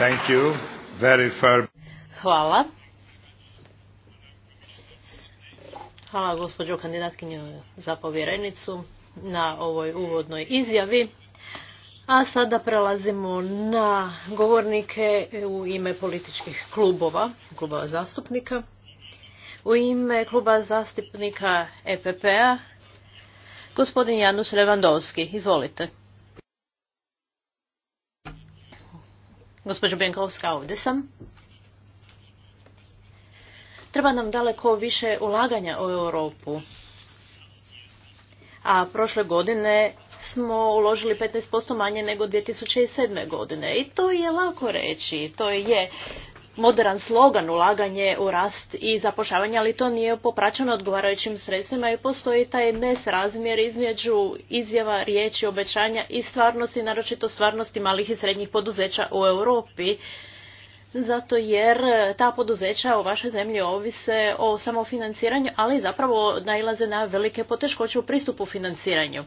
Thank you. Very Hvala. Hvala gospođo kandidatkinju za povjerenicu na ovoj uvodnoj izjavi. A sada prelazimo na govornike u ime političkih klubova, klubova zastupnika. U ime kluba zastupnika EPP-a, gospodin Janus Revandovski, Izvolite. Gospođo Benkovska, ovdje sam. Treba nam daleko više ulaganja u Europu. A prošle godine smo uložili 15% manje nego 2007. godine. I to je lako reći, to je moderan slogan ulaganje u rast i zapošljavanje, ali to nije popraćeno odgovarajućim sredstvima i postoji taj nesrazmjer između izjava, riječi, obećanja i stvarnosti, naročito stvarnosti malih i srednjih poduzeća u Europi. Zato jer ta poduzeća u vašoj zemlji ovise o samofinanciranju, ali zapravo nailaze na velike poteškoće u pristupu financiranju.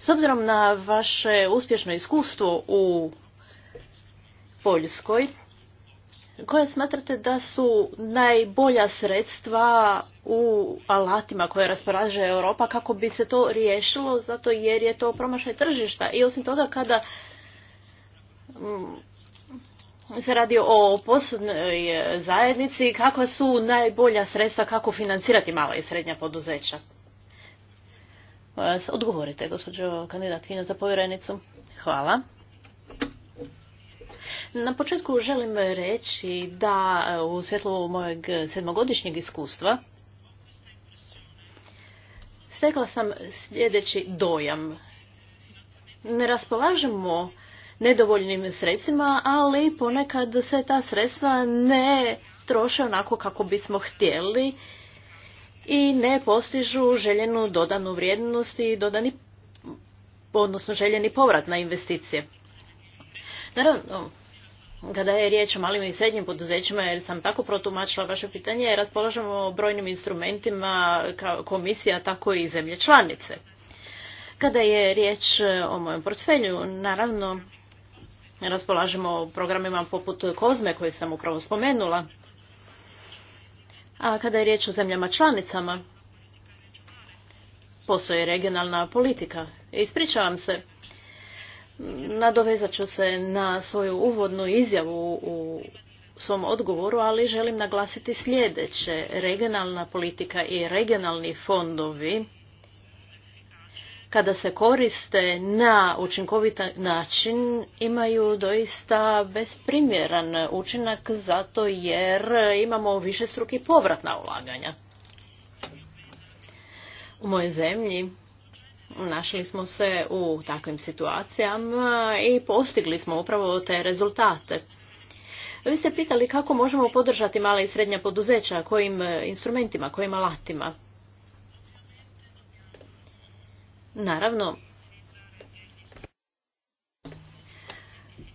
S obzirom na vaše uspješno iskustvo u Poljskoj, koje smatrate da su najbolja sredstva u alatima koje raspolaže Europa kako bi se to riješilo zato jer je to promašaj tržišta i osim toga kada mm, se radi o posljednoj zajednici kakva su najbolja sredstva kako financirati mala i srednja poduzeća. Odgovorite gospođo kandidatkinja za povjerenicu. Hvala. Na početku želim reći da e, u svjetlu mojeg sedmogodišnjeg iskustva stekla sam sljedeći dojam. Ne raspolažemo nedovoljnim sredstvima, ali ponekad se ta sredstva ne troše onako kako bismo htjeli i ne postižu željenu dodanu vrijednost i dodani odnosno željeni povrat na investicije. Naravno, kada je riječ o malim i srednjim poduzećima, jer sam tako protumačila vaše pitanje, raspolažemo brojnim instrumentima komisija, tako i zemlje članice. Kada je riječ o mojem portfelju, naravno raspolažemo programima poput Kozme koje sam upravo spomenula. A kada je riječ o zemljama članicama, postoji regionalna politika. Ispričavam se. Nadovezat ću se na svoju uvodnu izjavu u svom odgovoru, ali želim naglasiti sljedeće. Regionalna politika i regionalni fondovi kada se koriste na učinkovit način imaju doista besprimjeran učinak zato jer imamo višestruki povratna povratna ulaganja. U mojoj zemlji Našli smo se u takvim situacijama i postigli smo upravo te rezultate. Vi ste pitali kako možemo podržati mala i srednja poduzeća, kojim instrumentima, kojim alatima. Naravno,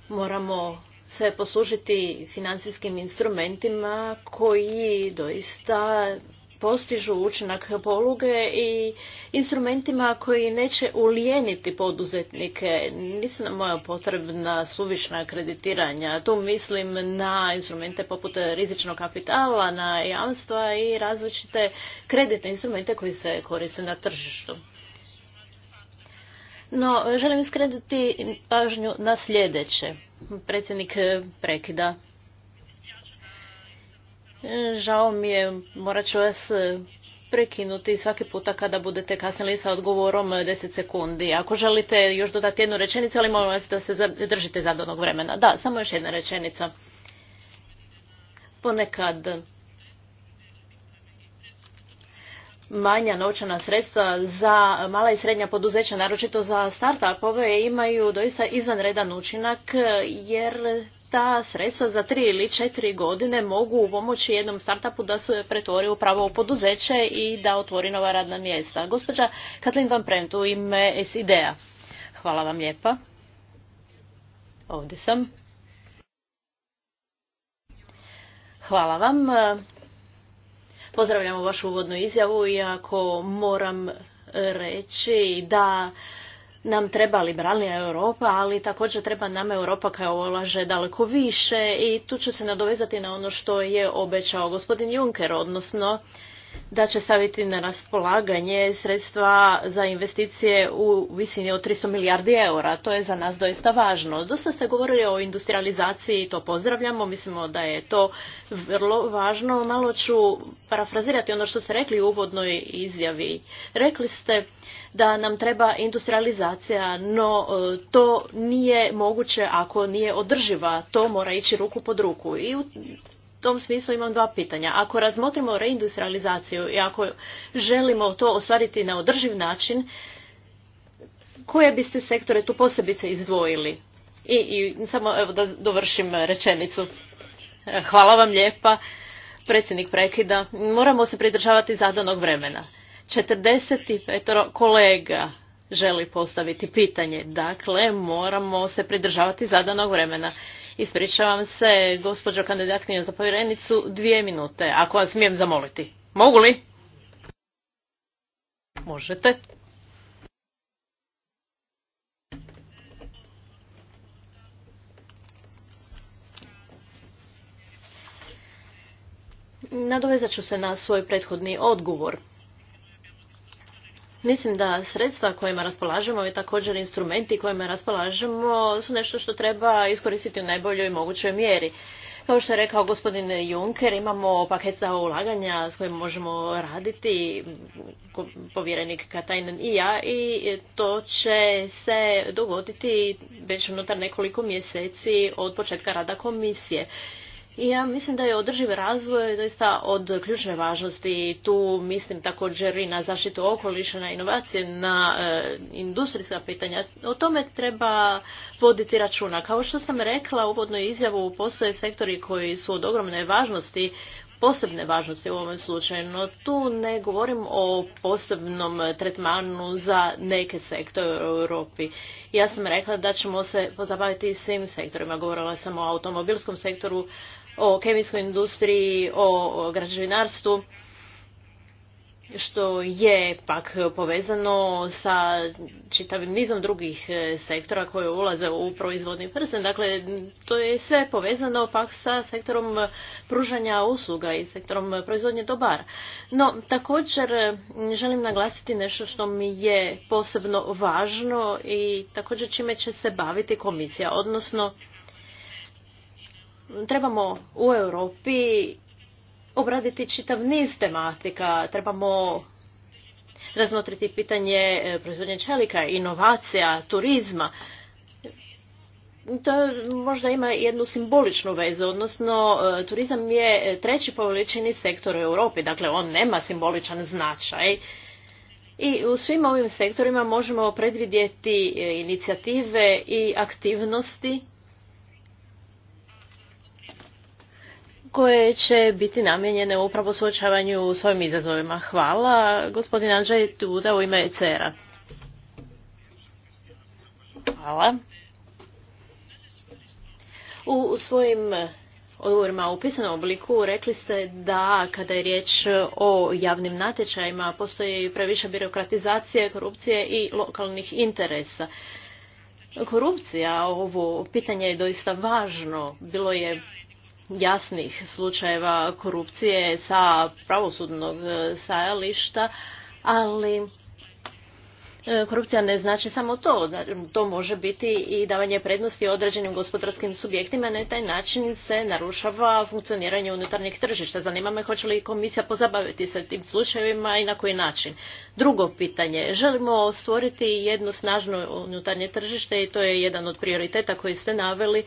moramo se poslužiti financijskim instrumentima koji doista postižu učinak poluge i instrumentima koji neće ulijeniti poduzetnike. Nisu nam potrebna suvišna kreditiranja. Tu mislim na instrumente poput rizičnog kapitala, na jamstva i različite kreditne instrumente koji se koriste na tržištu. No, želim iskrediti pažnju na sljedeće. Predsjednik prekida Žao mi je, morat ću vas e, prekinuti svaki puta kada budete kasnili sa odgovorom 10 e, sekundi. Ako želite još dodati jednu rečenicu, ali molim vas da se držite donog vremena. Da, samo još jedna rečenica. Ponekad manja novčana sredstva za mala i srednja poduzeća, naročito za start-upove, imaju doista izvanredan učinak e, jer ta sredstva za tri ili četiri godine mogu pomoći jednom startupu da se pretvori u pravo poduzeće i da otvori nova radna mjesta. Gospođa Katlin Van Prent u ime SIDEA. Hvala vam lijepa. Ovdje sam. Hvala vam. Pozdravljamo vašu uvodnu izjavu, iako moram reći da nam treba liberalnija Europa, ali također treba nam Europa koja ulaže daleko više i tu ću se nadovezati na ono što je obećao gospodin Juncker, odnosno da će staviti na raspolaganje sredstva za investicije u visini od 300 milijardi eura. To je za nas doista važno. Dosta ste govorili o industrializaciji, to pozdravljamo, mislimo da je to vrlo važno. Malo ću parafrazirati ono što ste rekli u uvodnoj izjavi. Rekli ste da nam treba industrializacija, no e, to nije moguće ako nije održiva. To mora ići ruku pod ruku. I u tom smislu imam dva pitanja. Ako razmotrimo reindustrializaciju i ako želimo to ostvariti na održiv način, koje biste sektore tu posebice izdvojili? I, i samo evo da dovršim rečenicu. Hvala vam lijepa, predsjednik prekida. Moramo se pridržavati zadanog vremena. 45 kolega želi postaviti pitanje. Dakle, moramo se pridržavati zadanog vremena. Ispričavam se, gospođo kandidatkinja za povjerenicu, dvije minute, ako vas smijem zamoliti. Mogu li? Možete. Nadovezat ću se na svoj prethodni odgovor. Mislim da sredstva kojima raspolažemo i također instrumenti kojima raspolažemo su nešto što treba iskoristiti u najboljoj mogućoj mjeri. Kao što je rekao gospodin Juncker, imamo paket za ulaganja s kojim možemo raditi, povjerenik Katajnen i ja, i to će se dogoditi već unutar nekoliko mjeseci od početka rada komisije. I ja mislim da je održiv razvoj doista od ključne važnosti i tu mislim također i na zaštitu okoliša, na inovacije, na e, industrijska pitanja. O tome treba voditi računa. Kao što sam rekla u uvodnoj izjavu, postoje sektori koji su od ogromne važnosti posebne važnosti u ovom slučaju, no tu ne govorim o posebnom tretmanu za neke sektore u Europi. Ja sam rekla da ćemo se pozabaviti svim sektorima, govorila sam o automobilskom sektoru, o kemijskoj industriji, o građevinarstvu, što je pak povezano sa čitavim nizom drugih e, sektora koje ulaze u proizvodni prsten. Dakle, to je sve povezano pak sa sektorom pružanja usluga i sektorom proizvodnje dobara. No, također želim naglasiti nešto što mi je posebno važno i također čime će se baviti komisija, odnosno trebamo u Europi obraditi čitav niz tematika. Trebamo razmotriti pitanje e, proizvodnje čelika, inovacija, turizma. To možda ima jednu simboličnu vezu, odnosno e, turizam je treći po veličini sektor u Europi, dakle on nema simboličan značaj. I u svim ovim sektorima možemo predvidjeti e, inicijative i aktivnosti koje će biti namijenjene upravo suočavanju u svojim izazovima. Hvala. Gospodin Andrzej Tuda u ime ECR-a. Hvala. U svojim odgovorima u pisanom obliku rekli ste da kada je riječ o javnim natječajima postoji previše birokratizacije, korupcije i lokalnih interesa. Korupcija, ovo pitanje je doista važno. Bilo je jasnih slučajeva korupcije sa pravosudnog e, stajališta, ali e, korupcija ne znači samo to. To može biti i davanje prednosti određenim gospodarskim subjektima. Na taj način se narušava funkcioniranje unutarnjeg tržišta. Zanima me hoće li komisija pozabaviti se tim slučajevima i na koji način. Drugo pitanje. Želimo stvoriti jedno snažno unutarnje tržište i to je jedan od prioriteta koji ste naveli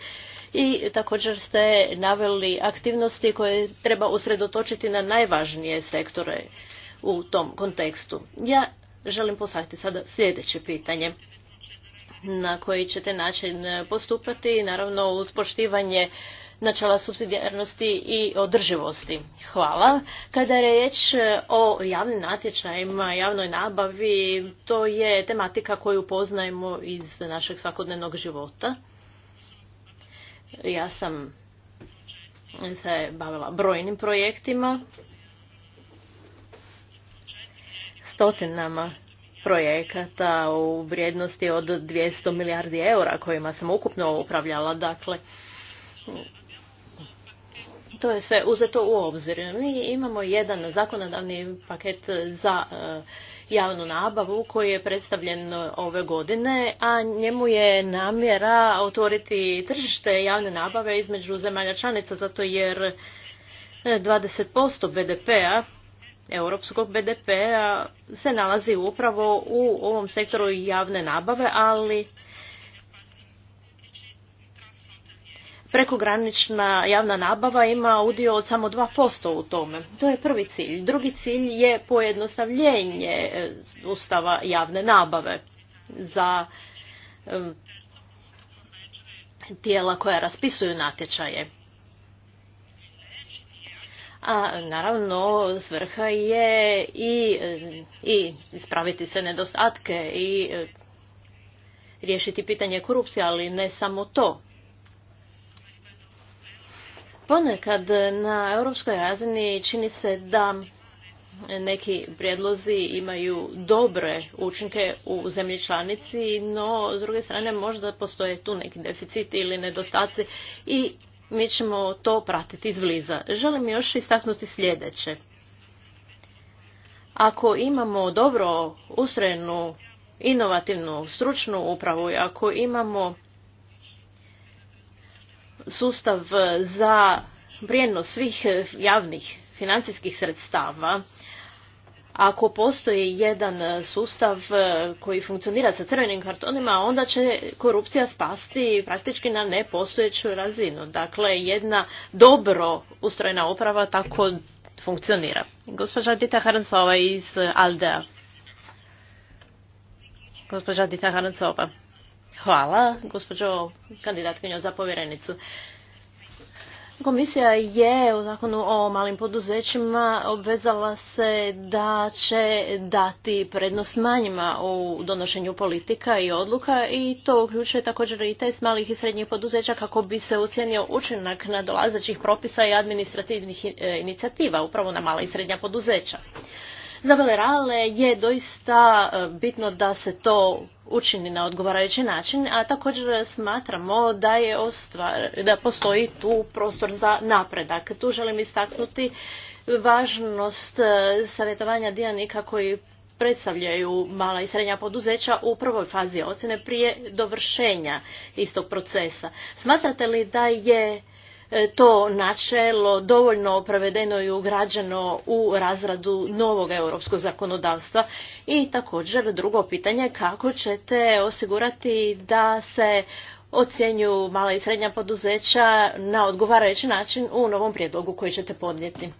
i također ste naveli aktivnosti koje treba usredotočiti na najvažnije sektore u tom kontekstu. Ja želim postaviti sada sljedeće pitanje na koji ćete način postupati, naravno uz poštivanje načela subsidijarnosti i održivosti. Hvala. Kada je reč o javnim natječajima, javnoj nabavi, to je tematika koju poznajemo iz našeg svakodnevnog života. Ja sam se bavila brojnim projektima, stotinama projekata u vrijednosti od 200 milijardi eura kojima sam ukupno upravljala. Dakle, to je sve uzeto u obzir. Mi imamo jedan zakonodavni paket za javnu nabavu koji je predstavljen e, ove godine, a njemu je namjera otvoriti tržište javne nabave između zemalja članica, zato jer 20% e, BDP-a, europskog BDP-a, se nalazi upravo u ovom sektoru javne nabave, ali prekogranična javna nabava ima udio od samo 2% u tome. To je prvi cilj. Drugi cilj je pojednostavljenje e, ustava javne nabave za e, tijela koja raspisuju natječaje. A naravno svrha je i, e, i ispraviti se nedostatke i riješiti pitanje korupcije, ali ne samo to. Ponekad na europskoj razini čini se da neki prijedlozi imaju dobre učinke u zemlji članici, no s druge strane možda postoje tu neki deficiti ili nedostaci i mi ćemo to pratiti izbliza. Želim još istaknuti sljedeće. Ako imamo dobro ustrojenu inovativnu stručnu upravu i ako imamo sustav e, za prijenos svih e, javnih financijskih sredstava, ako postoji jedan e, sustav koji funkcionira sa crvenim kartonima, onda će korupcija spasti praktički na nepostojeću razinu. Dakle, jedna dobro ustrojena oprava tako funkcionira. Gospođa Dita Harancova iz Aldea. Gospođa Dita Harancova. Hvala, gospođo kandidatkinja za povjerenicu. Komisija je u zakonu o malim poduzećima obvezala se da će dati prednost manjima u donošenju politika i odluka i to uključuje također i test malih i srednjih poduzeća kako bi se ucijenio učinak nadolazećih propisa i administrativnih e, inicijativa upravo na mala i srednja poduzeća. Za je doista e, bitno da se to učini na odgovarajući način, a također smatramo da, je ostvar, da postoji tu prostor za napredak. Tu želim istaknuti važnost e, savjetovanja dionika koji predstavljaju mala i srednja poduzeća u prvoj fazi ocjene prije dovršenja istog procesa. Smatrate li da je E, to načelo dovoljno provedeno i ugrađeno u razradu novog europskog zakonodavstva? I također drugo pitanje, kako ćete osigurati da se ocjenju mala i srednja poduzeća na odgovarajući način u novom prijedlogu koji ćete podnijeti?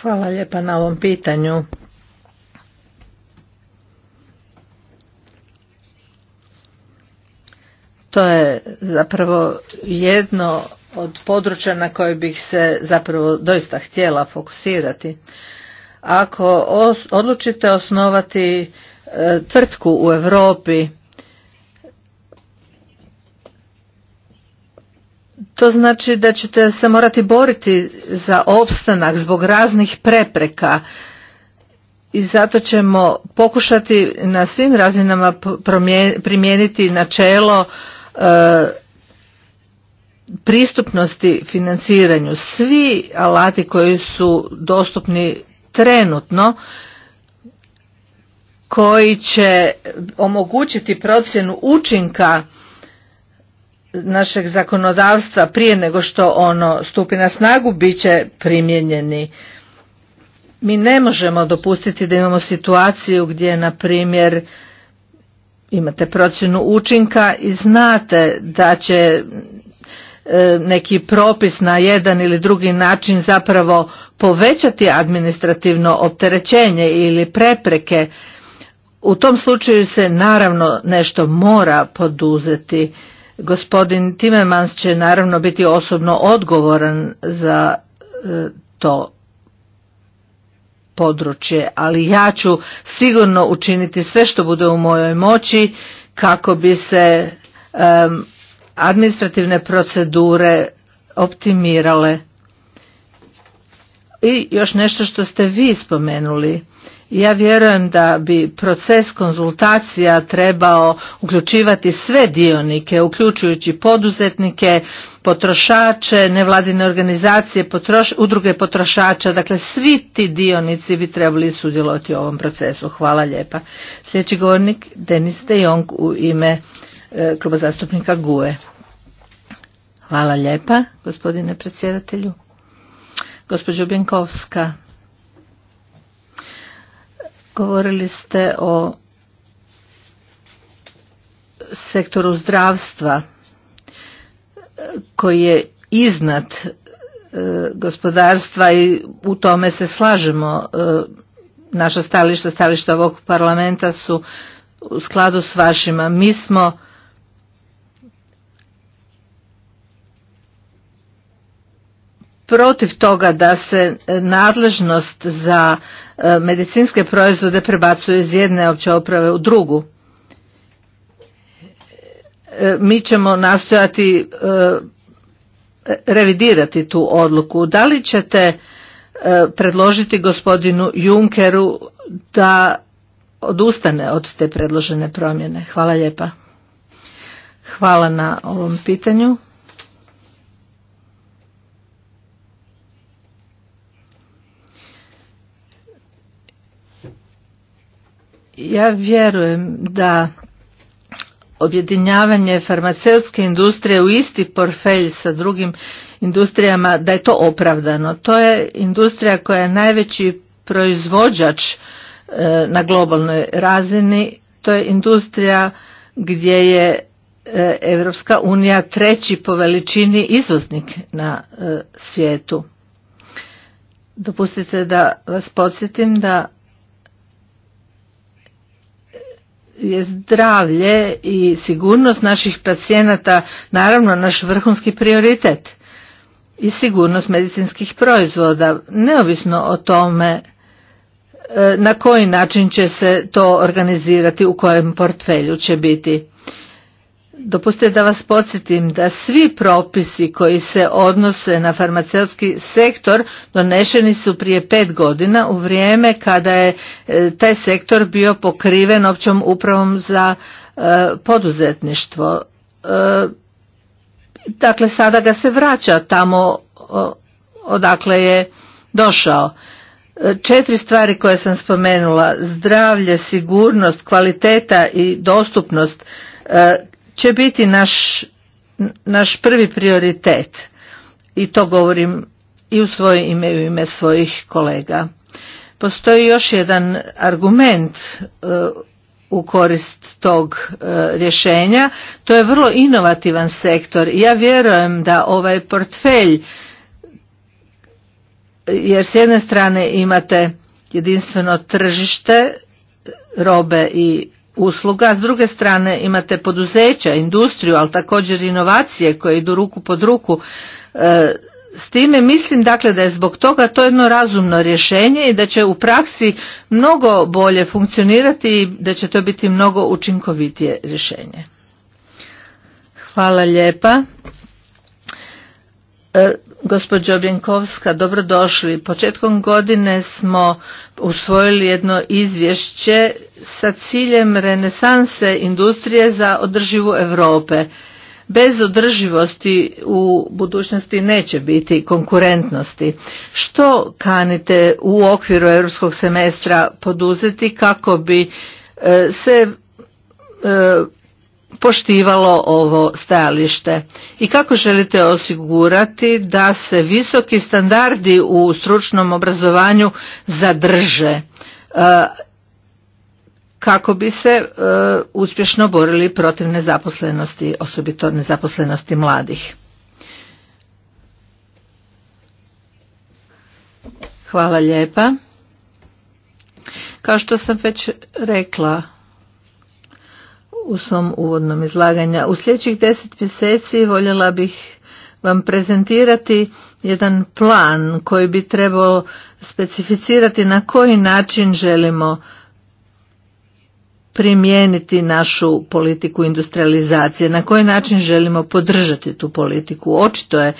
Hvala lijepa na ovom pitanju. To je zapravo jedno od područja na koje bih se zapravo doista htjela fokusirati. Ako odlučite osnovati e, tvrtku u Europi, to znači da ćete se morati boriti za opstanak zbog raznih prepreka i zato ćemo pokušati na svim razinama primijeniti načelo E, pristupnosti financiranju svi alati koji su dostupni trenutno koji će omogućiti procjenu učinka našeg zakonodavstva prije nego što ono stupi na snagu bit će primijenjeni mi ne možemo dopustiti da imamo situaciju gdje na primjer imate procjenu učinka i znate da će e, neki propis na jedan ili drugi način zapravo povećati administrativno opterećenje ili prepreke u tom slučaju se naravno nešto mora poduzeti gospodin Timemans će naravno biti osobno odgovoran za e, to područje, ali ja ću sigurno učiniti sve što bude u mojoj moći kako bi se administrativne procedure optimirale. I još nešto što ste vi spomenuli. Ja vjerujem da bi proces konzultacija trebao uključivati sve dionike, uključujući poduzetnike, potrošače, nevladine organizacije, udruge potrošača, dakle svi ti dionici bi trebali sudjelovati u ovom procesu. Hvala lijepa. Sljedeći govornik Denis De u ime e, kluba zastupnika GUE. Hvala lijepa, gospodine predsjedatelju. Gospođo Bjenkovska, Govorili ste o sektoru zdravstva e, koji je iznad e, gospodarstva i u tome se slažemo. E, naša stališta, stališta ovog parlamenta su u skladu s vašima. Mi smo protiv toga da se e, nadležnost za e, medicinske proizvode prebacuje iz jedne opće uprave u drugu. E, mi ćemo nastojati revidirati tu odluku. Da li ćete predložiti gospodinu Junkeru da odustane od te predložene promjene? Hvala lijepa. Hvala na ovom pitanju. Ja vjerujem da objedinjavanje farmaceutske industrije u isti portfelj sa drugim industrijama da je to opravdano. To je industrija koja je najveći proizvođač e, na globalnoj razini, to je industrija gdje je Europska unija treći po veličini izvoznik na e, svijetu. Dopustite da vas podsjetim da je zdravlje i sigurnost naših pacijenata naravno naš vrhunski prioritet i sigurnost medicinskih proizvoda neovisno o tome e, na koji način će se to organizirati u kojem portfelju će biti Dopustite da vas podsjetim da svi propisi koji se odnose na farmaceutski sektor donešeni su prije pet godina u vrijeme kada je e, taj sektor bio pokriven općom upravom za e, poduzetništvo. E, dakle, sada ga se vraća tamo odakle je došao. Četiri stvari koje sam spomenula, zdravlje, sigurnost, kvaliteta i dostupnost će biti naš, naš prvi prioritet i to govorim i u svoje ime i u ime svojih kolega. Postoji još jedan argument e, u korist tog e, rješenja, to je vrlo inovativan sektor i ja vjerujem da ovaj portfelj jer s jedne strane imate jedinstveno tržište robe i usluga, s druge strane imate poduzeća, industriju, ali također inovacije koje idu ruku pod ruku e, s time mislim dakle da je zbog toga to jedno razumno rješenje i da će u praksi mnogo bolje funkcionirati i da će to biti mnogo učinkovitije rješenje. Hvala lijepa. E, Gospođo Brinkovska, dobrodošli. Početkom godine smo usvojili jedno izvješće sa ciljem renesanse industrije za održivu Europe. Bez održivosti u budućnosti neće biti konkurentnosti. Što kanite u okviru europskog semestra poduzeti kako bi e, se e, poštivalo ovo stajalište i kako želite osigurati da se visoki standardi u stručnom obrazovanju zadrže e, kako bi se e, uspješno borili protiv nezaposlenosti, osobito nezaposlenosti mladih. Hvala lijepa. Kao što sam već rekla, u svom uvodnom izlaganju. U sljedećih deset mjeseci voljela bih vam prezentirati jedan plan koji bi trebao specificirati na koji način želimo primijeniti našu politiku industrializacije, na koji način želimo podržati tu politiku. Očito je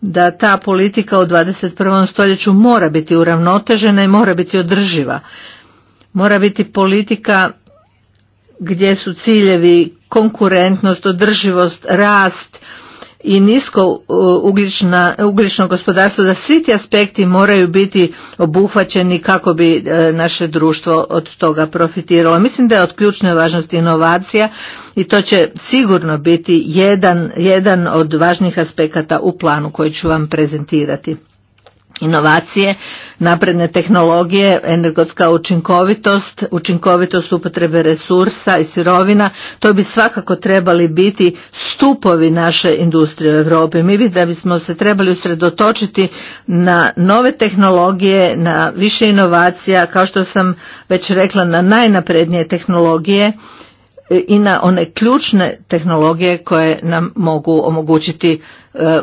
da ta politika u 21. stoljeću mora biti uravnotežena i mora biti održiva. Mora biti politika gdje su ciljevi konkurentnost, održivost, rast i nisko uh, ugljično gospodarstvo, da svi ti aspekti moraju biti obuhvaćeni kako bi uh, naše društvo od toga profitiralo. Mislim da je od ključne važnosti inovacija i to će sigurno biti jedan, jedan od važnih aspekata u planu koji ću vam prezentirati inovacije, napredne tehnologije, energetska učinkovitost, učinkovitost upotrebe resursa i sirovina, to bi svakako trebali biti stupovi naše industrije u Europi. Mi bi da bismo se trebali usredotočiti na nove tehnologije, na više inovacija, kao što sam već rekla, na najnaprednije tehnologije i na one ključne tehnologije koje nam mogu omogućiti e,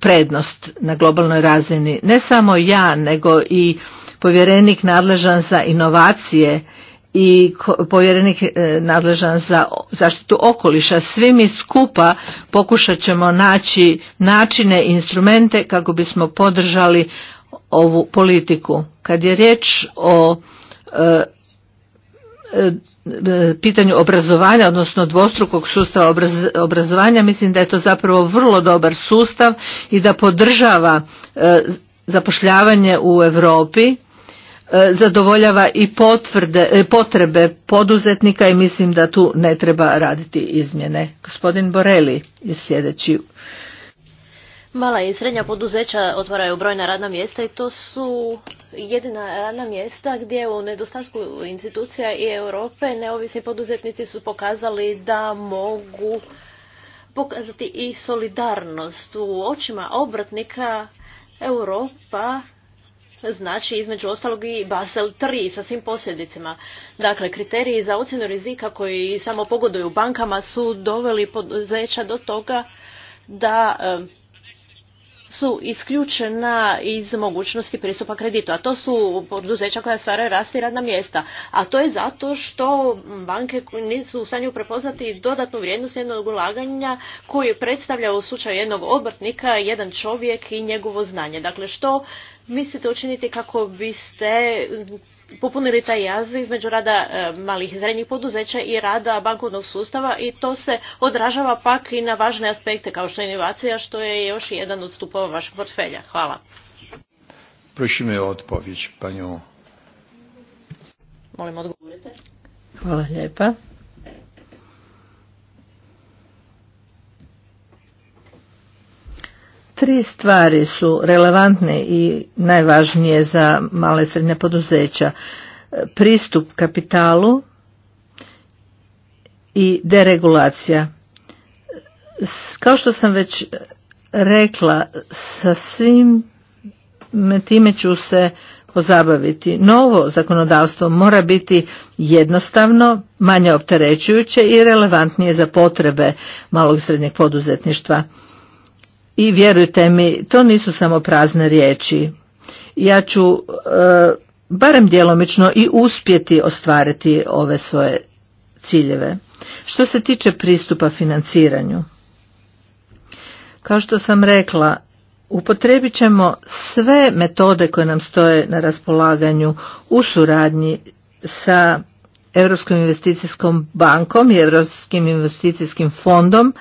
prednost na globalnoj razini. Ne samo ja, nego i povjerenik nadležan za inovacije i povjerenik e, nadležan za zaštitu okoliša. Svi mi skupa pokušat ćemo naći načine, instrumente kako bismo podržali ovu politiku. Kad je riječ o e, e, E, pitanju obrazovanja, odnosno dvostrukog sustava obrazovanja, mislim da je to zapravo vrlo dobar sustav i da podržava e, zapošljavanje u Europi e, zadovoljava i potvrde, potrebe poduzetnika i mislim da tu ne treba raditi izmjene. Gospodin Boreli je sljedeći Mala i srednja poduzeća otvaraju brojna radna mjesta i to su jedina radna mjesta gdje u nedostatku institucija i Europe neovisni poduzetnici su pokazali da mogu pokazati i solidarnost. U očima obratnika Europa znači između ostalog i Basel 3 sa svim posljedicama. Dakle, kriteriji za ocjenu rizika koji samo pogoduju bankama su doveli poduzeća do toga da e, su isključena iz mogućnosti pristupa kreditu, a to su poduzeća koja stvaraju rast i radna mjesta. A to je zato što banke nisu u stanju prepoznati dodatnu vrijednost jednog ulaganja koju predstavlja u slučaju jednog obrtnika jedan čovjek i njegovo znanje. Dakle, što mislite učiniti kako biste popunili taj jaz između rada e, malih i srednjih poduzeća i rada bankovnog sustava i to se odražava pak i na važne aspekte kao što je inovacija što je još jedan od stupova vašeg portfelja. Hvala. odpovjeć, panju. Molim odgovorite. Hvala lijepa. Tri stvari su relevantne i najvažnije za male i srednje poduzeća. E, pristup kapitalu i deregulacija. Kao što sam već rekla, sa svim time ću se pozabaviti. Novo zakonodavstvo mora biti jednostavno, manje opterećujuće i relevantnije za potrebe malog i srednjeg poduzetništva i vjerujte mi, to nisu samo prazne riječi. Ja ću e, barem djelomično i uspjeti ostvariti ove svoje ciljeve. Što se tiče pristupa financiranju, kao što sam rekla, upotrebit ćemo sve metode koje nam stoje na raspolaganju u suradnji sa Europskom investicijskom bankom i Europskim investicijskim fondom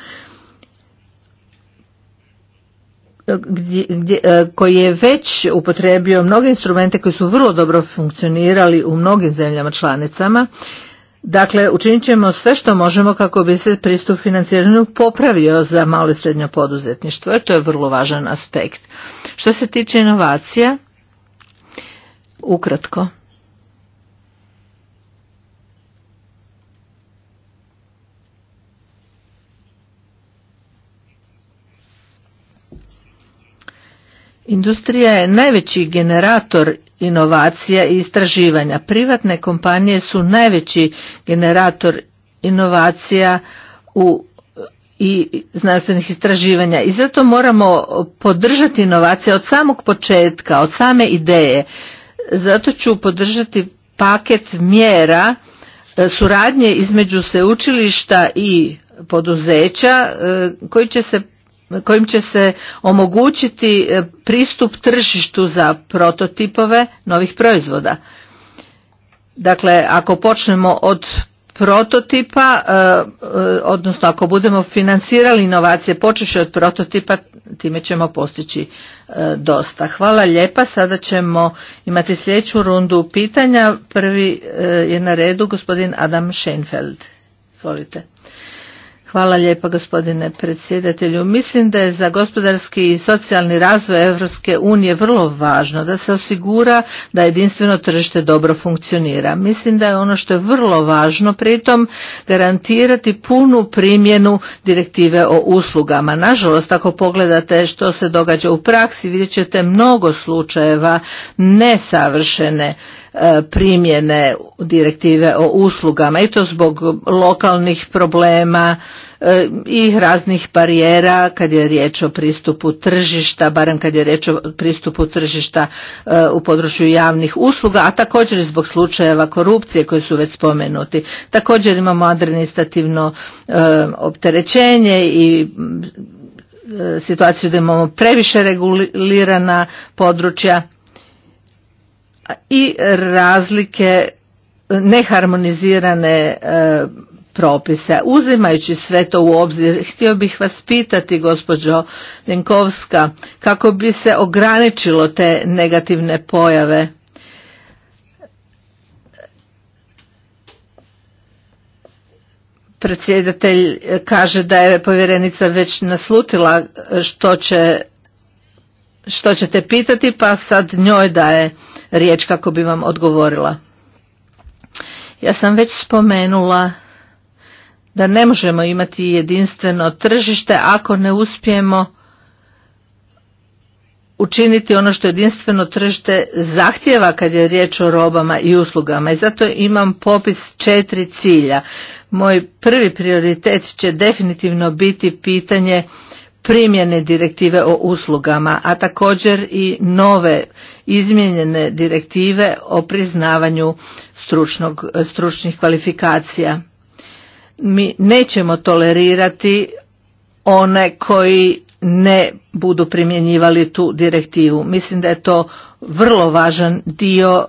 gdje, gdje, e, koji je već upotrebio mnoge instrumente koji su vrlo dobro funkcionirali u mnogim zemljama članicama. Dakle, učinit ćemo sve što možemo kako bi se pristup financiranju popravio za malo i srednje poduzetništvo, jer to je vrlo važan aspekt. Što se tiče inovacija, ukratko, Industrija je najveći generator inovacija i istraživanja. Privatne kompanije su najveći generator inovacija u i znanstvenih istraživanja i zato moramo podržati inovacije od samog početka, od same ideje. Zato ću podržati paket mjera e, suradnje između sveučilišta i poduzeća e, koji će se kojim će se omogućiti e, pristup tržištu za prototipove novih proizvoda. Dakle, ako počnemo od prototipa, e, e, odnosno ako budemo financirali inovacije počeši od prototipa, time ćemo postići dosta. Hvala lijepa, sada ćemo imati sljedeću rundu pitanja. Prvi je na redu gospodin Adam Scheinfeld. Izvolite. Hvala lijepa gospodine predsjedatelju. Mislim da je za gospodarski i socijalni razvoj Europske unije vrlo važno da se osigura da jedinstveno tržište dobro funkcionira. Mislim da je ono što je vrlo važno pritom garantirati punu primjenu direktive o uslugama. Nažalost, ako pogledate što se događa u praksi, vidjet ćete mnogo slučajeva nesavršene E, primjene direktive o uslugama i to zbog lokalnih problema e, i raznih barijera kad je riječ o pristupu tržišta, barem kad je riječ o pristupu tržišta e, u području javnih usluga, a također i zbog slučajeva korupcije koji su već spomenuti. Također imamo administrativno opterećenje i situaciju da imamo previše regulirana područja i razlike neharmonizirane e, propise. Uzimajući sve to u obzir, htio bih vas pitati, gospođo Venkovska, kako bi se ograničilo te negativne pojave? Predsjedatelj kaže da je povjerenica već naslutila e, što će što ćete pitati, pa sad njoj daje riječ kako bi vam odgovorila. Ja sam već spomenula da ne možemo imati jedinstveno tržište ako ne uspijemo učiniti ono što jedinstveno tržište zahtjeva kad je riječ o robama i uslugama i zato imam popis četiri cilja. Moj prvi prioritet će definitivno biti pitanje primjene direktive o uslugama, a također i nove izmijenjene direktive o priznavanju stručnog, stručnih kvalifikacija. Mi nećemo tolerirati one koji ne budu primjenjivali tu direktivu. Mislim da je to vrlo važan dio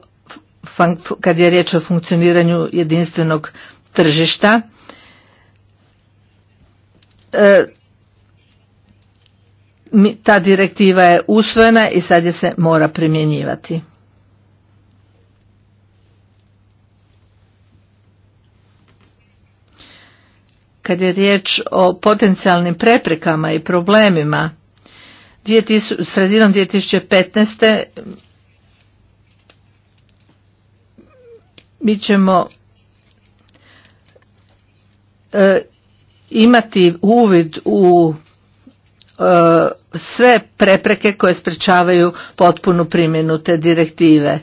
kad je riječ o funkcioniranju jedinstvenog tržišta. E, ta direktiva je usvojena i sad je se mora primjenjivati. Kad je riječ o potencijalnim preprekama i problemima, sredinom 2015. mi ćemo e, imati uvid u e, sve prepreke koje sprečavaju potpunu primjenu te direktive.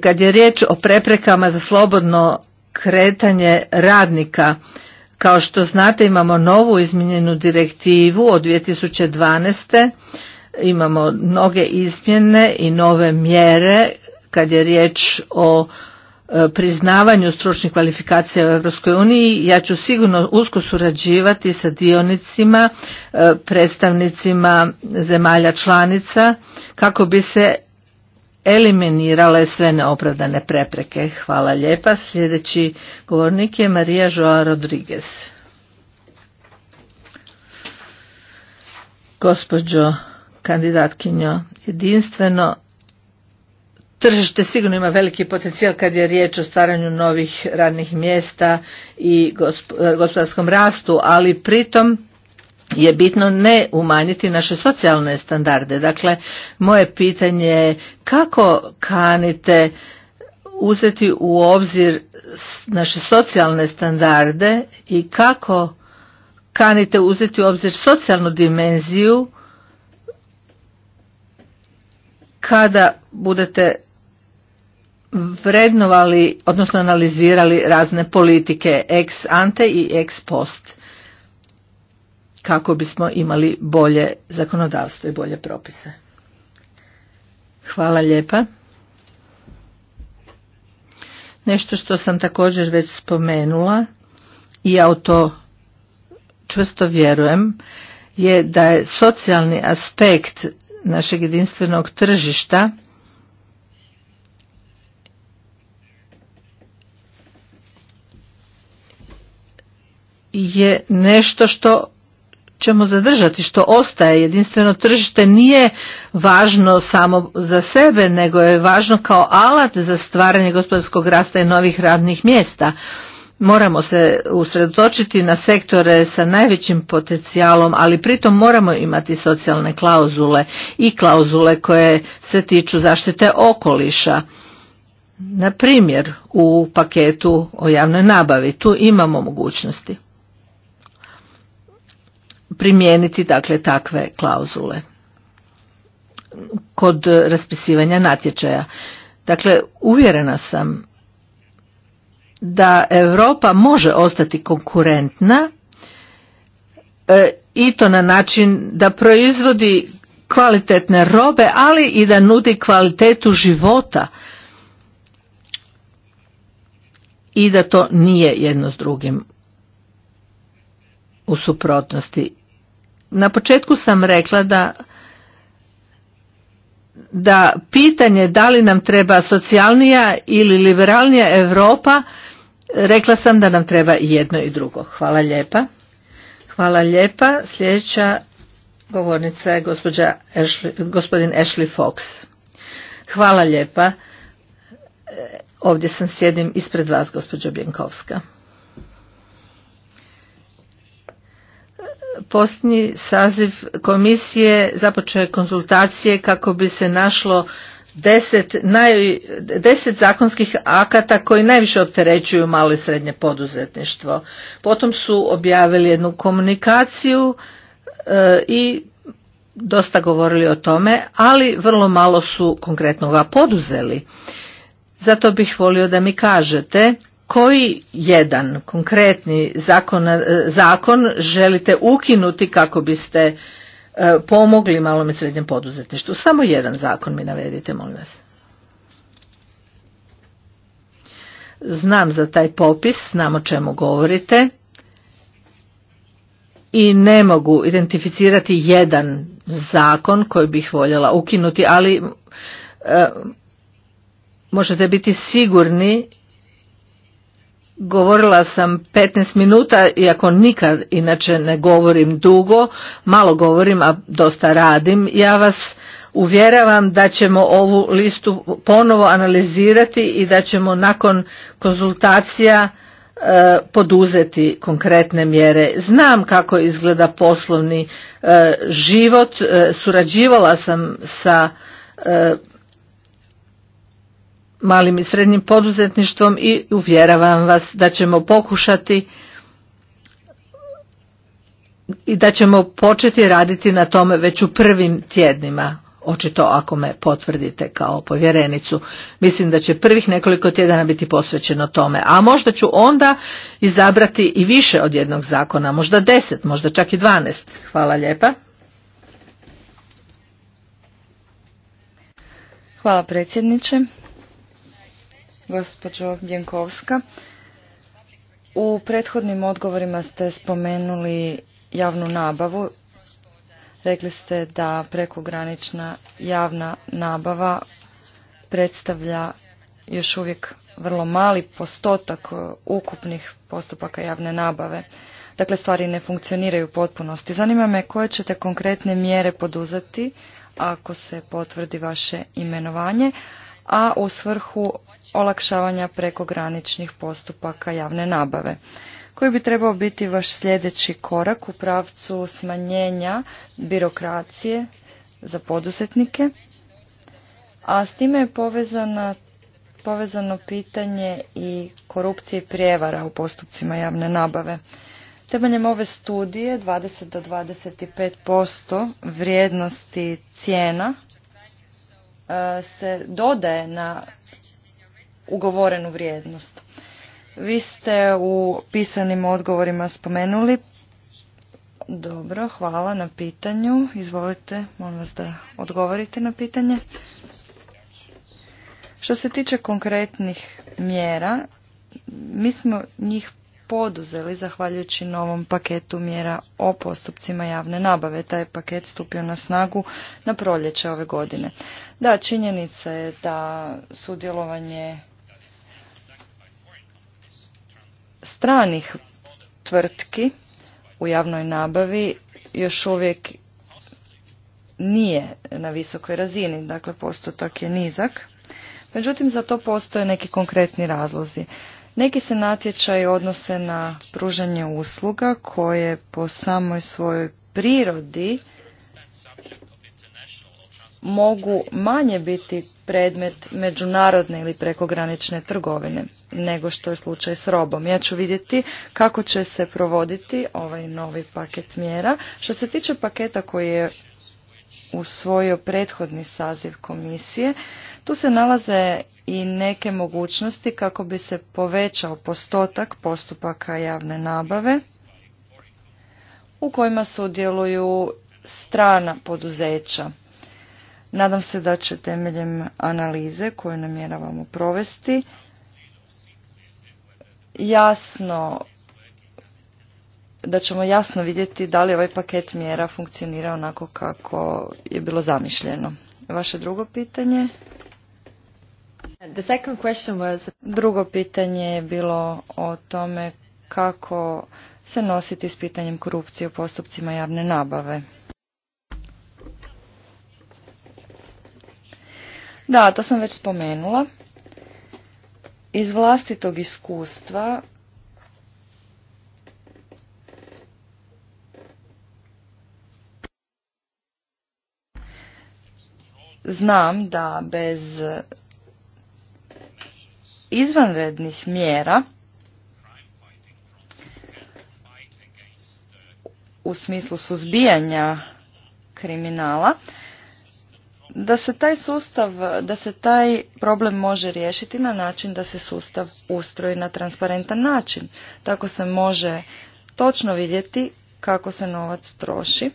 Kad je riječ o preprekama za slobodno kretanje radnika, kao što znate imamo novu izmijenjenu direktivu od 2012. Imamo mnoge izmjene i nove mjere kad je riječ o E, priznavanju stručnih kvalifikacija u Europskoj uniji. Ja ću sigurno usko surađivati sa dionicima, e, predstavnicima zemalja članica kako bi se eliminirale sve neopravdane prepreke. Hvala lijepa. Sljedeći govornik je Marija Joa Rodriguez. Gospođo kandidatkinjo, jedinstveno Tržište sigurno ima veliki potencijal kad je riječ o stvaranju novih radnih mjesta i e, gospodarskom rastu, ali pritom je bitno ne umanjiti naše socijalne standarde. Dakle, moje pitanje je kako kanite uzeti u obzir naše socijalne standarde i kako kanite uzeti u obzir socijalnu dimenziju kada budete vrednovali, odnosno analizirali razne politike ex ante i ex post kako bismo imali bolje zakonodavstvo i bolje propise. Hvala lijepa. Nešto što sam također već spomenula i ja u to čvrsto vjerujem je da je socijalni aspekt našeg jedinstvenog tržišta je nešto što ćemo zadržati, što ostaje. Jedinstveno tržište nije važno samo za sebe, nego je važno kao alat za stvaranje gospodarskog rasta i novih radnih mjesta. Moramo se usredotočiti na sektore sa najvećim potencijalom, ali pritom moramo imati socijalne klauzule i klauzule koje se tiču zaštite okoliša. Na primjer, u paketu o javnoj nabavi tu imamo mogućnosti primijeniti dakle takve klauzule kod raspisivanja natječaja. Dakle, uvjerena sam da Europa može ostati konkurentna e, i to na način da proizvodi kvalitetne robe, ali i da nudi kvalitetu života i da to nije jedno s drugim u suprotnosti na početku sam rekla da da pitanje da li nam treba socijalnija ili liberalnija Europa, rekla sam da nam treba i jedno i drugo. Hvala lijepa. Hvala lijepa. Sljedeća govornica je gospođa gospodin Ashley Fox. Hvala lijepa. E, ovdje sam sjedim ispred vas, gospođo Bjenkovska. posljednji saziv komisije započeo je konzultacije kako bi se našlo deset, naj, zakonskih akata koji najviše opterećuju malo i srednje poduzetništvo. Potom su objavili jednu komunikaciju e, i dosta govorili o tome, ali vrlo malo su konkretno ga poduzeli. Zato bih volio da mi kažete koji jedan konkretni zakon, eh, zakon želite ukinuti kako biste eh, pomogli malom i srednjem poduzetništvu? Samo jedan zakon mi navedite, molim vas. Znam za taj popis, znam o čemu govorite i ne mogu identificirati jedan zakon koji bih voljela ukinuti, ali eh, možete biti sigurni Govorila sam 15 minuta, iako nikad inače ne govorim dugo, malo govorim, a dosta radim. Ja vas uvjeravam da ćemo ovu listu ponovo analizirati i da ćemo nakon konzultacija e, poduzeti konkretne mjere. Znam kako izgleda poslovni e, život, e, surađivala sam sa malim i srednjim poduzetništvom i uvjeravam vas da ćemo pokušati i da ćemo početi raditi na tome već u prvim tjednima, očito ako me potvrdite kao povjerenicu. Mislim da će prvih nekoliko tjedana biti posvećeno tome, a možda ću onda izabrati i više od jednog zakona, možda deset, možda čak i dvanest. Hvala lijepa. Hvala predsjedniče gospođo Bjenkovska. U prethodnim odgovorima ste spomenuli javnu nabavu. Rekli ste da prekogranična javna nabava predstavlja još uvijek vrlo mali postotak ukupnih postupaka javne nabave. Dakle, stvari ne funkcioniraju u potpunosti. Zanima me koje ćete konkretne mjere poduzeti ako se potvrdi vaše imenovanje, a u svrhu olakšavanja prekograničnih postupaka javne nabave koji bi trebao biti vaš sljedeći korak u pravcu smanjenja birokracije za poduzetnike, a s time je povezana, povezano pitanje i korupcije i prijevara u postupcima javne nabave. Temeljem ove studije 20 do 25% vrijednosti cijena E, se dodaje na ugovorenu vrijednost. Vi ste u pisanim odgovorima spomenuli. Dobro, hvala na pitanju. Izvolite, molim vas da odgovorite na pitanje. Što se tiče konkretnih mjera, mi smo njih poduzeli zahvaljujući novom paketu mjera o postupcima javne nabave. Taj paket stupio na snagu na proljeće ove godine. Da, činjenica je da sudjelovanje stranih tvrtki u javnoj nabavi još uvijek nije na visokoj razini, dakle postotak je nizak. Međutim, za to postoje neki konkretni razlozi. Neki se natječaji odnose na pružanje usluga koje po samoj svojoj prirodi mogu manje biti predmet međunarodne ili prekogranične trgovine nego što je slučaj s robom. Ja ću vidjeti kako će se provoditi ovaj novi paket mjera. Što se tiče paketa koji je usvojio prethodni saziv komisije. Tu se nalaze i neke mogućnosti kako bi se povećao postotak postupaka javne nabave u kojima sudjeluju strana poduzeća. Nadam se da će temeljem analize koju namjeravamo provesti jasno da ćemo jasno vidjeti da li ovaj paket mjera funkcionira onako kako je bilo zamišljeno. Vaše drugo pitanje? The second question was... Drugo pitanje je bilo o tome kako se nositi s pitanjem korupcije u postupcima javne nabave. Da, to sam već spomenula. Iz vlastitog iskustva znam da bez izvanrednih mjera u smislu suzbijanja kriminala da se taj sustav da se taj problem može riješiti na način da se sustav ustroji na transparentan način tako se može točno vidjeti kako se novac troši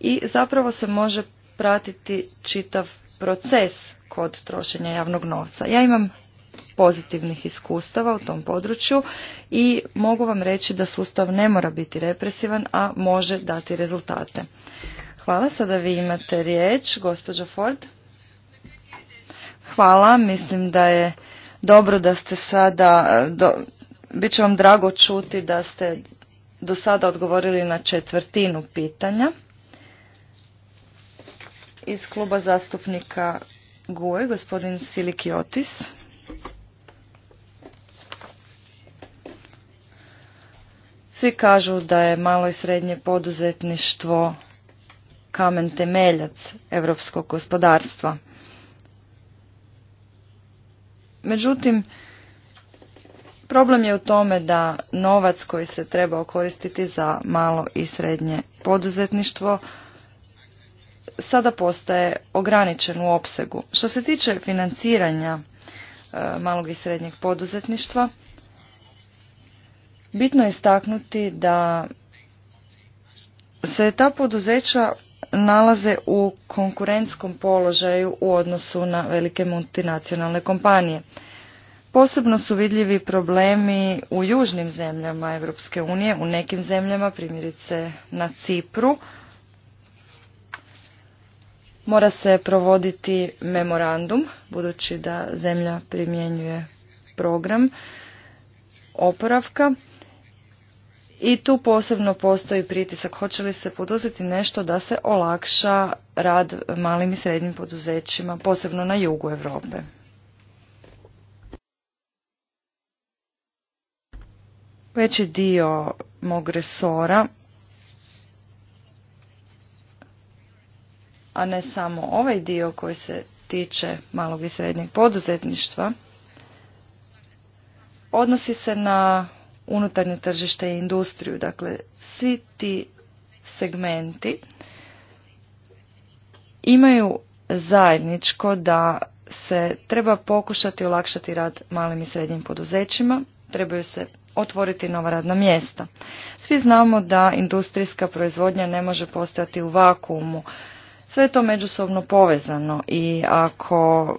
i zapravo se može pratiti čitav proces kod trošenja javnog novca. Ja imam pozitivnih iskustava u tom području i mogu vam reći da sustav ne mora biti represivan, a može dati rezultate. Hvala, sada vi imate riječ, gospođa Ford. Hvala, mislim da je dobro da ste sada, do, bit će vam drago čuti da ste do sada odgovorili na četvrtinu pitanja iz kluba zastupnika GUE, gospodin Otis. Svi kažu da je malo i srednje poduzetništvo kamen temeljac europskog gospodarstva. Međutim, problem je u tome da novac koji se treba koristiti za malo i srednje poduzetništvo sada postaje ograničen u opsegu. Što se tiče financiranja e, malog i srednjeg poduzetništva, bitno je istaknuti da se ta poduzeća nalaze u konkurentskom položaju u odnosu na velike multinacionalne kompanije. Posebno su vidljivi problemi u južnim zemljama Europske unije, u nekim zemljama, primjerice na Cipru, mora se provoditi memorandum, budući da zemlja primjenjuje program oporavka. I tu posebno postoji pritisak. Hoće li se poduzeti nešto da se olakša rad malim i srednjim poduzećima, posebno na jugu Europe? Veći dio mog resora a ne samo ovaj dio koji se tiče malog i srednjeg poduzetništva, odnosi se na unutarnje tržište i industriju. Dakle, svi ti segmenti imaju zajedničko da se treba pokušati olakšati rad malim i srednjim poduzećima, trebaju se otvoriti nova radna mjesta. Svi znamo da industrijska proizvodnja ne može postojati u vakuumu. Sve je to međusobno povezano i ako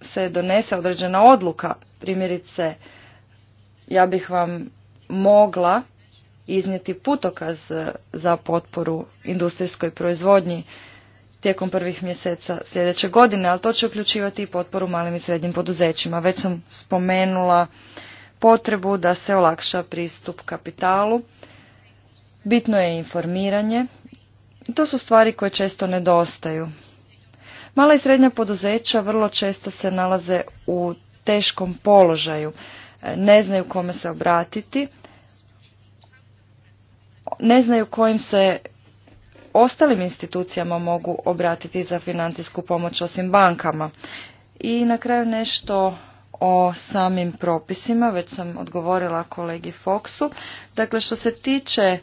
se donese određena odluka, primjerice ja bih vam mogla iznijeti putokaz za potporu industrijskoj proizvodnji tijekom prvih mjeseca sljedeće godine, ali to će uključivati i potporu malim i srednjim poduzećima. Već sam spomenula potrebu da se olakša pristup kapitalu. Bitno je informiranje, to su stvari koje često nedostaju. Mala i srednja poduzeća vrlo često se nalaze u teškom položaju, ne znaju kome se obratiti, ne znaju kojim se ostalim institucijama mogu obratiti za financijsku pomoć osim bankama. I na kraju nešto o samim propisima, već sam odgovorila kolegi Foxu. Dakle, što se tiče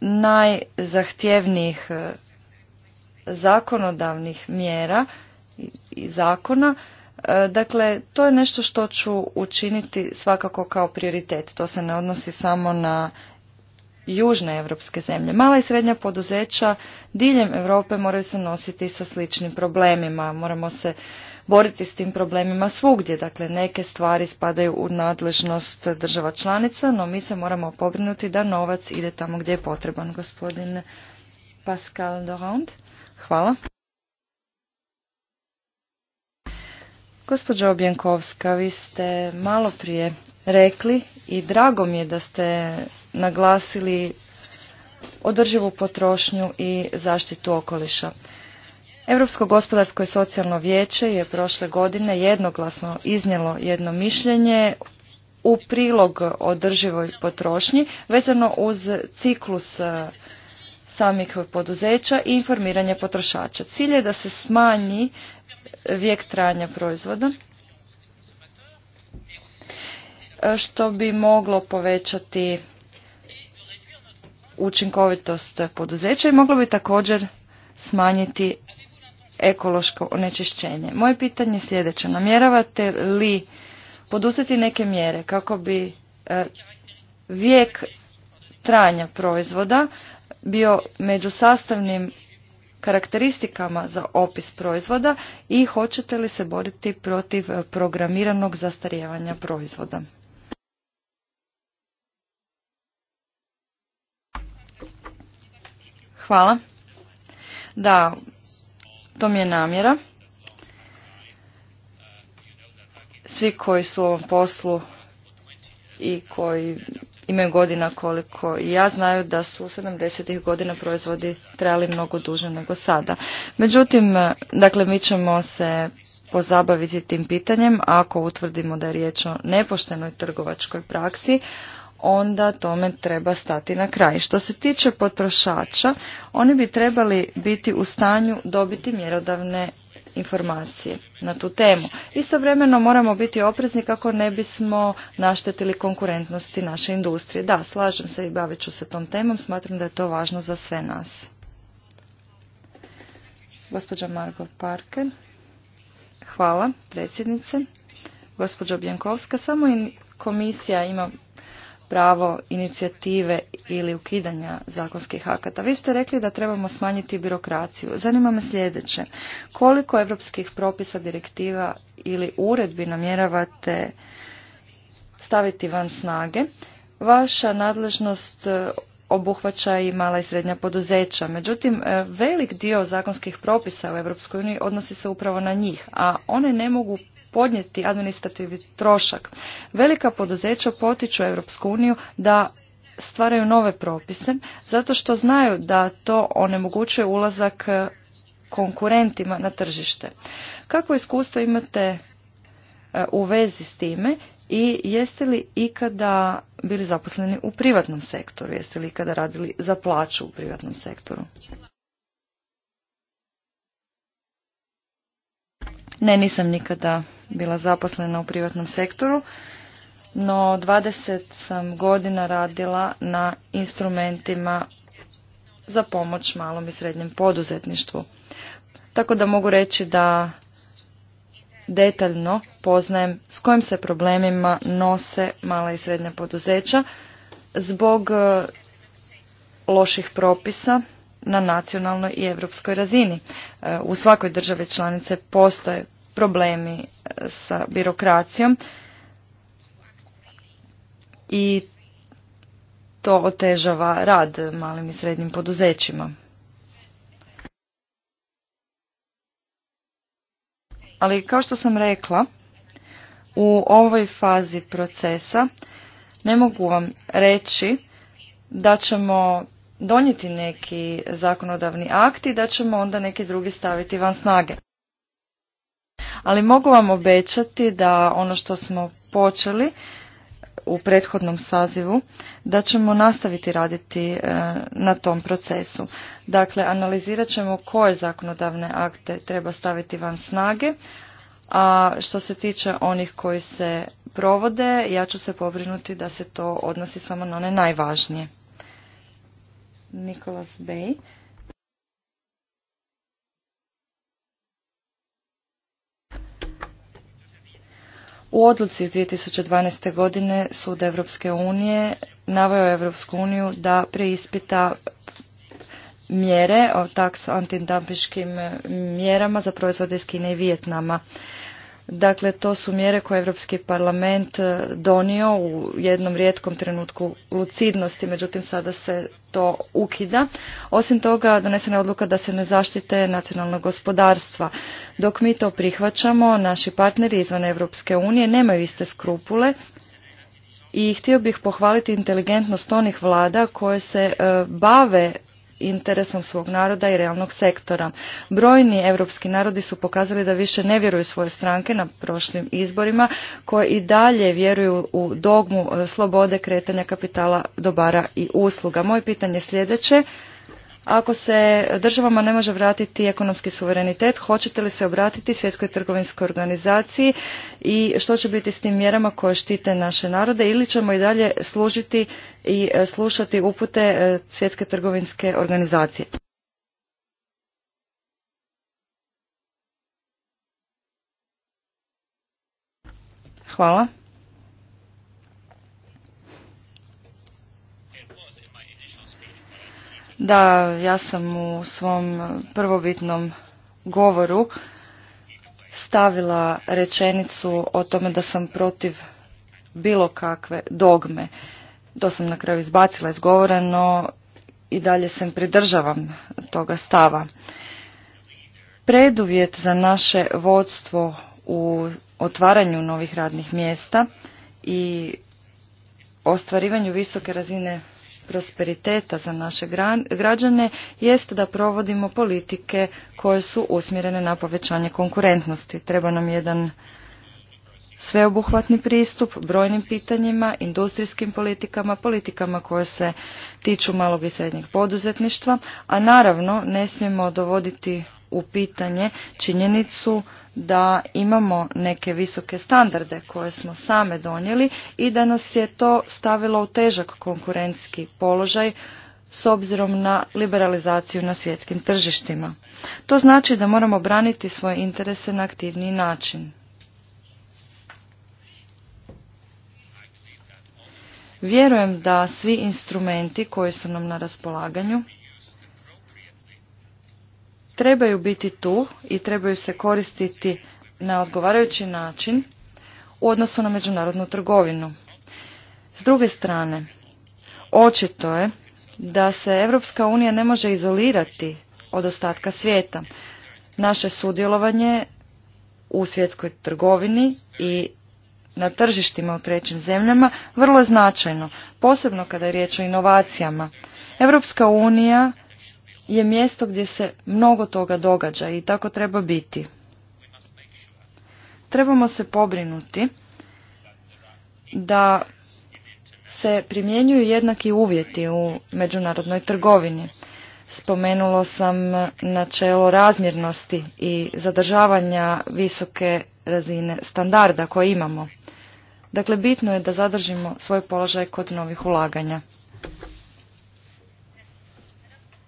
najzahtjevnijih e, zakonodavnih mjera i zakona. E, dakle, to je nešto što ću učiniti svakako kao prioritet. To se ne odnosi samo na južne europske zemlje. Mala i srednja poduzeća diljem Europe moraju se nositi sa sličnim problemima. Moramo se boriti s tim problemima svugdje. Dakle, neke stvari spadaju u nadležnost država članica, no mi se moramo pobrinuti da novac ide tamo gdje je potreban. Gospodin Pascal Dorand, hvala. Gospođo Objenkovska, vi ste malo prije rekli i drago mi je da ste naglasili održivu potrošnju i zaštitu okoliša. Europsko gospodarsko i socijalno vijeće je prošle godine jednoglasno iznijelo jedno mišljenje u prilog održivoj potrošnji vezano uz ciklus e, samih poduzeća i informiranje potrošača. Cilj je da se smanji vijek trajanja proizvoda e, što bi moglo povećati učinkovitost poduzeća i moglo bi također smanjiti ekološko onečišćenje. Moje pitanje je sljedeće. Namjeravate li poduzeti neke mjere kako bi e, vijek trajanja proizvoda bio među sastavnim karakteristikama za opis proizvoda i hoćete li se boriti protiv programiranog zastarijevanja proizvoda? Hvala. Da, to mi je namjera. Svi koji su u ovom poslu i koji imaju godina koliko i ja znaju da su u 70. godina proizvodi trajali mnogo duže nego sada. Međutim, dakle, mi ćemo se pozabaviti tim pitanjem ako utvrdimo da je riječ o nepoštenoj trgovačkoj praksi, onda tome treba stati na kraj. Što se tiče potrošača, oni bi trebali biti u stanju dobiti mjerodavne informacije na tu temu. Istovremeno moramo biti oprezni kako ne bismo naštetili konkurentnosti naše industrije. Da, slažem se i bavit ću se tom temom, smatram da je to važno za sve nas. Gospođa Margo Parker, hvala predsjednice. Gospođa Bjankovska, samo komisija ima pravo inicijative ili ukidanja zakonskih akata. Vi ste rekli da trebamo smanjiti birokraciju. Zanima me sljedeće. Koliko europskih propisa, direktiva ili uredbi namjeravate staviti van snage? Vaša nadležnost e, obuhvaća i mala i srednja poduzeća. Međutim, e, velik dio zakonskih propisa u EU odnosi se upravo na njih, a one ne mogu podnijeti administrativni trošak. Velika poduzeća potiču Europsku uniju da stvaraju nove propise zato što znaju da to onemogućuje ulazak konkurentima na tržište. Kakvo iskustvo imate e, u vezi s time i jeste li ikada bili zaposleni u privatnom sektoru? Jeste li ikada radili za plaću u privatnom sektoru? Ne, nisam nikada bila zaposlena u privatnom sektoru, no 20 sam godina radila na instrumentima za pomoć malom i srednjem poduzetništvu. Tako da mogu reći da detaljno poznajem s kojim se problemima nose mala i srednja poduzeća zbog eh, loših propisa na nacionalnoj i europskoj razini. E, u svakoj državi članice postoje problemi e, sa birokracijom i to otežava rad malim i srednjim poduzećima. Ali kao što sam rekla, u ovoj fazi procesa ne mogu vam reći da ćemo donijeti neki zakonodavni akt i da ćemo onda neki drugi staviti van snage. Ali mogu vam obećati da ono što smo počeli u prethodnom sazivu, da ćemo nastaviti raditi e, na tom procesu. Dakle, analizirat ćemo koje zakonodavne akte treba staviti van snage, a što se tiče onih koji se provode, ja ću se pobrinuti da se to odnosi samo na one najvažnije. Nicholas Bay. U odluci iz 2012. godine Sud Evropske unije naveo Evropsku uniju da preispita mjere o taks antidampiškim mjerama za proizvode iz Kine i Vijetnama. Dakle, to su mjere koje je Europski parlament e, donio u jednom rijetkom trenutku lucidnosti, međutim sada se to ukida. Osim toga, donesena je odluka da se ne zaštite nacionalna gospodarstva. Dok mi to prihvaćamo, naši partneri izvan Europske unije nemaju iste skrupule i htio bih pohvaliti inteligentnost onih vlada koje se e, bave interesom svog naroda i realnog sektora. Brojni europski narodi su pokazali da više ne vjeruju svoje stranke na prošlim izborima, koje i dalje vjeruju u dogmu e, slobode kretanja kapitala, dobara i usluga. Moje pitanje je sljedeće. Ako se državama ne može vratiti ekonomski suverenitet, hoćete li se obratiti Svjetskoj trgovinskoj organizaciji i što će biti s tim mjerama koje štite naše narode ili ćemo i dalje služiti i e, slušati upute e, Svjetske trgovinske organizacije? Hvala. Da, ja sam u svom prvobitnom govoru stavila rečenicu o tome da sam protiv bilo kakve dogme. To sam na kraju izbacila iz govora, no i dalje sam pridržavam toga stava. Preduvjet za naše vodstvo u otvaranju novih radnih mjesta i ostvarivanju visoke razine prosperiteta za naše građane jest da provodimo politike koje su usmjerene na povećanje konkurentnosti. Treba nam jedan sveobuhvatni pristup brojnim pitanjima, industrijskim politikama, politikama koje se tiču malog i srednjeg poduzetništva, a naravno ne smijemo dovoditi u pitanje činjenicu da imamo neke visoke standarde koje smo same donijeli i da nas je to stavilo u težak konkurentski položaj s obzirom na liberalizaciju na svjetskim tržištima. To znači da moramo braniti svoje interese na aktivniji način. Vjerujem da svi instrumenti koji su nam na raspolaganju trebaju biti tu i trebaju se koristiti na odgovarajući način u odnosu na međunarodnu trgovinu. S druge strane, očito je da se Europska unija ne može izolirati od ostatka svijeta. Naše sudjelovanje u svjetskoj trgovini i na tržištima u trećim zemljama vrlo je značajno, posebno kada je riječ o inovacijama. Europska unija je mjesto gdje se mnogo toga događa i tako treba biti. Trebamo se pobrinuti da se primjenjuju jednaki uvjeti u međunarodnoj trgovini. Spomenulo sam načelo razmjernosti i zadržavanja visoke razine standarda koje imamo. Dakle, bitno je da zadržimo svoj položaj kod novih ulaganja.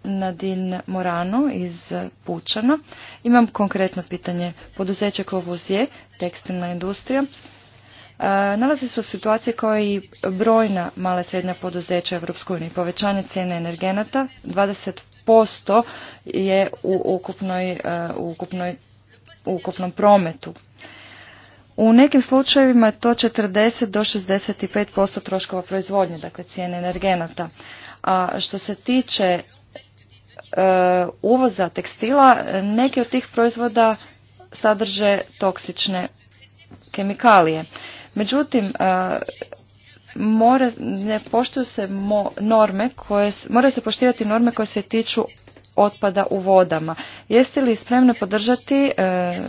Nadine Morano iz Pučana. Imam konkretno pitanje. Poduzeće Kovuzije, tekstilna industrija, e, nalazi se u situaciji kao i brojna mala srednja poduzeća Evropskoj uniji. Povećanje cijene energenata 20% je u ukupnoj, e, ukupnoj u ukupnom prometu. U nekim slučajevima je to 40 do 65% troškova proizvodnje, dakle cijene energenata. A što se tiče e, uvoza tekstila, neki od tih proizvoda sadrže toksične kemikalije. Međutim, e, ne poštuju se norme koje, moraju se poštivati norme koje se tiču otpada u vodama. Jeste li spremni podržati e,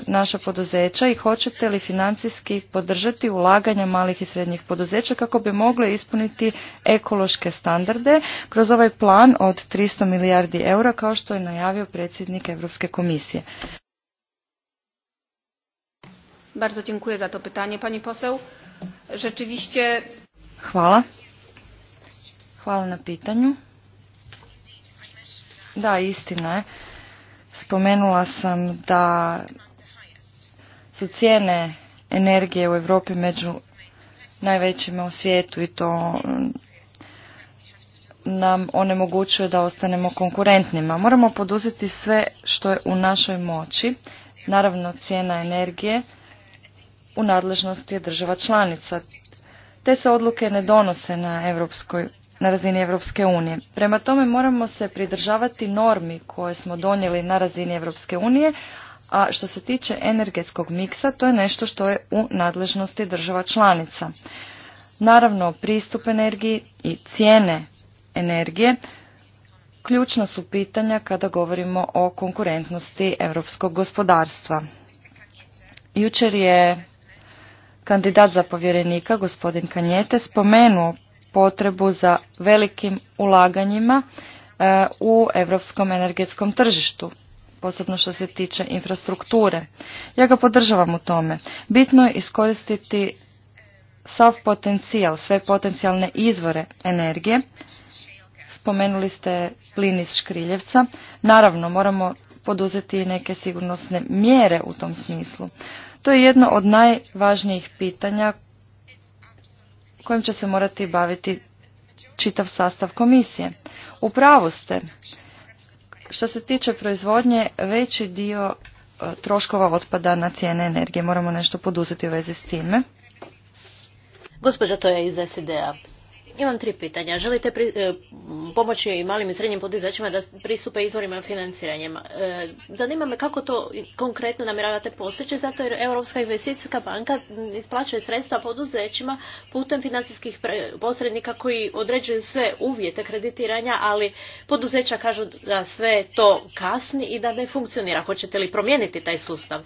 naša poduzeća i hoćete li financijski podržati ulaganja malih i srednjih poduzeća kako bi mogle ispuniti ekološke standarde kroz ovaj plan od 300 milijardi eura kao što je najavio predsjednik Europske komisije? Bardzo dziękuję za to pytanie, pani poseł. Rzeczywiście... Hvala. Hvala na pitanju. Da, istina je. Spomenula sam da su cijene energije u Europi među najvećima u svijetu i to mm, nam onemogućuje da ostanemo konkurentnima. Moramo poduzeti sve što je u našoj moći. Naravno, cijena energije u nadležnosti je država članica. Te se odluke ne donose na europskoj na razini Europske unije. Prema tome moramo se pridržavati normi koje smo donijeli na razini Europske unije, a što se tiče energetskog miksa, to je nešto što je u nadležnosti država članica. Naravno, pristup energiji i cijene energije ključna su pitanja kada govorimo o konkurentnosti europskog gospodarstva. Jučer je kandidat za povjerenika, gospodin Kanjete, spomenuo potrebu za velikim ulaganjima e, u europskom energetskom tržištu posebno što se tiče infrastrukture. Ja ga podržavam u tome. Bitno je iskoristiti sav potencijal, sve potencijalne izvore energije. Spomenuli ste plin iz Škriljevca. Naravno, moramo poduzeti neke sigurnosne mjere u tom smislu. To je jedno od najvažnijih pitanja kojim će se morati baviti čitav sastav komisije. U pravu ste. Što se tiče proizvodnje, veći dio e, troškova otpada na cijene energije. Moramo nešto poduzeti u vezi s time. Gospođa, to je iz SED-a. Imam tri pitanja. Želite i e, pomoći malim i srednjim poduzećima da pristupe izvorima financiranja. E, zanima me kako to konkretno namjeravate postići, zato jer Europska investicijska banka isplaćuje sredstva poduzećima putem financijskih posrednika koji određuju sve uvjete kreditiranja, ali poduzeća kažu da sve to kasni i da ne funkcionira. Hoćete li promijeniti taj sustav?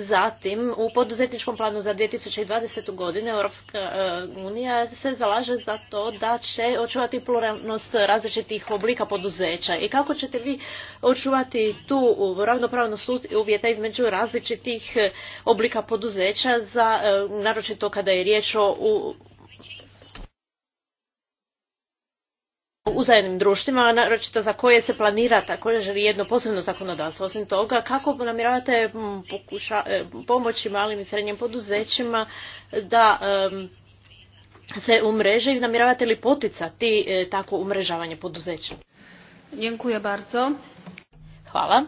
Zatim, u poduzetničkom planu za 2020. godine Europska e, unija se zalaže za to da će očuvati pluralnost različitih oblika poduzeća. I kako ćete vi očuvati tu ravnopravnost uvjeta između različitih e, oblika poduzeća, za, e, naročito kada je riječ o zajednim društvima, naročito za koje se planira također jedno posebno zakonodavstvo. Osim toga, kako namjeravate e, pomoći malim i srednjim poduzećima da se umreže i namjeravate li poticati tako e, takvo umrežavanje poduzeća? Hvala.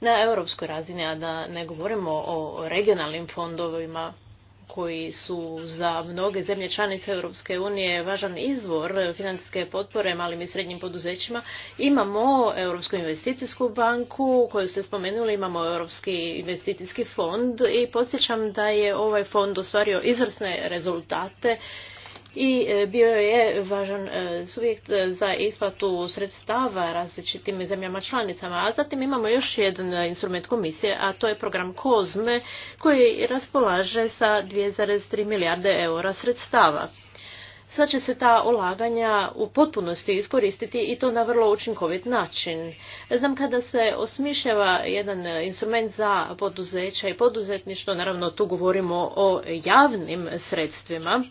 na europskoj razini, a da ne govorimo o regionalnim fondovima koji su za mnoge zemlje članice Europske unije važan izvor financijske potpore malim i srednjim poduzećima. Imamo Europsku investicijsku banku koju ste spomenuli, imamo Europski investicijski fond i podsjećam da je ovaj fond ostvario izvrsne rezultate i e, bio je važan e, subjekt e, za isplatu sredstava različitim zemljama članicama. A zatim imamo još jedan instrument komisije, a to je program COSME koji raspolaže sa 2,3 milijarde eura sredstava. Sad će se ta olaganja u potpunosti iskoristiti i to na vrlo učinkovit način. Znam kada se osmišljava jedan instrument za poduzeća i poduzetništvo, naravno tu govorimo o javnim sredstvima,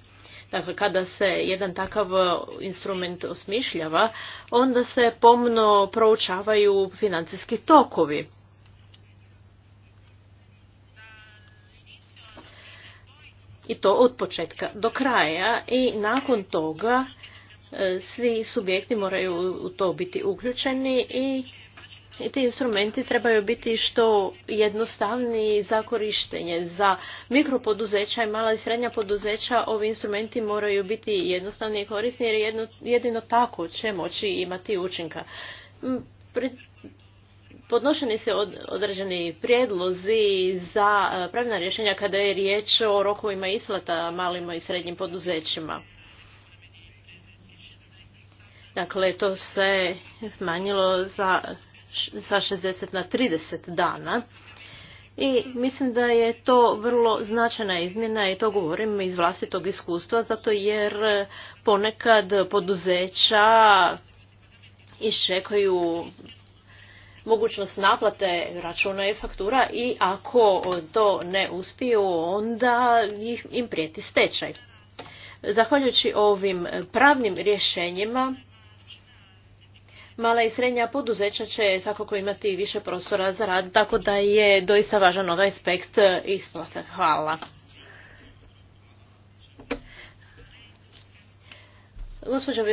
Dakle, kada se jedan takav e, instrument osmišljava, onda se pomno proučavaju financijski tokovi. I to od početka do kraja i nakon toga e, svi subjekti moraju u to biti uključeni i ti instrumenti trebaju biti što jednostavniji za korištenje. Za mikropoduzeća i mala i srednja poduzeća ovi instrumenti moraju biti jednostavni i korisni jer jedno, jedino tako će moći imati učinka. Podnošeni se od, određeni prijedlozi za e, pravna rješenja kada je riječ o rokovima isplata malima i srednjim poduzećima. Dakle, to se smanjilo za sa 60 na 30 dana. I mislim da je to vrlo značajna izmjena i to govorim iz vlastitog iskustva, zato jer e, ponekad poduzeća iščekuju mogućnost naplate računa i faktura i ako to ne uspiju, onda im prijeti stečaj. Zahvaljujući ovim pravnim rješenjima, mala i srednja poduzeća će svakako imati više prostora za rad, tako da je doista važan ovaj aspekt e, isplata. Hvala. Gospođa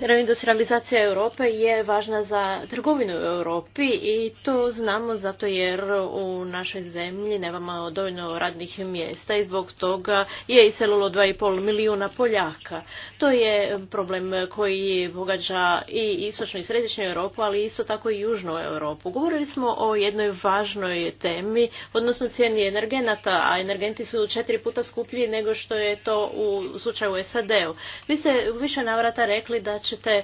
Reindustrializacija Europe je važna za trgovinu u Europi i to znamo zato jer u našoj zemlji nemamo dovoljno radnih mjesta i zbog toga je iselilo 2,5 milijuna Poljaka. To je problem koji pogađa i istočnu i središnju Europu, ali isto tako i južnu Europu. Govorili smo o jednoj važnoj temi, odnosno cijeni energenata, a energenti su četiri puta skuplji nego što je to u slučaju SAD-u. Vi ste više navrata rekli da ćete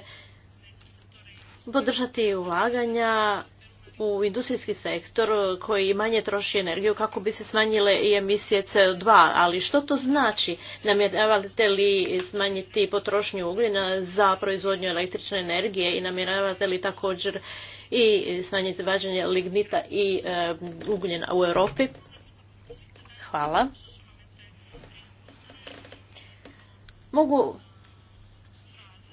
podržati ulaganja u industrijski sektor koji manje troši energiju kako bi se smanjile i emisije CO2. Ali što to znači? Namjeravate li smanjiti potrošnju ugljena za proizvodnju električne energije i namjeravate li također i smanjiti vađenje lignita i e, ugljena u Europi? Hvala. Mogu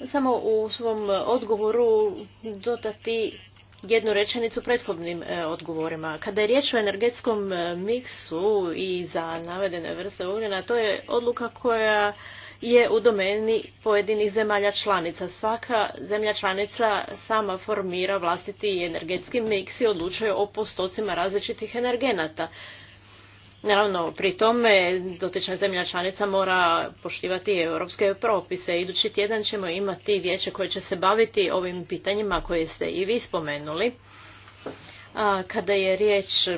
samo u svom odgovoru dodati jednu rečenicu prethodnim e, odgovorima. Kada je riječ o energetskom e, miksu i za navedene vrste ugljena, to je odluka koja je u domeni pojedinih zemalja članica. Svaka zemlja članica sama formira vlastiti energetski miks i odlučuje o postocima različitih energenata. Naravno, pri tome dotična zemlja članica mora poštivati europske propise. Idući tjedan ćemo imati vijeće koje će se baviti ovim pitanjima koje ste i vi spomenuli. A, kada je riječ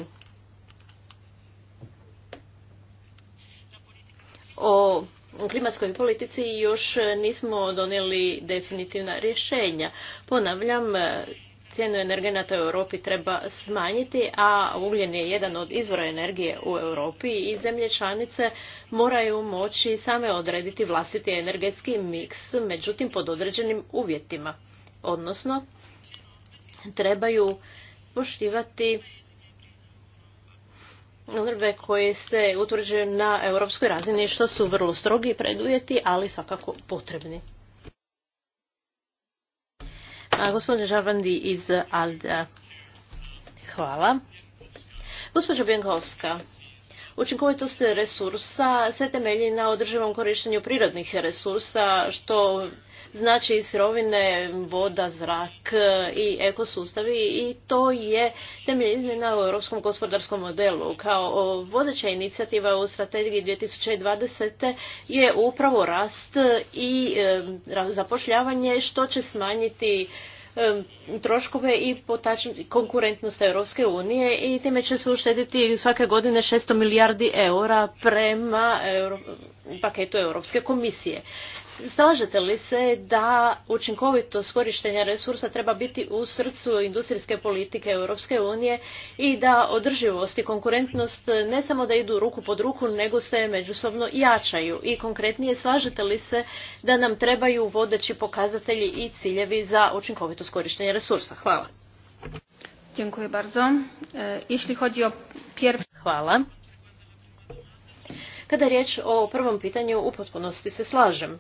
o klimatskoj politici još nismo donijeli definitivna rješenja. Ponavljam, cijenu energenata u Europi treba smanjiti, a ugljen je jedan od izvora energije u Europi i zemlje članice moraju moći same odrediti vlastiti energetski miks, međutim pod određenim uvjetima. Odnosno, trebaju poštivati odredbe koje se utvrđuju na europskoj razini što su vrlo strogi predujeti, ali svakako potrebni gospodin Žavandi iz Alda. Hvala. Gospođo Bjenkovska, učinkovitost resursa se temelji na održivom korištenju prirodnih resursa, što znači sirovine, voda, zrak e, i ekosustavi i to je temelj izmjena u europskom gospodarskom modelu. Kao vodeća inicijativa u strategiji 2020. je upravo rast i e, zapošljavanje što će smanjiti e, troškove i konkurentnost Europske unije i time će se uštediti svake godine 600 milijardi eura prema paketu Europske komisije. Slažete li se da učinkovitost korištenja resursa treba biti u srcu industrijske politike Europske unije i da održivost i konkurentnost ne samo da idu ruku pod ruku, nego se međusobno jačaju? I konkretnije, slažete li se da nam trebaju vodeći pokazatelji i ciljevi za učinkovitost korištenja resursa? Hvala. Dziękuję bardzo. E, jeśli chodzi o Hvala. Kada je riječ o prvom pitanju, u potpunosti se slažem.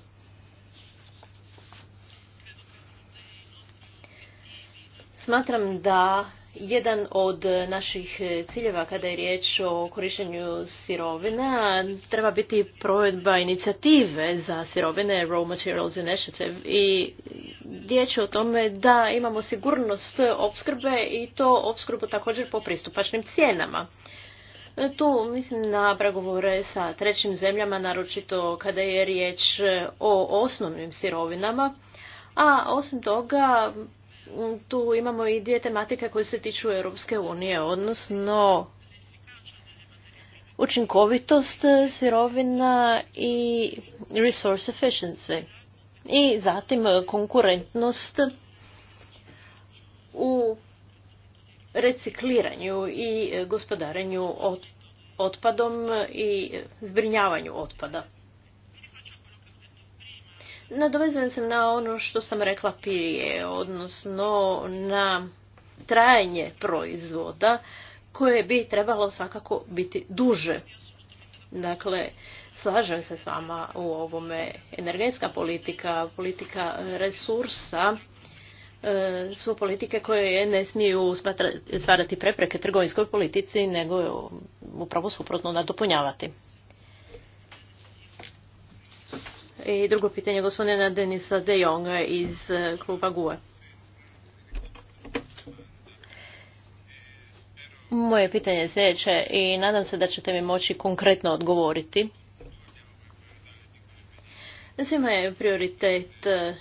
Smatram da jedan od naših ciljeva kada je riječ o korištenju sirovina treba biti provedba inicijative za sirovine Raw Materials Initiative i riječ je o tome da imamo sigurnost opskrbe i to opskrbu također po pristupačnim cijenama. Tu mislim na pregovore sa trećim zemljama, naročito kada je riječ o osnovnim sirovinama, a osim toga tu imamo i dvije tematike koje se tiču Europske unije, odnosno učinkovitost sirovina i resource efficiency. I zatim konkurentnost u recikliranju i gospodarenju otpadom i zbrinjavanju otpada. Nadovezujem se na ono što sam rekla prije, odnosno na trajanje proizvoda koje bi trebalo svakako biti duže. Dakle, slažem se s vama u ovome. Energetska politika, politika resursa e, su politike koje ne smiju stvarati prepreke trgovinskoj politici, nego upravo suprotno nadopunjavati. I drugo pitanje gospodina Denisa De Jonga iz e, kluba GUE. Moje pitanje je sljedeće i nadam se da ćete mi moći konkretno odgovoriti. Svima je prioritet e,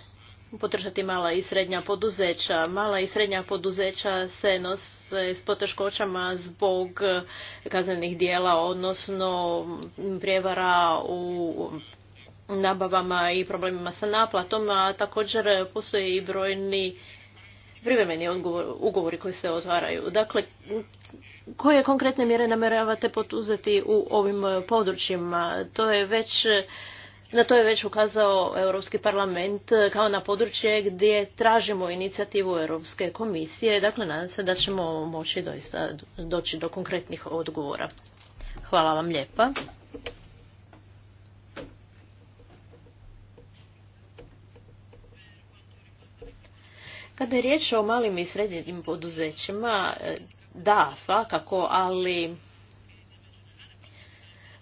podržati mala i srednja poduzeća. Mala i srednja poduzeća se nose s poteškoćama zbog e, kaznenih dijela, odnosno prijevara u nabavama i problemima sa naplatom, a također postoje i brojni privremeni ugovori koji se otvaraju. Dakle, koje konkretne mjere namjeravate potuzeti u ovim područjima? To je već na to je već ukazao Europski parlament kao na područje gdje tražimo inicijativu Europske komisije. Dakle, nadam se da ćemo moći doista doći do konkretnih odgovora. Hvala vam lijepa. Kada je riječ o malim i srednjim poduzećima, e, da, svakako, ali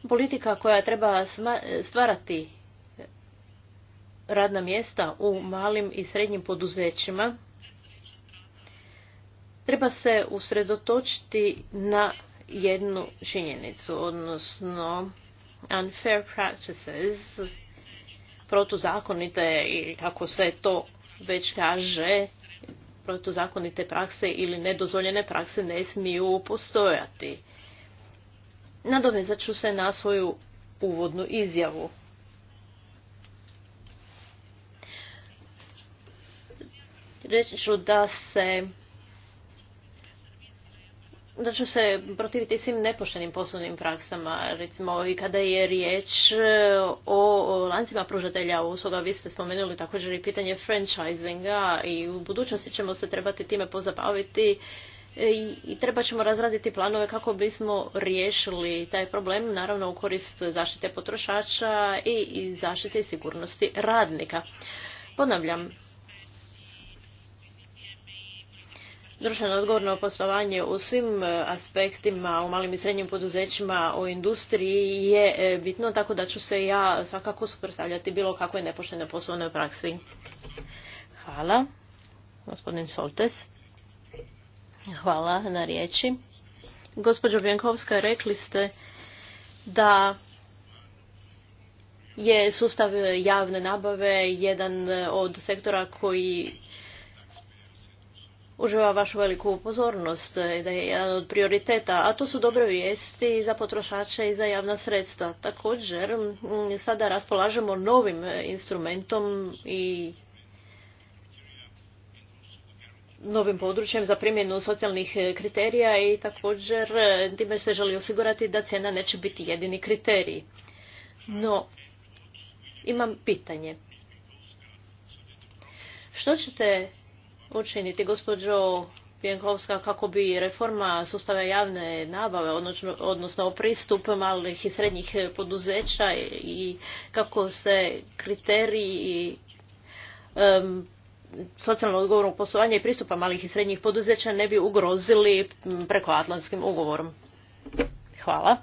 politika koja treba stvarati radna mjesta u malim i srednjim poduzećima treba se usredotočiti na jednu činjenicu, odnosno unfair practices, protuzakonite i kako se to već kaže, protuzakonite prakse ili nedozvoljene prakse ne smiju postojati. Nadovezat ću se na svoju uvodnu izjavu. Reći ću da se da ću se protiviti svim nepoštenim poslovnim praksama, recimo i kada je riječ e, o lancima pružatelja usluga, vi ste spomenuli također i pitanje franchisinga i u budućnosti ćemo se trebati time pozabaviti e, i treba ćemo razraditi planove kako bismo riješili taj problem, naravno u korist zaštite potrošača i zaštite i sigurnosti radnika. Ponavljam, društveno odgovorno poslovanje u svim e, aspektima, u malim i srednjim poduzećima, u industriji je e, bitno, tako da ću se ja svakako suprotstavljati bilo kako je nepoštene poslovne praksi. Hvala, gospodin Soltes. Hvala na riječi. Gospođo Bjankovska, rekli ste da je sustav javne nabave jedan od sektora koji uživa vašu veliku pozornost da je jedan od prioriteta, a to su dobre vijesti za potrošače i za javna sredstva. Također, sada raspolažemo novim instrumentom i novim područjem za primjenu socijalnih kriterija i također e, time se želi osigurati da cijena neće biti jedini kriterij. No, imam pitanje. Što ćete učiniti, gospođo Pjenkovska, kako bi reforma sustava javne nabave, odnosno pristup malih i srednjih poduzeća i kako se kriteriji um, socijalno odgovornog poslovanja i pristupa malih i srednjih poduzeća ne bi ugrozili prekoatlantskim ugovorom. Hvala.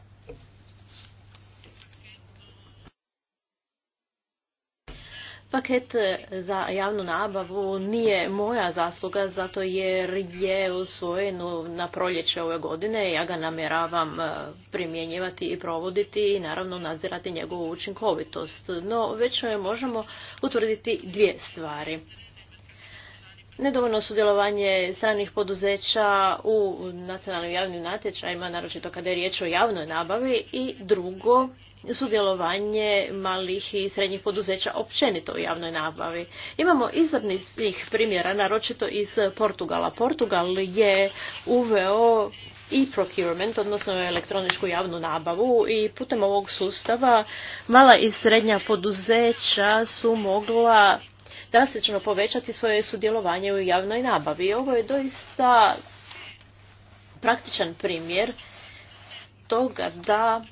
Paket e, za javnu nabavu nije moja zasluga zato jer je usvojen na proljeće ove godine. Ja ga namjeravam e, primjenjivati i provoditi i naravno nadzirati njegovu učinkovitost. No već možemo utvrditi dvije stvari. Nedovoljno sudjelovanje stranih poduzeća u nacionalnim javnim natječajima, naročito kada je riječ o javnoj nabavi i drugo, sudjelovanje malih i srednjih poduzeća općenito u javnoj nabavi. Imamo izvrnih primjera, naročito iz Portugala. Portugal je uveo e-procurement, odnosno elektroničku javnu nabavu i putem ovog sustava mala i srednja poduzeća su mogla drastično povećati svoje sudjelovanje u javnoj nabavi. Ovo je doista praktičan primjer toga da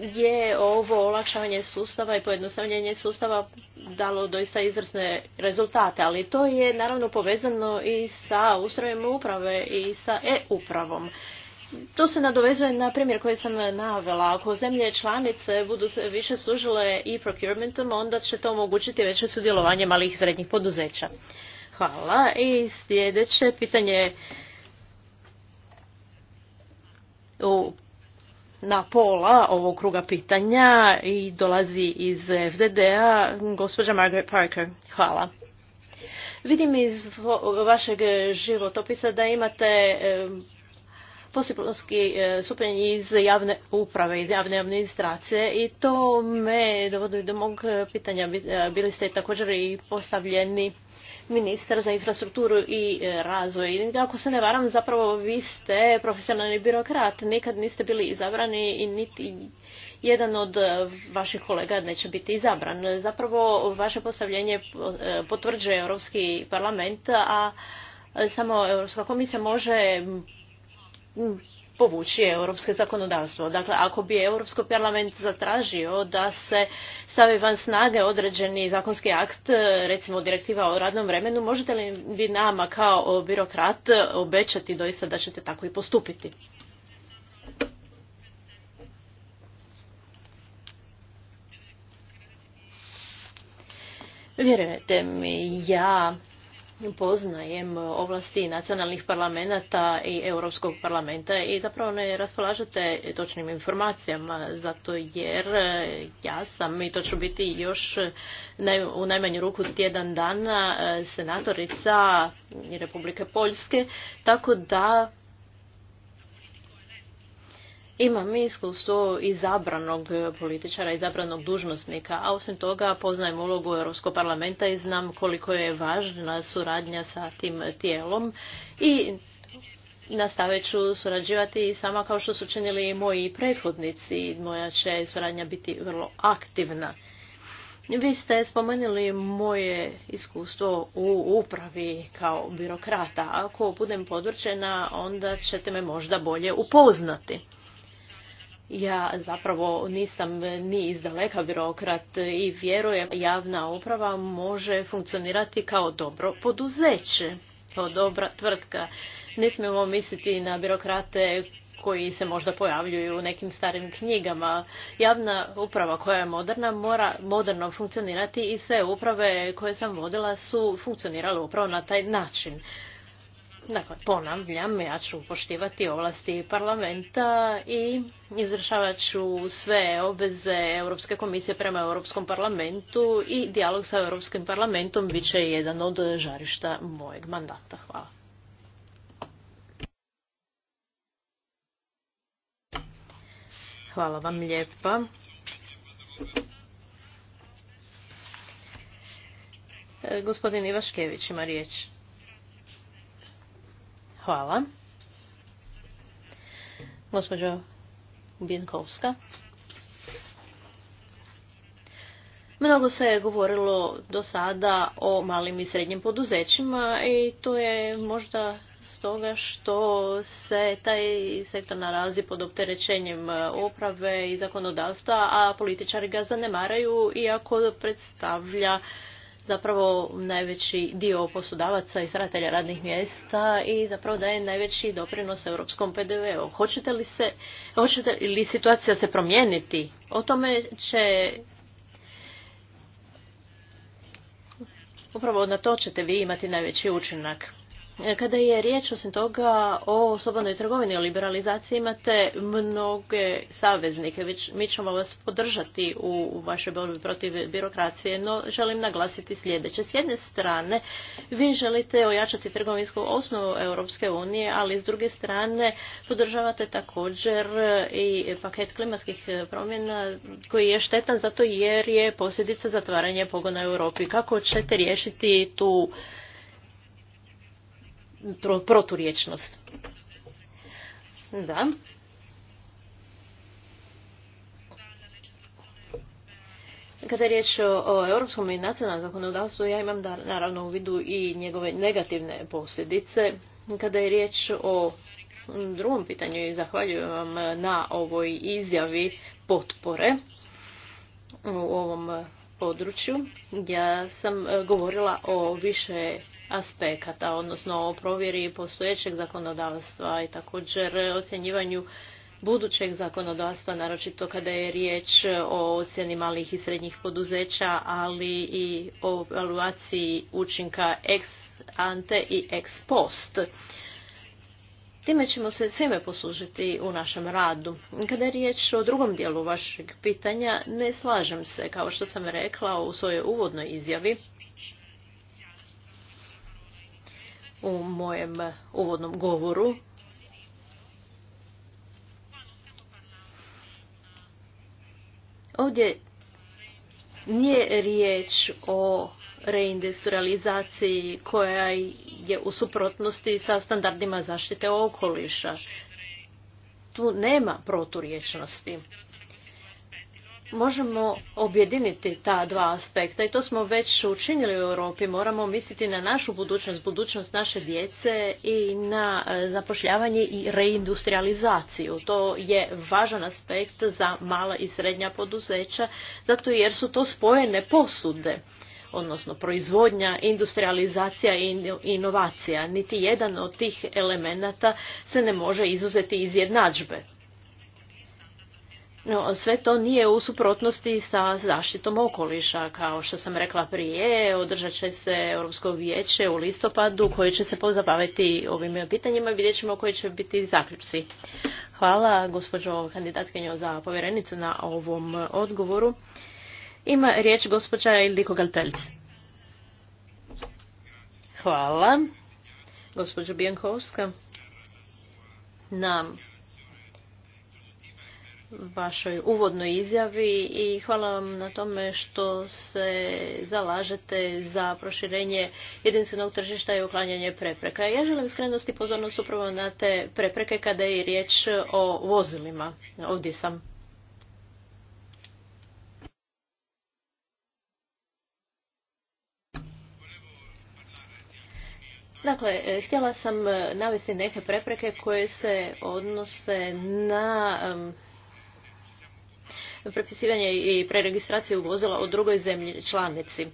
je ovo olakšavanje sustava i pojednostavljanje sustava dalo doista izvrsne rezultate, ali to je naravno povezano i sa ustrojem uprave i sa e-upravom. To se nadovezuje na primjer koji sam navela. Ako zemlje članice budu više služile i e procurementom, onda će to omogućiti veće sudjelovanje malih i srednjih poduzeća. Hvala. I sljedeće pitanje u na pola ovog kruga pitanja i dolazi iz FDD-a gospođa Margaret Parker. Hvala. Vidim iz vašeg životopisa da imate e, posipolski e, stupanj iz javne uprave, iz javne administracije i to me dovodi do mog pitanja. E, bili ste također i postavljeni ministar za infrastrukturu i e, razvoj. Ako se ne varam, zapravo vi ste profesionalni birokrat. Nikad niste bili izabrani i niti jedan od e, vaših kolega neće biti izabran. Zapravo vaše postavljenje e, potvrđuje Europski parlament, a samo Europska komisija može povući europske zakonodavstvo. Dakle, ako bi Europski parlament zatražio da se stavi van snage određeni zakonski akt, recimo direktiva o radnom vremenu, možete li vi nama kao birokrat obećati doista da ćete tako i postupiti? Vjerujete mi, ja poznajem ovlasti nacionalnih parlamenta i Europskog parlamenta i zapravo ne raspolažete točnim informacijama zato jer e, ja sam i to ću biti još u najmanju ruku tjedan dana e, senatorica Republike Poljske tako da imam iskustvo izabranog političara, izabranog dužnosnika, a osim toga poznajem ulogu Europskog parlamenta i znam koliko je važna suradnja sa tim tijelom i nastavit ću surađivati i sama kao što su činili i moji prethodnici. Moja će suradnja biti vrlo aktivna. Vi ste spomenuli moje iskustvo u upravi kao birokrata. Ako budem podvrčena, onda ćete me možda bolje upoznati. Ja zapravo nisam ni izdaleka birokrat i vjerujem javna uprava može funkcionirati kao dobro poduzeće, kao dobra tvrtka. Ne smijemo misliti na birokrate koji se možda pojavljuju u nekim starim knjigama. Javna uprava koja je moderna mora moderno funkcionirati i sve uprave koje sam vodila su funkcionirale upravo na taj način. Dakle, ponavljam, ja ću poštivati ovlasti parlamenta i izvršavat ću sve obveze Europske komisije prema Europskom parlamentu i dijalog sa Europskim parlamentom bit će jedan od žarišta mojeg mandata. Hvala. Hvala vam lijepa. Gospodin Ivaškević ima riječ. Hvala. Gospođo Binkovska. Mnogo se je govorilo do sada o malim i srednjim poduzećima i to je možda stoga što se taj sektor nalazi pod opterećenjem oprave i zakonodavstva, a političari ga zanemaraju iako predstavlja zapravo najveći dio poslodavaca i stratelja radnih mjesta i zapravo daje najveći doprinos europskom PDV-u. Hoćete li se, hoćete li situacija se promijeniti? O tome će upravo na to ćete vi imati najveći učinak. E, kada je riječ osim toga o slobodnoj trgovini, o liberalizaciji, imate mnoge saveznike. Mi ćemo vas podržati u vašoj borbi protiv birokracije, no želim naglasiti sljedeće. S jedne strane, vi želite ojačati trgovinsku osnovu Europske unije, ali s druge strane podržavate također i paket klimatskih promjena koji je štetan zato jer je posljedica zatvaranja pogona u Europi. Kako ćete riješiti tu proturječnost. Da. Kada je riječ o europskom i nacionalnom zakonodavstvu, ja imam da, naravno u vidu i njegove negativne posljedice. Kada je riječ o drugom pitanju i zahvaljujem vam na ovoj izjavi potpore u ovom području. Ja sam govorila o više aspekata, odnosno o provjeri postojećeg zakonodavstva i također ocjenjivanju budućeg zakonodavstva, naročito kada je riječ o ocjeni malih i srednjih poduzeća, ali i o evaluaciji učinka ex ante i ex post. Time ćemo se svime poslužiti u našem radu. Kada je riječ o drugom dijelu vašeg pitanja, ne slažem se, kao što sam rekla u svojoj uvodnoj izjavi, u mojem uvodnom govoru. Ovdje nije riječ o reindustrializaciji koja je u suprotnosti sa standardima zaštite okoliša. Tu nema proturječnosti možemo objediniti ta dva aspekta i to smo već učinili u Europi. Moramo misliti na našu budućnost, budućnost naše djece i na e, zapošljavanje i reindustrializaciju. To je važan aspekt za mala i srednja poduzeća, zato jer su to spojene posude odnosno proizvodnja, industrializacija i inovacija. Niti jedan od tih elemenata se ne može izuzeti iz jednadžbe. No, sve to nije u suprotnosti sa zaštitom okoliša. Kao što sam rekla prije, održat će se Europsko vijeće u listopadu koje će se pozabaviti ovim pitanjima i vidjet ćemo koji će biti zaključci. Hvala gospođo kandidatkinjo za povjerenicu na ovom odgovoru. Ima riječ gospođa Ildiko Galpelc. Hvala. Gospođo Bijankovska, na vašoj uvodnoj izjavi i hvala vam na tome što se zalažete za proširenje jedinstvenog tržišta i uklanjanje prepreka. Ja želim skrenuti pozornost upravo na te prepreke kada je riječ o vozilima. Ovdje sam. Dakle, htjela sam navesti neke prepreke koje se odnose na prepisivanje i preregistraciju vozila u drugoj zemlji članici.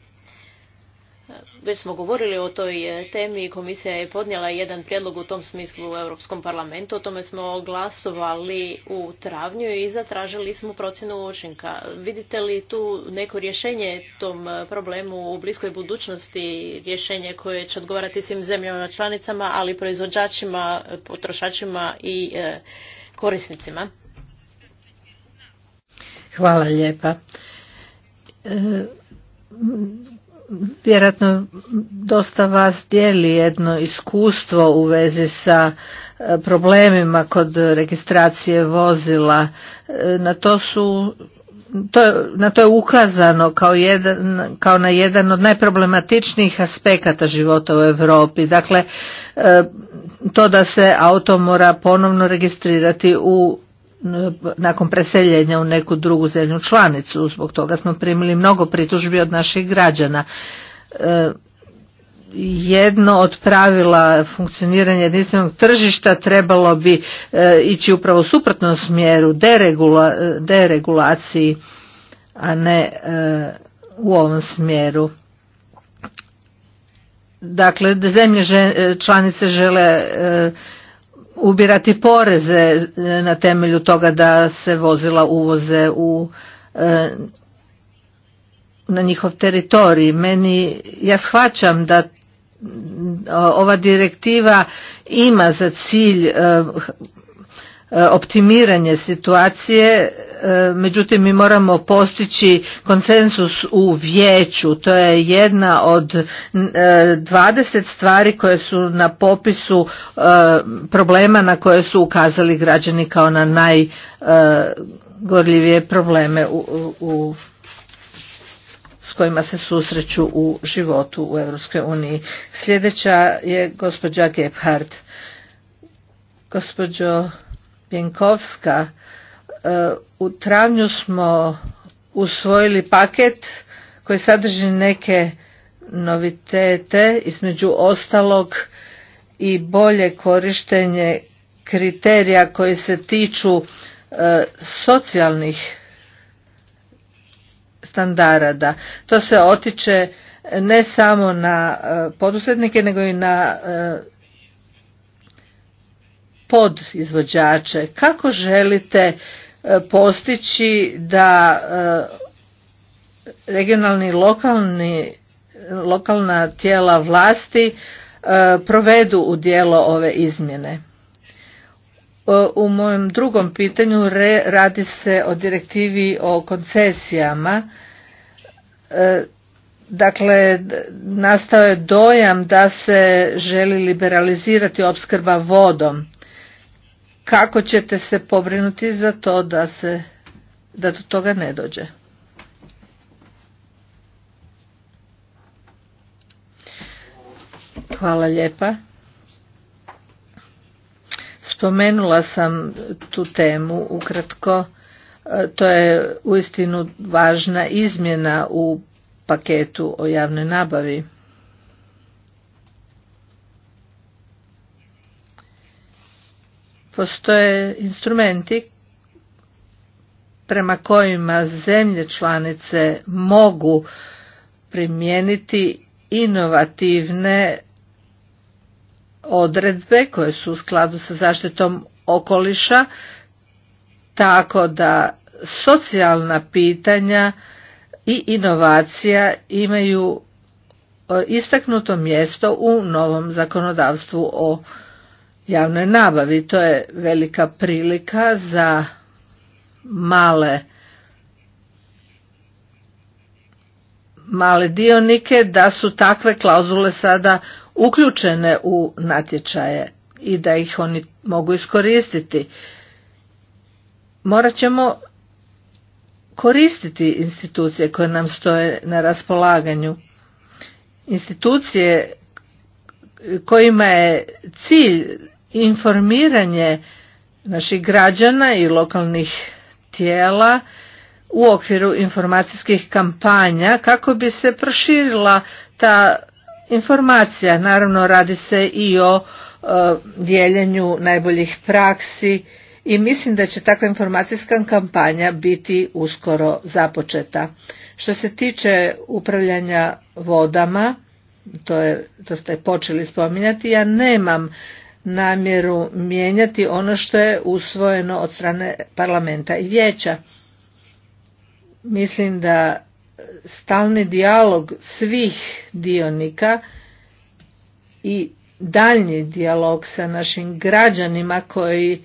Već smo govorili o toj temi i komisija je podnijela jedan prijedlog u tom smislu u Europskom parlamentu. O tome smo glasovali u travnju i zatražili smo procjenu učinka. Vidite li tu neko rješenje tom problemu u bliskoj budućnosti, rješenje koje će odgovarati svim zemljama članicama, ali proizvođačima, potrošačima i e, korisnicima? Hvala lijepa. E, vjerojatno dosta vas dijeli jedno iskustvo u vezi sa e, problemima kod registracije vozila. E, na to su to, na to je ukazano kao, jedan, kao na jedan od najproblematičnijih aspekata života u Europi. Dakle, to da se auto mora ponovno registrirati u nakon preseljenja u neku drugu zemlju članicu. Zbog toga smo primili mnogo pritužbi od naših građana. E, jedno od pravila funkcioniranja jedinstvenog tržišta trebalo bi e, ići upravo u suprotnom smjeru, deregula, deregulaciji, a ne e, u ovom smjeru. Dakle, zemlje članice žele ubirati poreze e, na temelju toga da se vozila uvoze u e, na njihov teritorij. Meni, ja shvaćam da ova direktiva ima za cilj e, E, optimiranje situacije e, međutim mi moramo postići konsensus u vijeću to je jedna od 20 e, stvari koje su na popisu problema na koje su ukazali građani kao na najgorljivije probleme u, s kojima se susreću u životu u Europskoj uniji. Sljedeća je gospođa Gebhardt. Gospođo Pjenkovska. E, u travnju smo usvojili paket koji sadrži neke novitete, između ostalog i bolje korištenje kriterija koji se tiču e, socijalnih standarda. To se otiče ne samo na e, poduzetnike nego i na izvođače Kako želite e, postići da e, regionalni lokalni, lokalna tijela vlasti e, provedu u dijelo ove izmjene? U mojem drugom pitanju radi se o direktivi o koncesijama. Dakle, nastao je dojam da se želi liberalizirati opskrba vodom kako ćete se pobrinuti za to da se da do toga ne dođe. Hvala lijepa. Spomenula sam tu temu ukratko. E, to je uistinu važna izmjena u paketu o javnoj nabavi. Postoje instrumenti prema kojima zemlje članice mogu primijeniti inovativne odredbe koje su u skladu sa zaštitom okoliša tako da socijalna pitanja i inovacija imaju e, istaknuto mjesto u novom zakonodavstvu o javnoj nabavi. To je velika prilika za male male dionike da su takve klauzule sada uključene u natječaje i da ih oni mogu iskoristiti. Morat ćemo koristiti institucije koje nam stoje na raspolaganju. Institucije kojima je cilj informiranje naših građana i lokalnih tijela u okviru informacijskih kampanja kako bi se proširila ta informacija. Naravno radi se i o e, dijeljenju najboljih praksi i mislim da će takva informacijska kampanja biti uskoro započeta. Što se tiče upravljanja vodama, to, je, to ste počeli spominjati, ja nemam namjeru mijenjati ono što je usvojeno od strane parlamenta i vijeća. Mislim da stalni dijalog svih dionika i daljnji dijalog sa našim građanima koji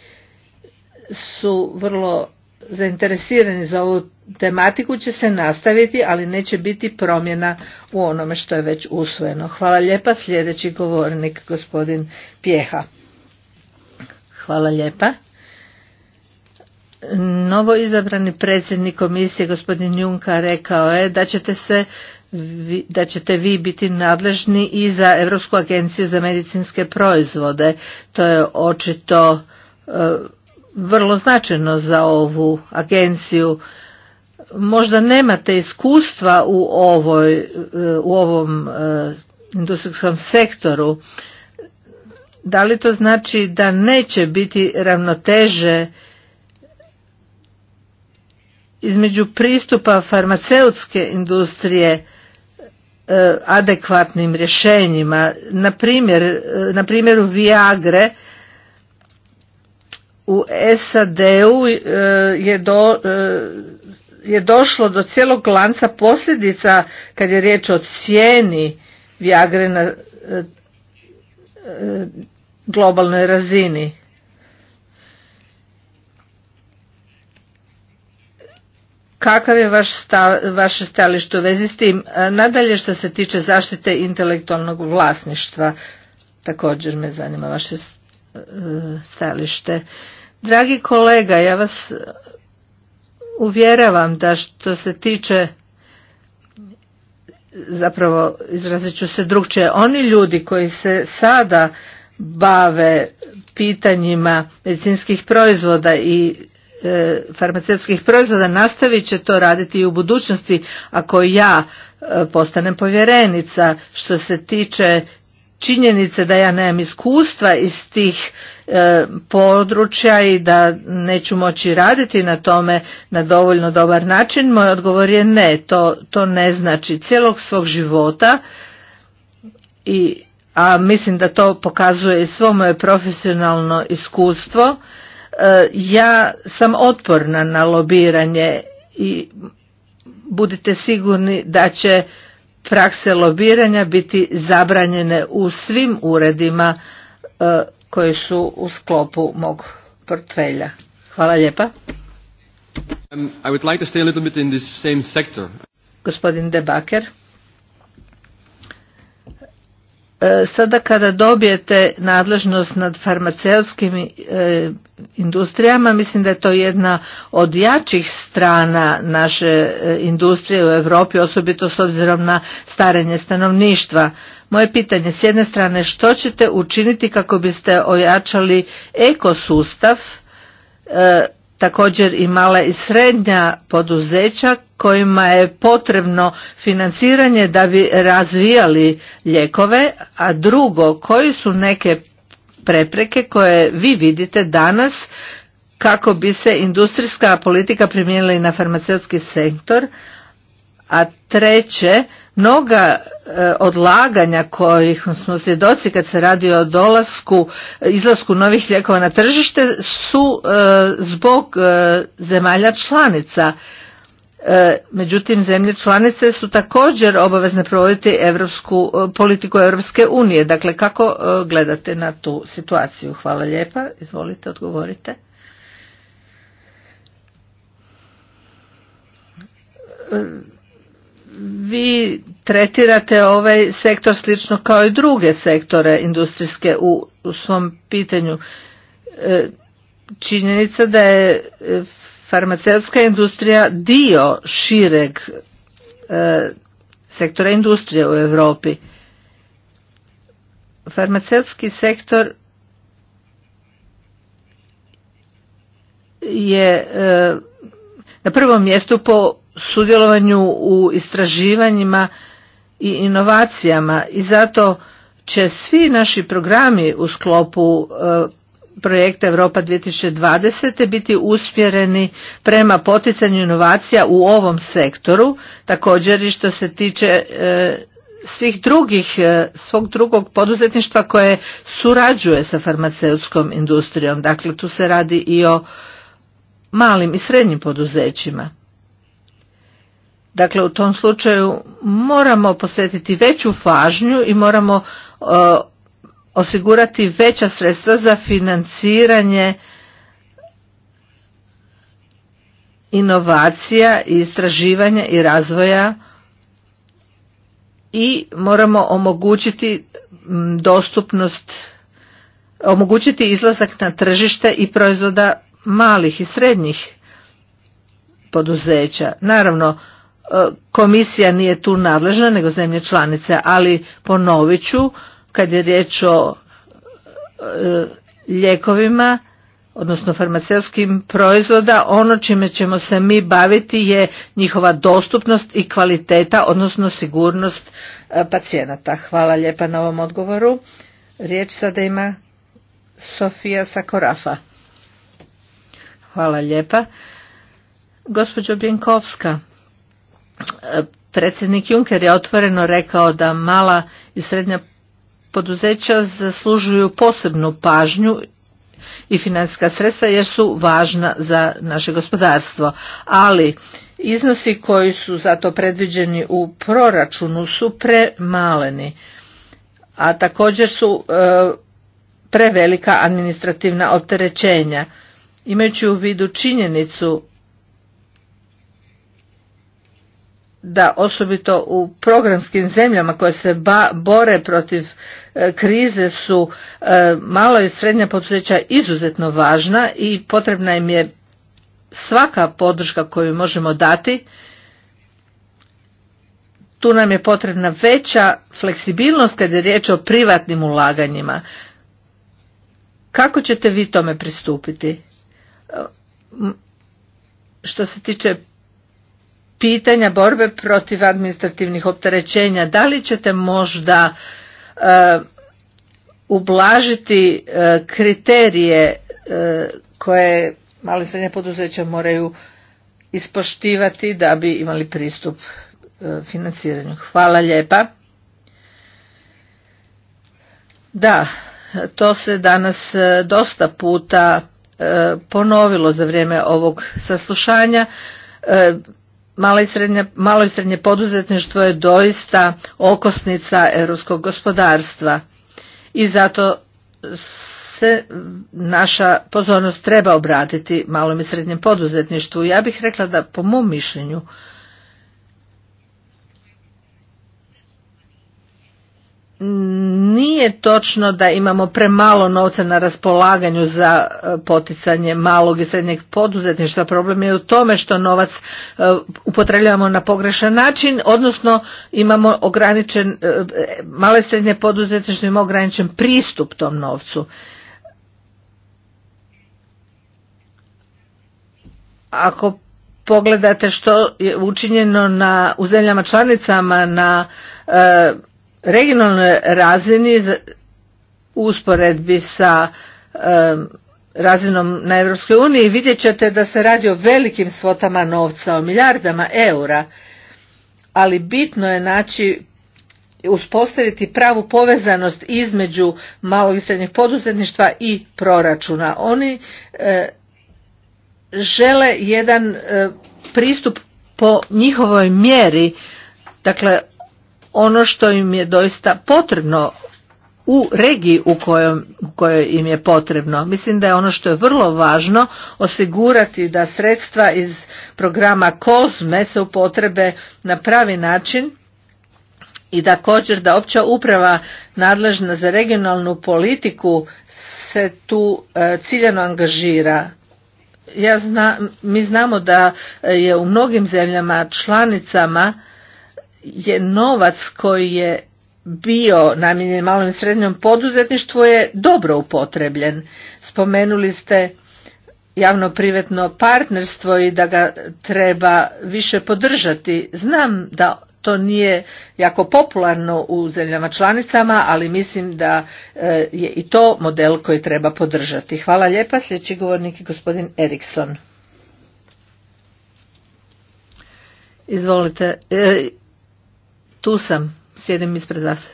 su vrlo zainteresirani za ovu tematiku će se nastaviti, ali neće biti promjena u onome što je već usvojeno. Hvala lijepa, sljedeći govornik, gospodin Pjeha. Hvala lijepa. Novo izabrani predsjednik komisije, gospodin Junka, rekao je da ćete se da ćete vi biti nadležni i za Europsku agenciju za medicinske proizvode. To je očito e, vrlo značajno za ovu agenciju možda nemate iskustva u, ovoj, e, u ovom e, industrijskom sektoru, da li to znači da neće biti ravnoteže između pristupa farmaceutske industrije e, adekvatnim rješenjima. Na, primjer, na primjeru Viagre u SAD-u je do, je došlo do cijelog lanca posljedica kad je riječ o cijeni Viagre na e, e, globalnoj razini. Kakav je vaš vaše stajalište u vezi s tim? E, nadalje što se tiče zaštite intelektualnog vlasništva, također me zanima vaše stajalište. Dragi kolega, ja vas uvjeravam da što se tiče zapravo izrazit ću se drugčije, oni ljudi koji se sada bave pitanjima medicinskih proizvoda i e, farmaceutskih proizvoda nastavit će to raditi i u budućnosti ako ja e, postanem povjerenica što se tiče činjenice da ja nemam iskustva iz tih E, područja i da neću moći raditi na tome na dovoljno dobar način, moj odgovor je ne, to, to ne znači cijelog svog života i a mislim da to pokazuje i svo moje profesionalno iskustvo, e, ja sam otporna na lobiranje i budite sigurni da će prakse lobiranja biti zabranjene u svim uredima e, koji su u sklopu mog portfelja. Hvala lijepa. Um, I would like to stay a little bit in this same sector. Gospodin Debaker. E, sada kada dobijete nadležnost nad farmaceutskim e, industrijama, mislim da je to jedna od jačih strana naše e, industrije u Europi, osobito s obzirom na starenje stanovništva. Moje pitanje s jedne strane što ćete učiniti kako biste ojačali ekosustav također i mala i srednja poduzeća kojima je potrebno financiranje da bi razvijali ljekove, a drugo koji su neke prepreke koje vi vidite danas kako bi se industrijska politika primijenila i na farmaceutski sektor, a treće mnoga e, odlaganja kojih smo svjedoci kad se radi o dolasku, izlasku novih lijekova na tržište su e, zbog e, zemalja članica. Međutim, zemlje članice su također obavezne provoditi evropsku, politiku Europske unije. Dakle, kako gledate na tu situaciju? Hvala lijepa. Izvolite, odgovorite vi tretirate ovaj sektor slično kao i druge sektore industrijske u, svom pitanju. E, činjenica da je e, farmaceutska industrija dio šireg e, sektora industrije u Europi. Farmaceutski sektor je na prvom mjestu po sudjelovanju u istraživanjima i inovacijama i zato će svi naši programi u sklopu e, projekta Europa 2020. biti usmjereni prema poticanju inovacija u ovom sektoru, također i što se tiče e, svih drugih, e, svog drugog poduzetništva koje surađuje sa farmaceutskom industrijom. Dakle, tu se radi i o malim i srednjim poduzećima. Dakle, u tom slučaju moramo posvetiti veću fažnju i moramo e, osigurati veća sredstva za financiranje inovacija i istraživanja i razvoja i moramo omogućiti dostupnost omogućiti izlazak na tržište i proizvoda malih i srednjih poduzeća. Naravno, komisija nije tu nadležna nego zemlje članice, ali ponovit ću kad je riječ o e, lijekovima odnosno farmaceutskim proizvoda, ono čime ćemo se mi baviti je njihova dostupnost i kvaliteta, odnosno sigurnost e, pacijenata. Hvala lijepa na ovom odgovoru. Riječ sada ima Sofija Sakorafa. Hvala lijepa. Gospođo Bjenkovska, predsjednik Juncker je otvoreno rekao da mala i srednja poduzeća zaslužuju posebnu pažnju i financijska sredstva jer su važna za naše gospodarstvo. Ali iznosi koji su za to predviđeni u proračunu su premaleni, a također su e, prevelika administrativna opterećenja. Imajući u vidu činjenicu da osobito u programskim zemljama koje se bore protiv e, krize su e, malo i srednja poduzeća izuzetno važna i potrebna im je svaka podrška koju možemo dati tu nam je potrebna veća fleksibilnost kada je riječ o privatnim ulaganjima kako ćete vi tome pristupiti e, što se tiče pitanja borbe protiv administrativnih opterećenja. Da li ćete možda e, ublažiti e, kriterije e, koje mali srednje poduzeća moraju ispoštivati da bi imali pristup financiranju. Hvala lijepa. Da, to se danas dosta puta ponovilo za vrijeme ovog saslušanja Malo i, srednje, malo i srednje poduzetništvo je doista okosnica europskog gospodarstva i zato se naša pozornost treba obratiti malom i srednjem poduzetništvu. Ja bih rekla da po mom mišljenju nije točno da imamo premalo novca na raspolaganju za e, poticanje malog i srednjeg poduzetništva. Problem je u tome što novac e, upotrebljavamo na pogrešan način, odnosno imamo ograničen, e, male i srednje poduzetništvo ima ograničen pristup tom novcu. Ako pogledate što je učinjeno na, u zemljama članicama na regionalnoj razini u usporedbi sa razinom na EU vidjet ćete da se radi o velikim svotama novca, o milijardama eura, ali bitno je naći uspostaviti pravu povezanost između malog i srednjeg poduzetništva i proračuna. Oni e, žele jedan e, pristup po njihovoj mjeri, dakle ono što im je doista potrebno u regiji u kojoj, im je potrebno. Mislim da je ono što je vrlo važno osigurati da sredstva iz programa COSME se upotrebe na pravi način i također da opća uprava nadležna za regionalnu politiku se tu e, ciljeno angažira. Ja mi znamo da je u mnogim zemljama članicama je novac koji je bio namijenjen malom i srednjom poduzetništvu je dobro upotrebljen. Spomenuli ste javno-privetno partnerstvo i da ga treba više podržati. Znam da to nije jako popularno u zemljama članicama, ali mislim da e, je i to model koji treba podržati. Hvala lijepa. Sljedeći govornik je gospodin Erikson. Izvolite. E, tu sam, sjedim ispred vas.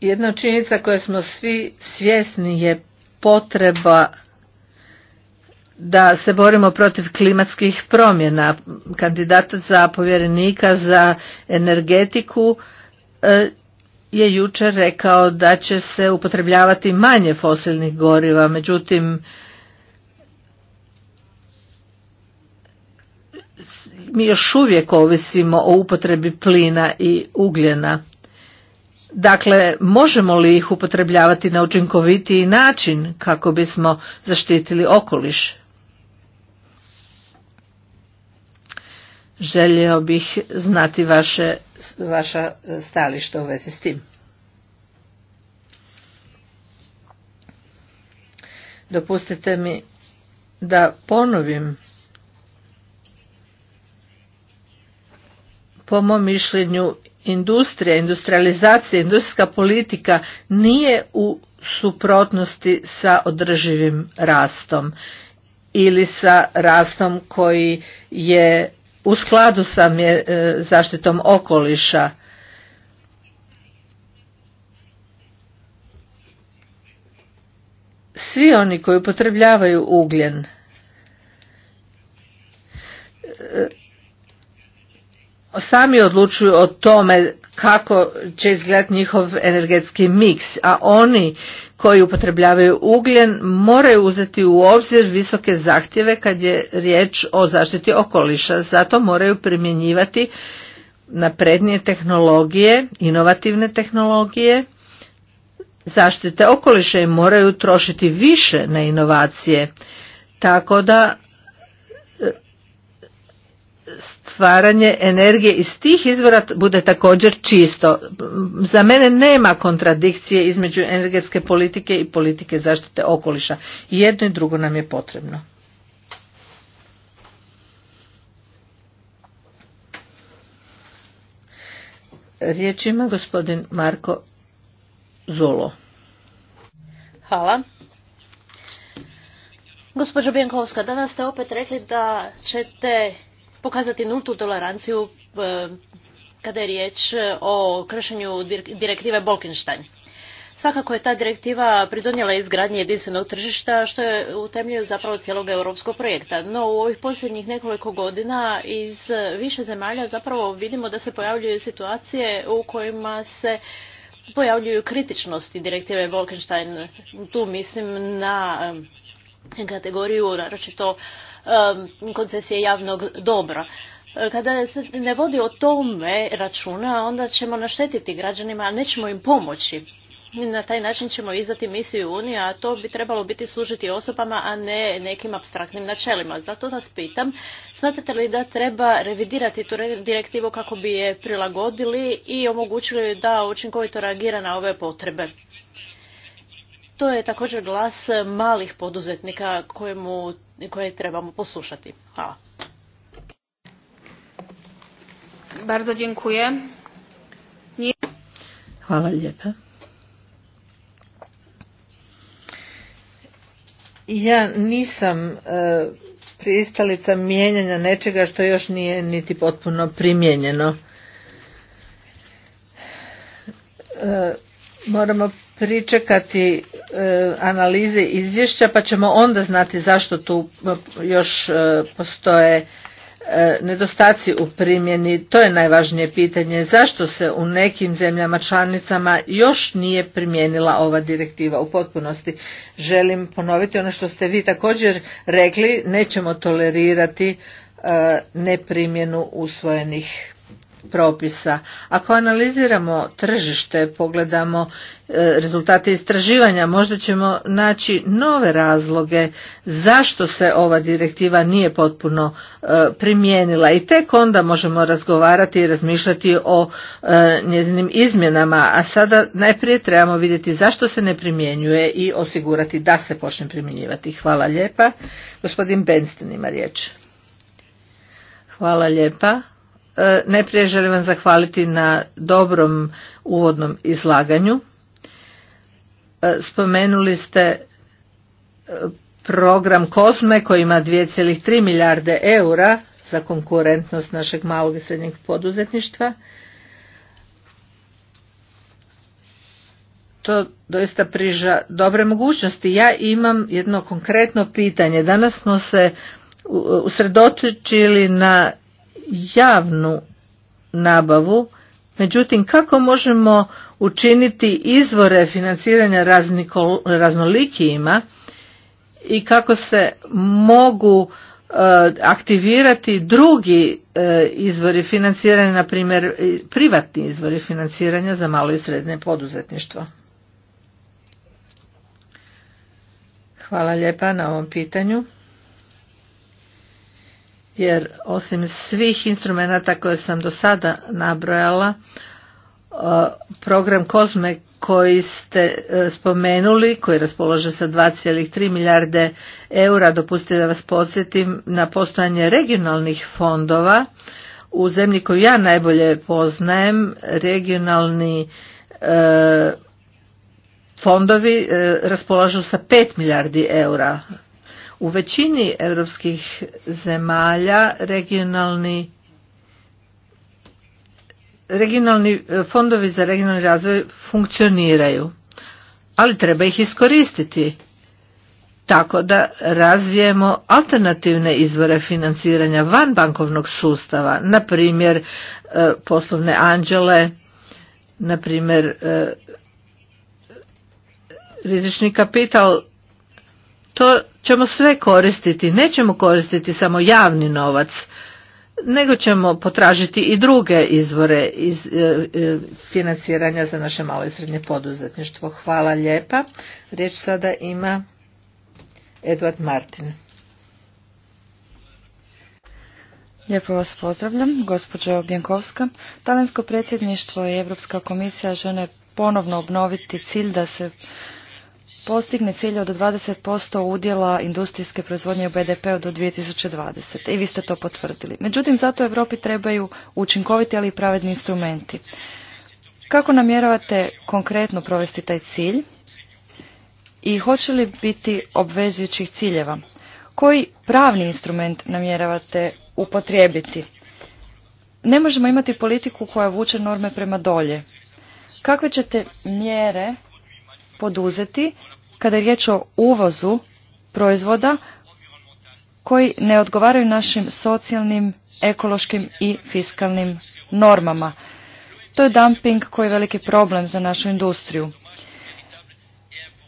Jedna činjenica koje smo svi svjesni je potreba da se borimo protiv klimatskih promjena. Kandidat za povjerenika za energetiku e, je jučer rekao da će se upotrebljavati manje fosilnih goriva, međutim mi još uvijek ovisimo o upotrebi plina i ugljena. Dakle, možemo li ih upotrebljavati na učinkovitiji način kako bismo zaštitili okoliš? želio bih znati vaše, vaša stališta u vezi s tim. Dopustite mi da ponovim po mom mišljenju industrija, industrializacija, industrijska politika nije u suprotnosti sa održivim rastom ili sa rastom koji je u skladu sa e, zaštitom okoliša. Svi oni koji upotrebljavaju ugljen e, sami odlučuju o tome kako će izgledati njihov energetski miks, a oni koji upotrebljavaju ugljen moraju uzeti u obzir visoke zahtjeve kad je riječ o zaštiti okoliša. Zato moraju primjenjivati naprednije tehnologije, inovativne tehnologije zaštite okoliša i moraju trošiti više na inovacije. Tako da stvaranje energije iz tih izvora bude također čisto. Za mene nema kontradikcije između energetske politike i politike zaštite okoliša. Jedno i drugo nam je potrebno. Riječ ima gospodin Marko Zolo. Hvala. Gospođo Bjenkovska, danas ste opet rekli da ćete pokazati nultu toleranciju e, kada je riječ e, o kršenju direktive Bolkenštajn. Svakako je ta direktiva pridonijela izgradnji jedinstvenog tržišta što je u zapravo cijelog europskog projekta. No u ovih posljednjih nekoliko godina iz više zemalja zapravo vidimo da se pojavljuju situacije u kojima se pojavljuju kritičnosti direktive Wolkenstein. Tu mislim na e, kategoriju naročito Um, koncesije javnog dobra. Kada se ne vodi o tome računa, onda ćemo naštetiti građanima, a nećemo im pomoći. Na taj način ćemo izdati misiju Unije, a to bi trebalo biti služiti osobama, a ne nekim abstraktnim načelima. Zato vas pitam, smatrate li da treba revidirati tu direktivu kako bi je prilagodili i omogućili da učinkovito reagira na ove potrebe? To je također glas malih poduzetnika kojemu, koje trebamo poslušati. Hvala. Bardzo dziękuję. Nie... Hvala lijepa. Ja nisam e, pristalica mijenjanja nečega što još nije niti potpuno primijenjeno. E, moramo pričekati E, analize izvješća pa ćemo onda znati zašto tu e, još e, postoje nedostaci u primjeni, to je najvažnije pitanje zašto se u nekim zemljama članicama još nije primijenila ova direktiva u potpunosti. Želim ponoviti ono što ste vi također rekli, nećemo tolerirati neprimjenu usvojenih propisa. Ako analiziramo tržište, pogledamo e, rezultate istraživanja, možda ćemo naći nove razloge zašto se ova direktiva nije potpuno e, primijenila i tek onda možemo razgovarati i razmišljati o e, njezinim izmjenama, a sada najprije trebamo vidjeti zašto se ne primjenjuje i osigurati da se počne primjenjivati. Hvala lijepa. Gospodin Benstin ima riječ. Hvala lijepa. E, najprije želim vam zahvaliti na dobrom uvodnom izlaganju. E, spomenuli ste e, program Kozme koji ima 2,3 milijarde eura za konkurentnost našeg malog i srednjeg poduzetništva. To doista priža dobre mogućnosti. Ja imam jedno konkretno pitanje. Danas smo se usredotočili na javnu nabavu međutim kako možemo učiniti izvore financiranja raznolikijima i kako se mogu e, aktivirati drugi e, izvori financiranja na primjer privatni izvori financiranja za malo i srednje poduzetništvo hvala lijepa na ovom pitanju jer osim svih instrumenata koje sam do sada nabrojala, e, program Kozme koji ste e, spomenuli, koji raspolože sa 2,3 milijarde eura, dopustite da vas podsjetim na postojanje regionalnih fondova u zemlji koju ja najbolje poznajem, regionalni e, fondovi raspolažu sa 5 milijardi eura u većini europskih zemalja regionalni regionalni e, fondovi za regionalni razvoj funkcioniraju ali treba ih iskoristiti tako da razvijemo alternativne izvore financiranja van bankovnog sustava na primjer e, poslovne anđele na primjer e, rizični kapital to ćemo sve koristiti, nećemo koristiti samo javni novac, nego ćemo potražiti i druge izvore iz e, e, financiranja za naše malo i srednje poduzetništvo. Hvala lijepa. Riječ sada ima Edward Martin. Lijepo vas pozdravljam, gospođo Bjankovska. Talensko predsjedništvo i Europska komisija žele ponovno obnoviti cilj da se postigne cilj od 20% udjela industrijske proizvodnje u BDP-u do 2020. I vi ste to potvrdili. Međutim, zato u Europi trebaju učinkoviti, ali i pravedni instrumenti. Kako namjeravate konkretno provesti taj cilj i hoće li biti obvezujućih ciljeva? Koji pravni instrument namjeravate upotrijebiti? Ne možemo imati politiku koja vuče norme prema dolje. Kakve ćete mjere poduzeti kada je riječ o uvozu proizvoda koji ne odgovaraju našim socijalnim, ekološkim i fiskalnim normama. To je dumping koji je veliki problem za našu industriju.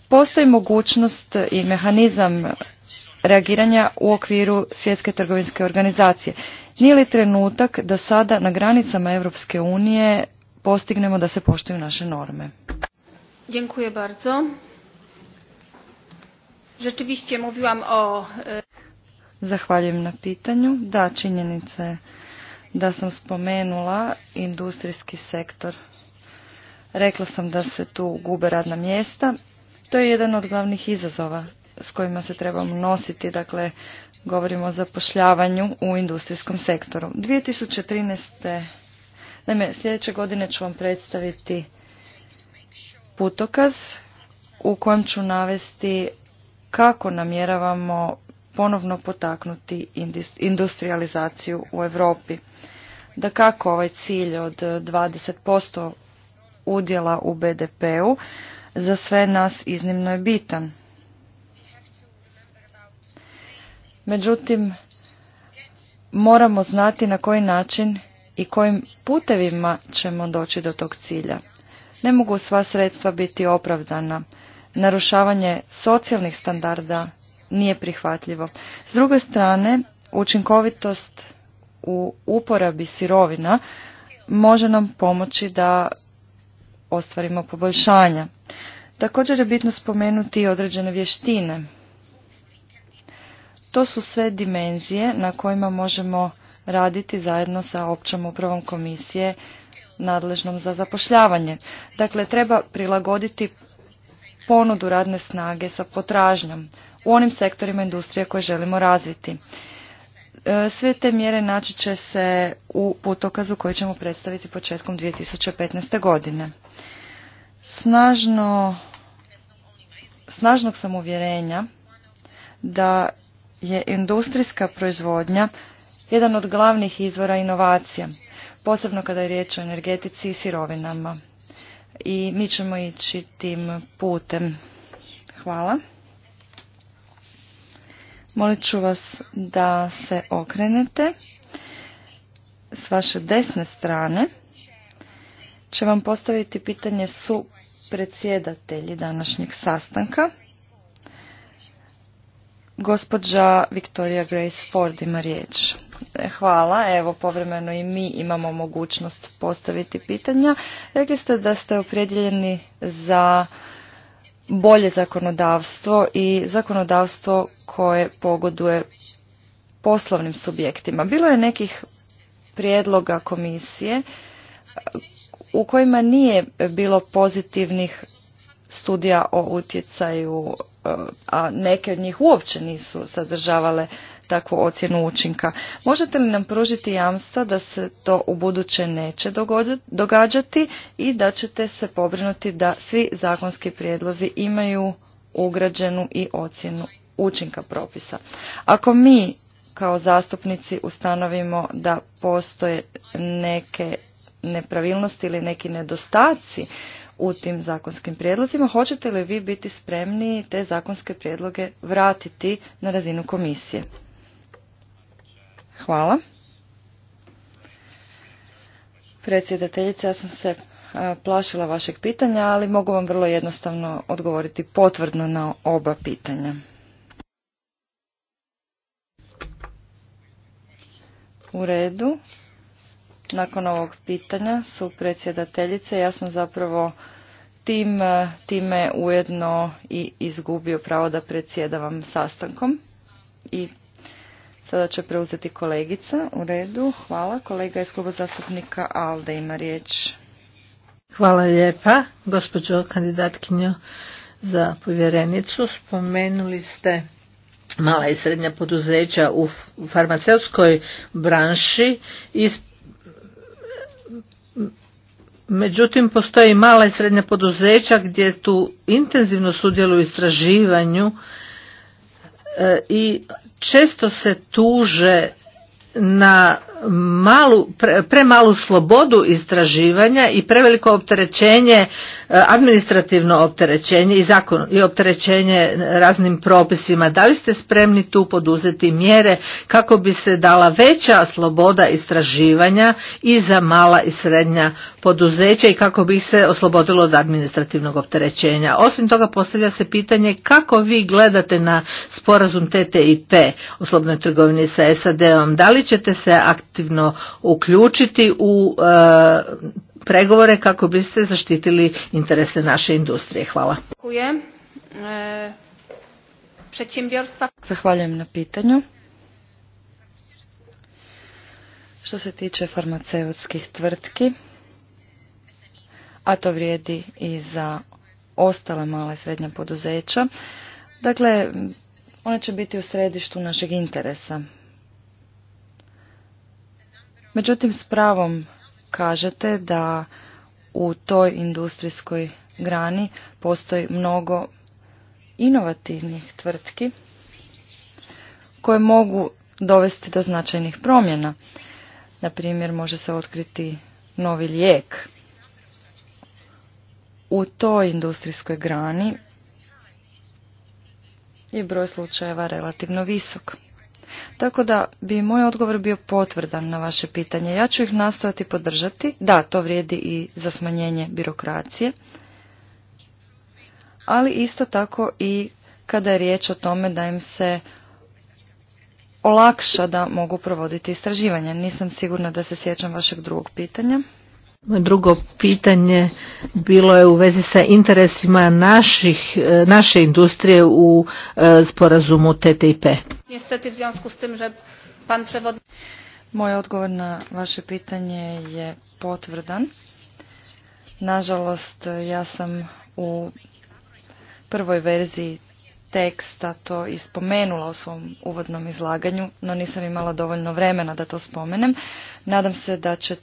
Postoji mogućnost i mehanizam reagiranja u okviru Svjetske trgovinske organizacije. Nije li trenutak da sada na granicama Europske unije postignemo da se poštuju naše norme? E, Zahvaljujem na pitanju. Da, činjenica je da sam spomenula industrijski sektor. Rekla sam da se tu gube radna mjesta. To je jedan od glavnih izazova s kojima se trebamo nositi, dakle govorimo o zapošljavanju u industrijskom sektoru. 2013. Naime, sljedeće godine ću vam predstaviti putokaz u kojem ću navesti kako namjeravamo ponovno potaknuti industrializaciju u Europi. Da kako ovaj cilj od 20% udjela u BDP-u za sve nas iznimno je bitan. Međutim, moramo znati na koji način i kojim putevima ćemo doći do tog cilja ne mogu sva sredstva biti opravdana. Narušavanje socijalnih standarda nije prihvatljivo. S druge strane, učinkovitost u uporabi sirovina može nam pomoći da ostvarimo poboljšanja. Također je bitno spomenuti i određene vještine. To su sve dimenzije na kojima možemo raditi zajedno sa općom upravom komisije nadležnom za zapošljavanje. Dakle, treba prilagoditi ponudu radne snage sa potražnjom u onim sektorima industrije koje želimo razviti. E, sve te mjere naći će se u putokazu koji ćemo predstaviti početkom 2015. godine. Snažno, snažnog sam uvjerenja da je industrijska proizvodnja jedan od glavnih izvora inovacija posebno kada je riječ o energetici i sirovinama. I mi ćemo ići tim putem. Hvala. Molit ću vas da se okrenete s vaše desne strane. Će vam postaviti pitanje su predsjedatelji današnjeg sastanka. Gospođa Viktorija Grace Ford ima riječ. Hvala. Evo, povremeno i mi imamo mogućnost postaviti pitanja. Rekli ste da ste opredjeljeni za bolje zakonodavstvo i zakonodavstvo koje pogoduje poslovnim subjektima. Bilo je nekih prijedloga komisije u kojima nije bilo pozitivnih studija o utjecaju, a neke od njih uopće nisu sadržavale takvu ocjenu učinka. Možete li nam pružiti jamstva da se to u buduće neće događati i da ćete se pobrinuti da svi zakonski prijedlozi imaju ugrađenu i ocjenu učinka propisa. Ako mi kao zastupnici ustanovimo da postoje neke nepravilnosti ili neki nedostaci u tim zakonskim prijedlozima, hoćete li vi biti spremni te zakonske prijedloge vratiti na razinu komisije? Hvala. Predsjedateljice, ja sam se e, plašila vašeg pitanja, ali mogu vam vrlo jednostavno odgovoriti potvrdno na oba pitanja. U redu. Nakon ovog pitanja su predsjedateljice. Ja sam zapravo tim, e, time ujedno i izgubio pravo da predsjedavam sastankom i Sada će preuzeti kolegica. U redu. Hvala. Kolega iz kluba zastupnika Alde ima riječ. Hvala lijepa, gospođo kandidatkinjo za povjerenicu. Spomenuli ste mala i srednja poduzeća u farmaceutskoj branši Međutim, postoji mala i srednja poduzeća gdje tu intenzivno sudjeluju u istraživanju E, i često se tuže na malu, pre, premalu slobodu istraživanja i preveliko opterećenje, e, administrativno opterećenje i, zakon, i opterećenje raznim propisima. Da li ste spremni tu poduzeti mjere kako bi se dala veća sloboda istraživanja i za mala i srednja poduzeća i kako bi se oslobodilo od administrativnog opterećenja. Osim toga postavlja se pitanje kako vi gledate na sporazum TTIP u slobnoj trgovini sa SAD-om. Da li ćete se aktivno aktivno uključiti u e, pregovore kako biste zaštitili interese naše industrije. Hvala. E, Zahvaljujem na pitanju. Što se tiče farmaceutskih tvrtki, a to vrijedi i za ostala male i srednja poduzeća, dakle, one će biti u središtu našeg interesa Međutim, s pravom kažete da u toj industrijskoj grani postoji mnogo inovativnih tvrtki koje mogu dovesti do značajnih promjena. Na primjer, može se otkriti novi lijek. U toj industrijskoj grani je broj slučajeva relativno visok. Tako da bi moj odgovor bio potvrdan na vaše pitanje. Ja ću ih nastojati podržati. Da, to vrijedi i za smanjenje birokracije. Ali isto tako i kada je riječ o tome da im se olakša da mogu provoditi istraživanje. Nisam sigurna da se sjećam vašeg drugog pitanja. Moje drugo pitanje bilo je u vezi sa interesima naših, e, naše industrije u e, sporazumu TTIP. Niestety w związku z pan Moj odgovor na vaše pitanje je potvrdan. Nažalost, ja sam u prvoj verziji teksta to i spomenula u svom uvodnom izlaganju, no nisam imala dovoljno vremena da to spomenem. Nadam se da će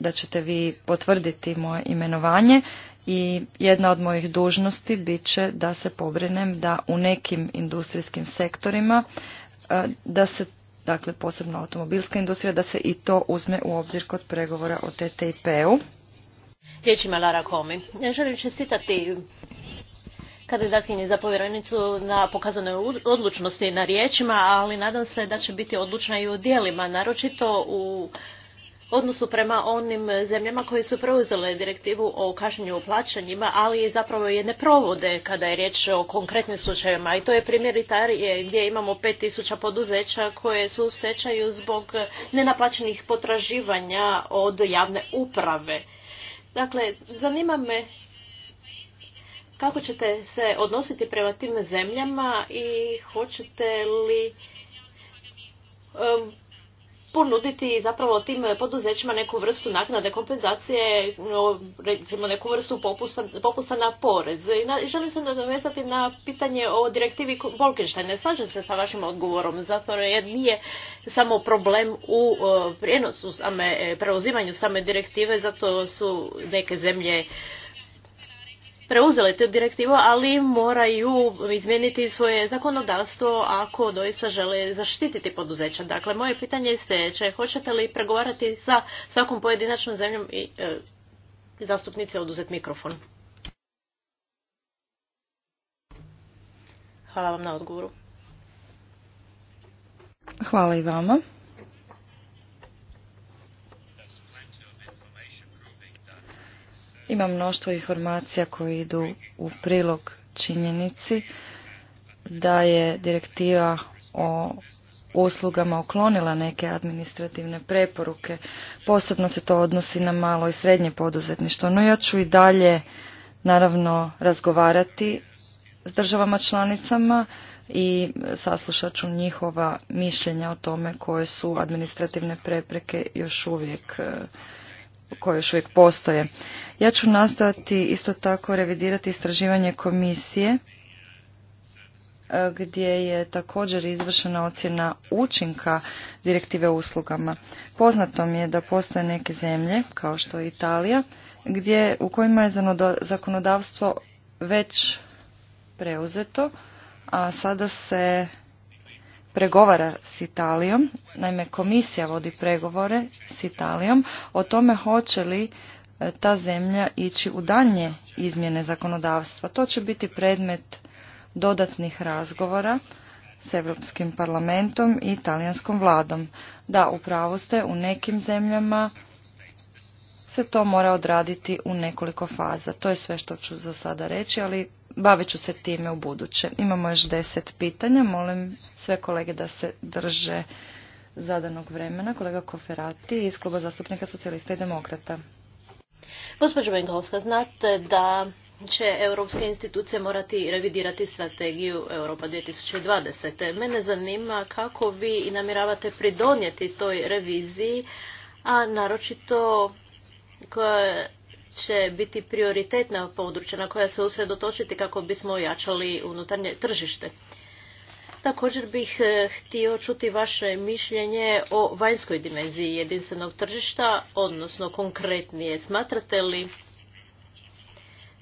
da ćete vi potvrditi moje imenovanje i jedna od mojih dužnosti bit će da se pobrinem da u nekim industrijskim sektorima e, da se dakle posebno automobilska industrija da se i to uzme u obzir kod pregovora o TTIP-u. Riječ ima Lara Komi. želim čestitati kandidatkinji za povjerenicu na pokazanoj odlučnosti na riječima, ali nadam se da će biti odlučna i u dijelima, naročito u odnosu prema onim zemljama koje su preuzele direktivu o kašnjenju u plaćanjima, ali zapravo je ne provode kada je riječ o konkretnim slučajevima. I to je primjer Italije gdje imamo 5000 poduzeća koje su u stečaju zbog nenaplaćenih potraživanja od javne uprave. Dakle, zanima me kako ćete se odnositi prema tim zemljama i hoćete li ponuditi zapravo tim poduzećima neku vrstu naknade kompenzacije, recimo neku vrstu popusta, na porez. I želim se nadovezati na pitanje o direktivi Bolkenštajne. slažem se sa vašim odgovorom, zapravo jer nije samo problem u prijenosu same, preuzimanju same direktive, zato su neke zemlje preuzele tu direktivu, ali moraju izmijeniti svoje zakonodavstvo ako doista žele zaštititi poduzeća. Dakle, moje pitanje je sljedeće. Hoćete li pregovarati sa svakom pojedinačnom zemljom i e, zastupnici oduzet mikrofon? Hvala vam na odgovoru. Hvala i vama. Ima mnoštvo informacija koje idu u prilog činjenici da je direktiva o uslugama uklonila neke administrativne preporuke. Posebno se to odnosi na malo i srednje poduzetništvo. No ja ću i dalje naravno razgovarati s državama članicama i saslušat ću njihova mišljenja o tome koje su administrativne prepreke još uvijek e, koje još uvijek postoje. Ja ću nastojati isto tako revidirati istraživanje komisije e, gdje je također izvršena ocjena učinka direktive o uslugama. Poznato mi je da postoje neke zemlje, kao što je Italija, gdje, u kojima je zakonodavstvo već preuzeto, a sada se pregovara s Italijom. Naime, komisija vodi pregovore s Italijom o tome hoće li e, ta zemlja ići u danje izmjene zakonodavstva. To će biti predmet dodatnih razgovora s Europskim parlamentom i italijanskom vladom. Da, upravo ste, u nekim zemljama se to mora odraditi u nekoliko faza. To je sve što ću za sada reći, ali bavit ću se time u buduće. Imamo još deset pitanja, molim sve kolege da se drže zadanog vremena. Kolega Koferati iz Kluba zastupnika socijalista i demokrata. Gospođo Benkovska, znate da će europske institucije morati revidirati strategiju Europa 2020. Mene zanima kako vi namjeravate pridonijeti toj reviziji, a naročito koja će biti prioritetna područja na koja se usredotočiti kako bismo ojačali unutarnje tržište. Također bih e, htio čuti vaše mišljenje o vanjskoj dimenziji jedinstvenog tržišta, odnosno konkretnije smatrate li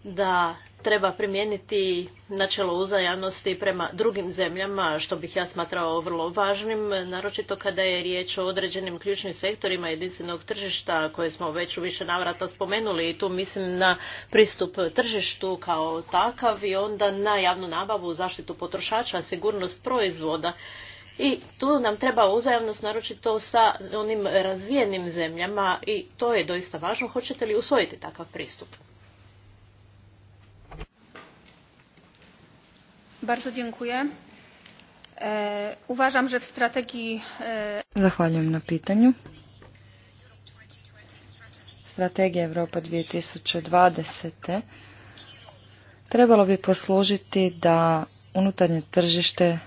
da treba primijeniti načelo uzajamnosti prema drugim zemljama, što bih ja smatrao vrlo važnim, naročito kada je riječ o određenim ključnim sektorima jedinstvenog tržišta koje smo već u više navrata spomenuli i tu mislim na pristup tržištu kao takav i onda na javnu nabavu, zaštitu potrošača, sigurnost proizvoda. I tu nam treba uzajamnost, naročito sa onim razvijenim zemljama i to je doista važno. Hoćete li usvojiti takav pristup? Bardzo dziękuję. E, e, Zahvaljujem na pitanju. Strategija Europa 2020. Trebalo bi poslužiti da unutarnje tržište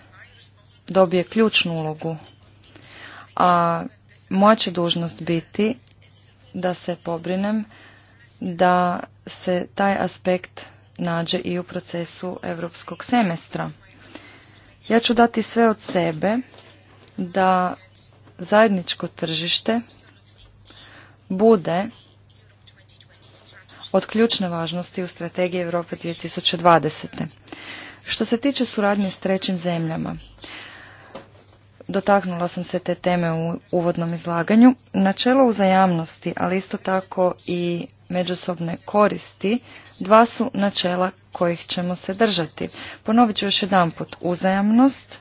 dobije ključnu ulogu. A moja će dužnost biti da se pobrinem da se taj aspekt nađe i u procesu europskog semestra. Ja ću dati sve od sebe da zajedničko tržište bude od ključne važnosti u strategiji Europe 2020. Što se tiče suradnje s trećim zemljama, dotaknula sam se te teme u uvodnom izlaganju. Načelo uzajamnosti, ali isto tako i međusobne koristi, dva su načela kojih ćemo se držati. Ponovit ću još jedanput uzajamnost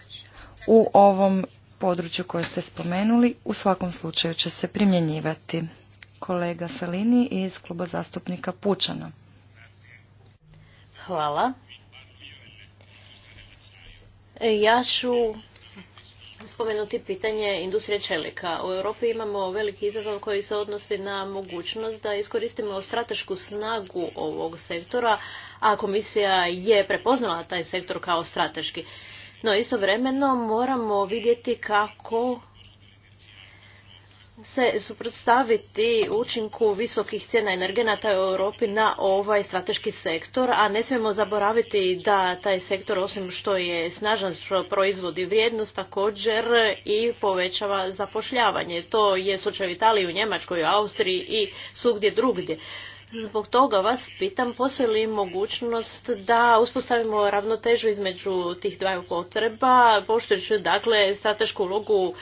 u ovom području koje ste spomenuli u svakom slučaju će se primjenjivati. Kolega Salini iz kluba zastupnika Pučana. Hvala. Ja ću spomenuti pitanje industrije čelika. U Europi imamo veliki izazov koji se odnosi na mogućnost da iskoristimo stratešku snagu ovog sektora, a komisija je prepoznala taj sektor kao strateški. No istovremeno moramo vidjeti kako se suprotstaviti učinku visokih cijena energenata u Europi na ovaj strateški sektor, a ne smijemo zaboraviti da taj sektor, osim što je snažan što proizvodi vrijednost, također i povećava zapošljavanje. To je slučaj u Italiji, u Njemačkoj, u Austriji i svugdje drugdje. Zbog toga vas pitam, postoji li mogućnost da uspostavimo ravnotežu između tih dvaju potreba, poštujući dakle stratešku ulogu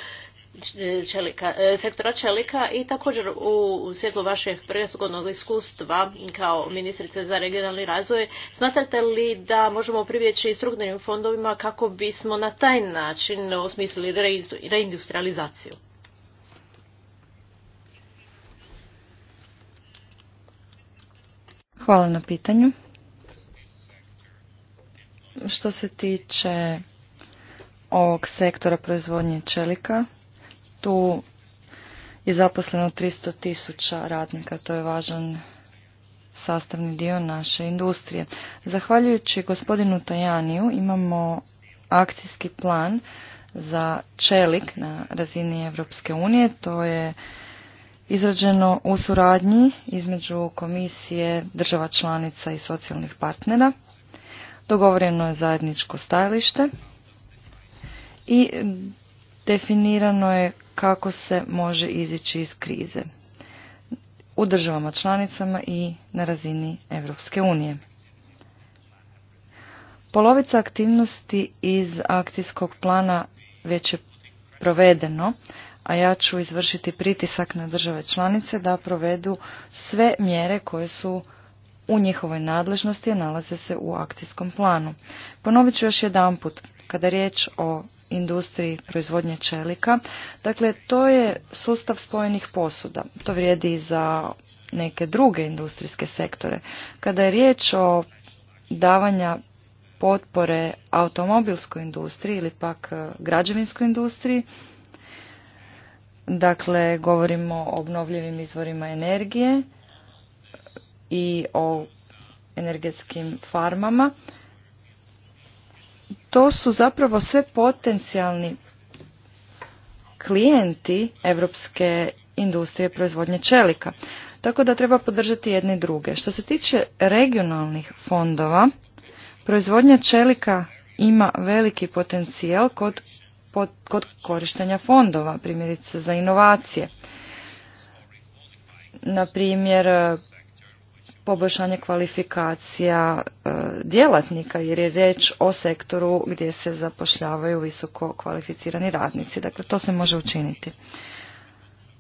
E, sektora čelika i također u svjetlu vašeg prethodnog iskustva kao ministrice za regionalni razvoj, smatrate li da možemo privjeći strukturnim fondovima kako bismo na taj način osmislili reindustrializaciju? Hvala na pitanju. Što se tiče ovog sektora proizvodnje čelika, tu je zaposleno 300 tisuća radnika, to je važan sastavni dio naše industrije. Zahvaljujući gospodinu Tajaniju imamo akcijski plan za čelik na razini Europske unije, to je izrađeno u suradnji između komisije država članica i socijalnih partnera. Dogovoreno je zajedničko stajalište i definirano je kako se može izići iz krize u državama članicama i na razini Europske unije. Polovica aktivnosti iz akcijskog plana već je provedeno, a ja ću izvršiti pritisak na države članice da provedu sve mjere koje su u njihovoj nadležnosti nalaze se u akcijskom planu. Ponovit ću još jedanput, kada je riječ o industriji proizvodnje čelika, dakle to je sustav spojenih posuda. To vrijedi i za neke druge industrijske sektore. Kada je riječ o davanja potpore automobilskoj industriji ili pak e, građevinskoj industriji, dakle govorimo o obnovljivim izvorima energije, i o energetskim farmama. To su zapravo sve potencijalni klijenti europske industrije proizvodnje čelika. Tako da treba podržati jedne i druge. Što se tiče regionalnih fondova, proizvodnja čelika ima veliki potencijal kod, kod korištenja fondova, primjerice za inovacije. Na primjer, poboljšanje kvalifikacija e, djelatnika jer je riječ o sektoru gdje se zapošljavaju visoko kvalificirani radnici. Dakle, to se može učiniti.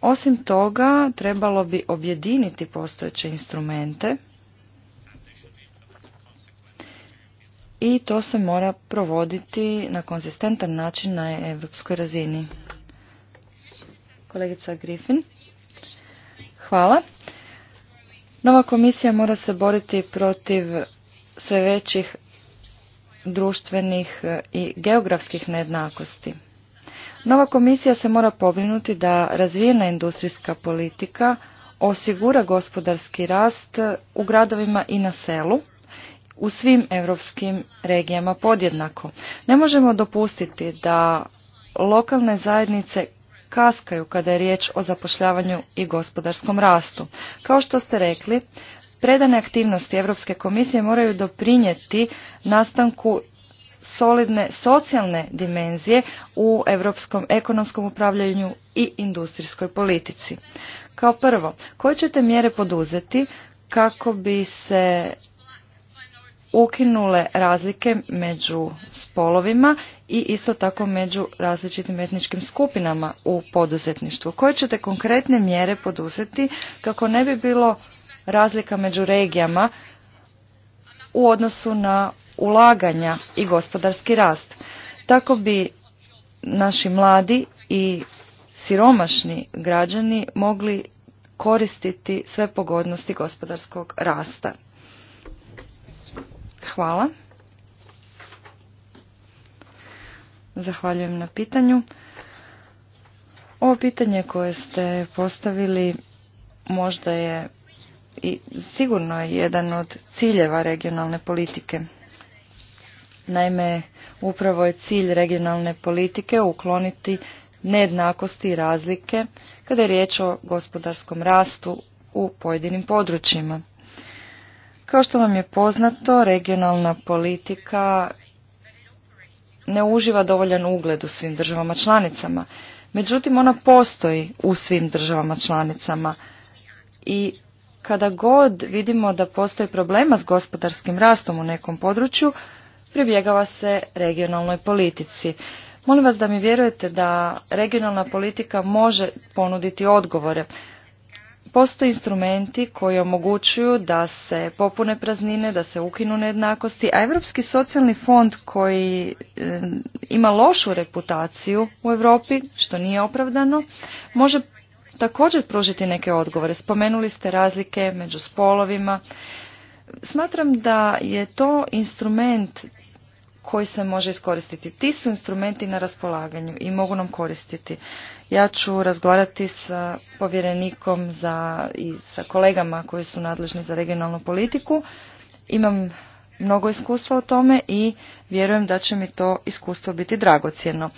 Osim toga, trebalo bi objediniti postojeće instrumente i to se mora provoditi na konzistentan način na evropskoj razini. Kolegica Griffin. Hvala. Nova komisija mora se boriti protiv sve većih društvenih e, i geografskih nejednakosti. Nova komisija se mora pobrinuti da razvijena industrijska politika osigura gospodarski rast u gradovima i na selu u svim europskim regijama podjednako. Ne možemo dopustiti da lokalne zajednice kaskaju kada je riječ o zapošljavanju i gospodarskom rastu. Kao što ste rekli, predane aktivnosti Europske komisije moraju doprinijeti nastanku solidne socijalne dimenzije u europskom ekonomskom upravljanju i industrijskoj politici. Kao prvo, koje ćete mjere poduzeti kako bi se ukinule razlike među spolovima i isto tako među različitim etničkim skupinama u poduzetništvu. Koje ćete konkretne mjere poduzeti kako ne bi bilo razlika među regijama u odnosu na ulaganja i gospodarski rast? Tako bi naši mladi i siromašni građani mogli koristiti sve pogodnosti gospodarskog rasta. Hvala. Zahvaljujem na pitanju. Ovo pitanje koje ste postavili možda je i sigurno je jedan od ciljeva regionalne politike. Naime, upravo je cilj regionalne politike ukloniti nejednakosti i razlike kada je riječ o gospodarskom rastu u pojedinim područjima. Kao što vam je poznato, regionalna politika ne uživa dovoljan ugled u svim državama članicama. Međutim, ona postoji u svim državama članicama i kada god vidimo da postoji problema s gospodarskim rastom u nekom području, pribjegava se regionalnoj politici. Molim vas da mi vjerujete da regionalna politika može ponuditi odgovore. Postoje instrumenti koji omogućuju da se popune praznine, da se ukinu nejednakosti, a Europski socijalni fond koji ima lošu reputaciju u Europi, što nije opravdano, može također pružiti neke odgovore. Spomenuli ste razlike među spolovima. Smatram da je to instrument koji se može iskoristiti. Ti su instrumenti na raspolaganju i mogu nam koristiti. Ja ću razgovarati sa povjerenikom za, i sa kolegama koji su nadležni za regionalnu politiku. Imam mnogo iskustva o tome i vjerujem da će mi to iskustvo biti dragocjeno.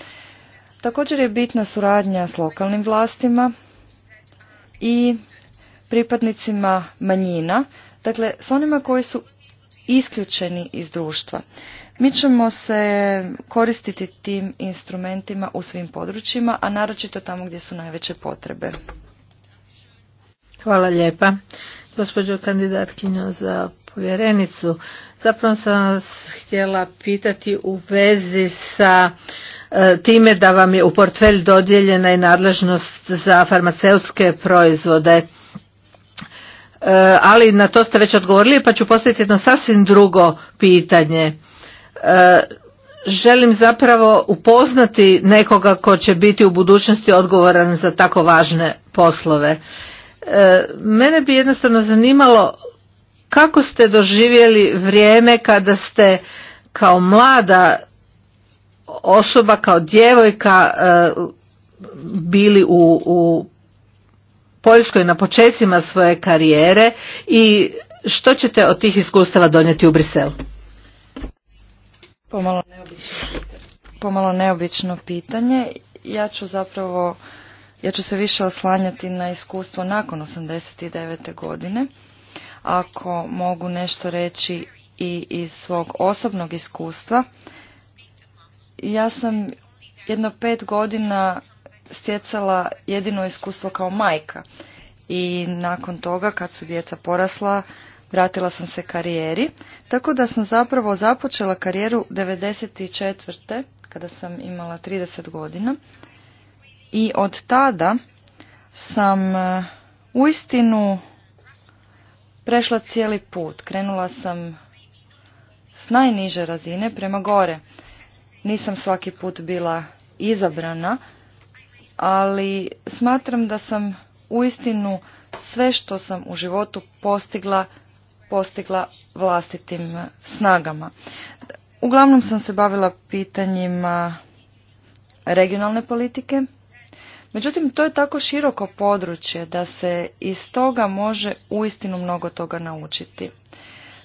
Također je bitna suradnja s lokalnim vlastima i pripadnicima manjina, dakle s onima koji su isključeni iz društva. Mi ćemo se koristiti tim instrumentima u svim područjima, a naročito tamo gdje su najveće potrebe. Hvala lijepa. Gospođo kandidatkinjo za povjerenicu, zapravo sam vas htjela pitati u vezi sa e, time da vam je u portfelj dodijeljena i nadležnost za farmaceutske proizvode. E, ali na to ste već odgovorili, pa ću postaviti jedno sasvim drugo pitanje. E, želim zapravo upoznati nekoga ko će biti u budućnosti odgovoran za tako važne poslove. E, mene bi jednostavno zanimalo kako ste doživjeli vrijeme kada ste kao mlada osoba, kao djevojka e, bili u, Poljskoj na počecima svoje karijere i što ćete od tih iskustava donijeti u Briselu? pomalo neobično, pitanje. Ja ću zapravo, ja ću se više oslanjati na iskustvo nakon 89. godine. Ako mogu nešto reći i iz svog osobnog iskustva, ja sam jedno pet godina stjecala jedino iskustvo kao majka. I nakon toga, kad su djeca porasla, vratila sam se karijeri, tako da sam zapravo započela karijeru 94. kada sam imala 30 godina i od tada sam e, uistinu prešla cijeli put. Krenula sam s najniže razine prema gore. Nisam svaki put bila izabrana, ali smatram da sam uistinu sve što sam u životu postigla postigla vlastitim snagama. Uglavnom sam se bavila pitanjima regionalne politike. Međutim, to je tako široko područje da se iz toga može uistinu mnogo toga naučiti.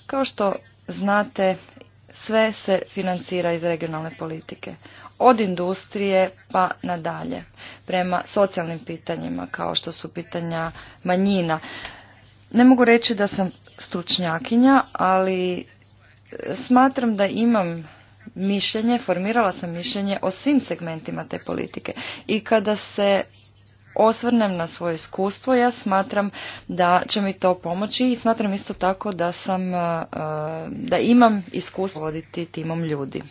Kao što znate, sve se financira iz regionalne politike. Od industrije pa nadalje. Prema socijalnim pitanjima, kao što su pitanja manjina. Ne mogu reći da sam stručnjakinja, ali smatram da imam mišljenje, formirala sam mišljenje o svim segmentima te politike. I kada se osvrnem na svoje iskustvo, ja smatram da će mi to pomoći i smatram isto tako da sam, e, da imam iskustvo voditi timom ljudi.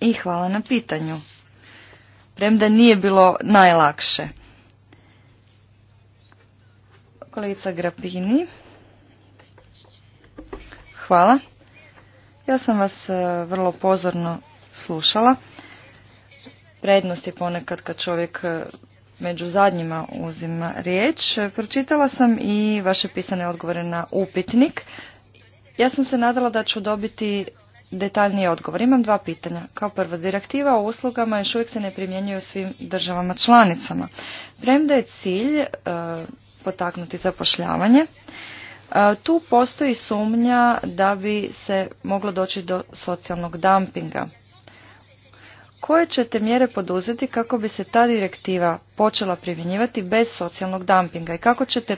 I hvala na pitanju. Premda nije bilo najlakše. Kolegica Grapini. Hvala. Ja sam vas e, vrlo pozorno slušala. Prednost je ponekad kad čovjek e, među zadnjima uzima riječ. E, pročitala sam i vaše pisane odgovore na upitnik. Ja sam se nadala da ću dobiti detaljnije odgovor. Imam dva pitanja. Kao prva, direktiva o uslugama još uvijek se ne primjenjuje u svim državama članicama. Premda je cilj potaknuti zapošljavanje. E, tu postoji sumnja da bi se moglo doći do socijalnog dumpinga. Koje ćete mjere poduzeti kako bi se ta direktiva počela primjenjivati bez socijalnog dumpinga i kako ćete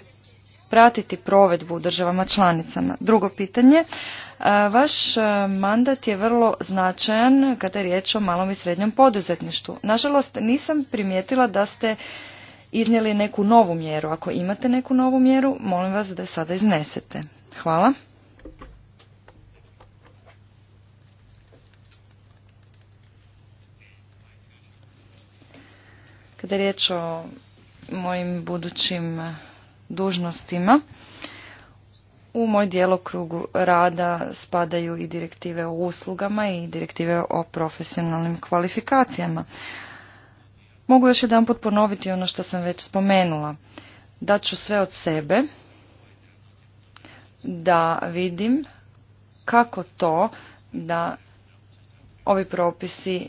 pratiti provedbu u državama članicama? Drugo pitanje, e, vaš e, mandat je vrlo značajan kada je riječ o malom i srednjem poduzetništvu. Nažalost, nisam primijetila da ste iznijeli neku novu mjeru. Ako imate neku novu mjeru, molim vas da je sada iznesete. Hvala. Kada je riječ o mojim budućim dužnostima, u moj djelokrug rada spadaju i direktive o uslugama i direktive o profesionalnim kvalifikacijama. Mogu još jedan put ponoviti ono što sam već spomenula. ću sve od sebe da vidim kako to da ovi propisi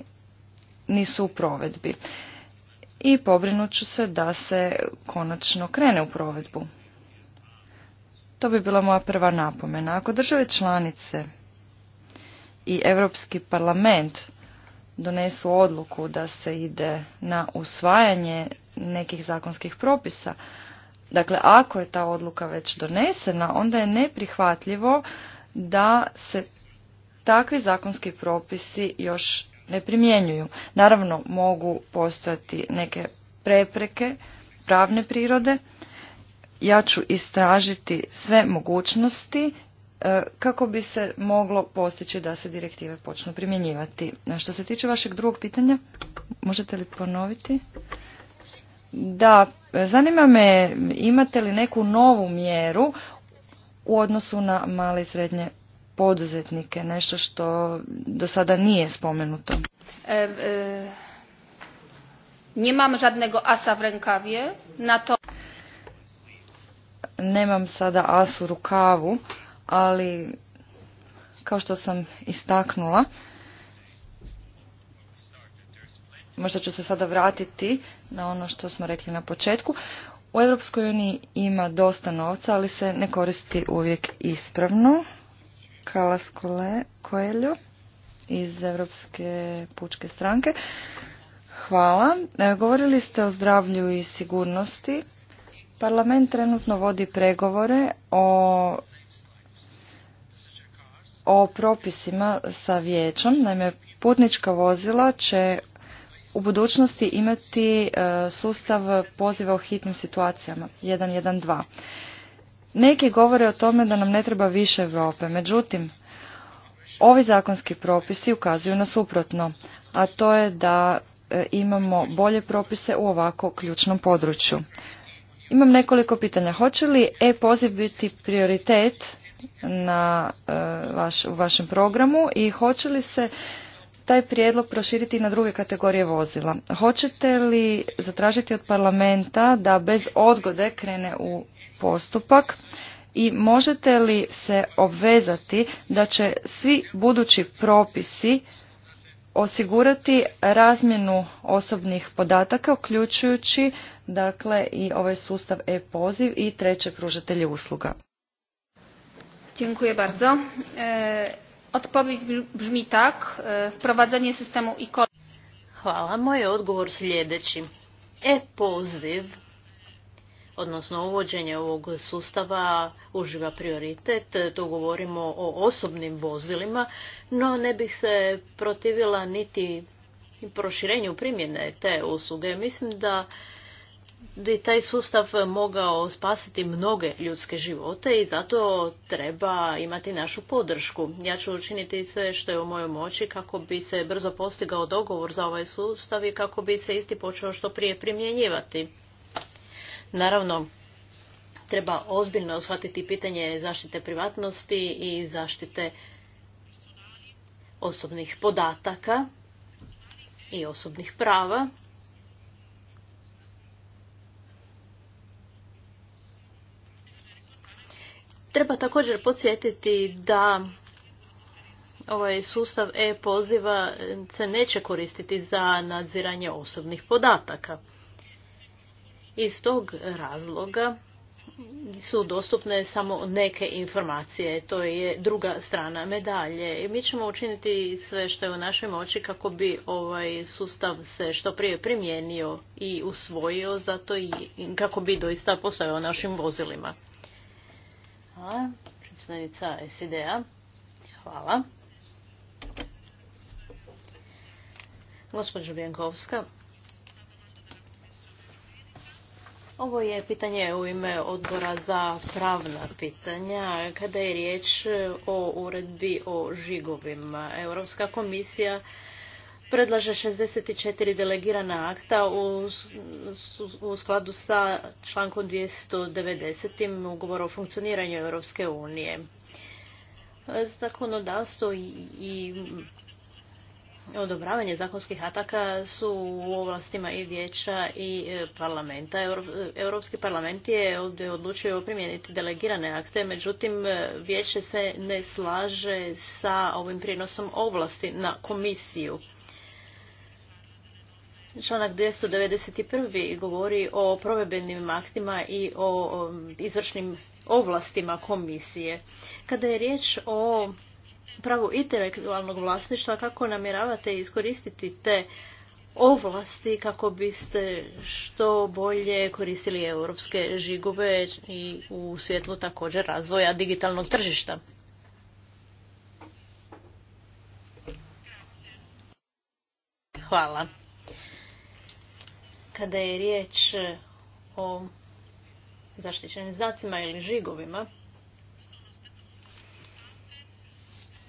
nisu u provedbi. I pobrinuću ću se da se konačno krene u provedbu. To bi bila moja prva napomena. Ako države članice i Europski parlament donesu odluku da se ide na usvajanje nekih zakonskih propisa. Dakle, ako je ta odluka već donesena, onda je neprihvatljivo da se takvi zakonski propisi još ne primjenjuju. Naravno, mogu postojati neke prepreke pravne prirode. Ja ću istražiti sve mogućnosti E, kako bi se moglo postići da se direktive počnu primjenjivati. E, što se tiče vašeg drugog pitanja, možete li ponoviti? Da, zanima me imate li neku novu mjeru u odnosu na male i srednje poduzetnike, nešto što do sada nije spomenuto. E, e, asa w na to... Nemam sada asu rukavu, ali kao što sam istaknula, možda ću se sada vratiti na ono što smo rekli na početku. U Europskoj uniji ima dosta novca, ali se ne koristi uvijek ispravno. Kalas Koeljo iz Europske pučke stranke. Hvala. E, govorili ste o zdravlju i sigurnosti. Parlament trenutno vodi pregovore o o propisima sa vijećom. Naime, putnička vozila će u budućnosti imati e, sustav poziva o hitnim situacijama 112. Neki govore o tome da nam ne treba više Europe, međutim, ovi zakonski propisi ukazuju na suprotno, a to je da e, imamo bolje propise u ovako ključnom području. Imam nekoliko pitanja. Hoće li e-poziv biti prioritet na e, vaš, u vašem programu i hoće li se taj prijedlog proširiti na druge kategorije vozila. Hoćete li zatražiti od parlamenta da bez odgode krene u postupak i možete li se obvezati da će svi budući propisi osigurati razmjenu osobnih podataka uključujući dakle i ovaj sustav e-poziv i treće pružatelje usluga. Dziękuję bardzo. E, odpowiedź brzmi tak. E, wprowadzenie systemu i Hvala. Moj odgovor sljedeći. E-poziv, odnosno uvođenje ovog sustava, uživa prioritet. Tu govorimo o osobnim vozilima, no ne bih se protivila niti proširenju primjene te usluge. Mislim da bi taj sustav mogao spasiti mnoge ljudske živote i zato treba imati našu podršku. Ja ću učiniti sve što je u mojoj moći kako bi se brzo postigao dogovor za ovaj sustav i kako bi se isti počeo što prije primjenjivati. Naravno, treba ozbiljno shvatiti pitanje zaštite privatnosti i zaštite osobnih podataka i osobnih prava Treba također podsjetiti da ovaj sustav e-poziva se neće koristiti za nadziranje osobnih podataka. Iz tog razloga su dostupne samo neke informacije, to je druga strana medalje. mi ćemo učiniti sve što je u našoj moći kako bi ovaj sustav se što prije primijenio i usvojio zato i kako bi doista postojao našim vozilima. Hvala. predsjednica SID-a. Hvala. Gospođo Žubjankovska, ovo je pitanje u ime odbora za pravna pitanja. Kada je riječ o uredbi o žigovima, Europska komisija predlaže 64 delegirana akta u, skladu sa člankom 290. ugovora o funkcioniranju Europske unije. Zakonodavstvo i, odobravanje zakonskih ataka su u ovlastima i vijeća i e, parlamenta. E, Europski parlament je ovdje odlučio primijeniti delegirane akte, međutim e, vijeće se ne slaže sa ovim prinosom ovlasti na komisiju. Članak 291. govori o provedbenim aktima i o izvršnim ovlastima komisije. Kada je riječ o pravu intelektualnog vlasništva, kako namjeravate iskoristiti te ovlasti kako biste što bolje koristili europske žigove i u svjetlu također razvoja digitalnog tržišta? Hvala. Kada je riječ o zaštićenim znacima ili žigovima,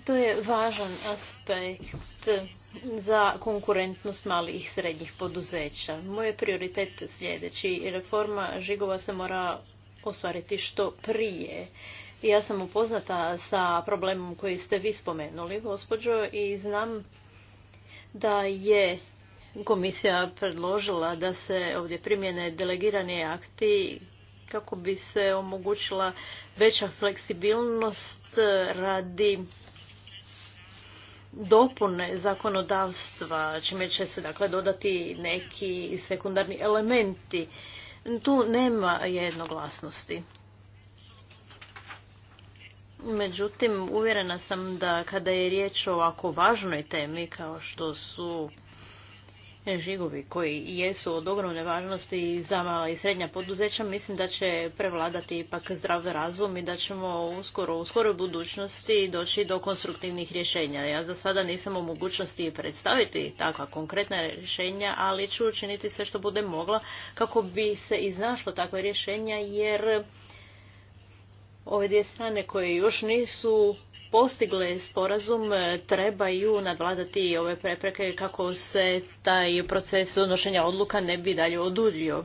to je važan aspekt za konkurentnost malih i srednjih poduzeća. Moje prioritete prioritet sljedeći. Reforma žigova se mora ostvariti što prije. Ja sam upoznata sa problemom koji ste vi spomenuli, gospođo, i znam da je komisija predložila da se ovdje primjene delegirani akti kako bi se omogućila veća fleksibilnost radi dopune zakonodavstva, čime će se dakle dodati neki sekundarni elementi. Tu nema jednoglasnosti. Međutim, uvjerena sam da kada je riječ o ovako važnoj temi kao što su žigovi koji jesu od ogromne važnosti za mala i srednja poduzeća, mislim da će prevladati ipak zdrav razum i da ćemo uskoro, u skoroj budućnosti doći do konstruktivnih rješenja. Ja za sada nisam u mogućnosti predstaviti takva konkretna rješenja, ali ću učiniti sve što bude mogla kako bi se iznašlo takva rješenja, jer ove dvije strane koje još nisu postigle sporazum e, trebaju nadvladati ove prepreke kako se taj proces donošenja odluka ne bi dalje oduljio.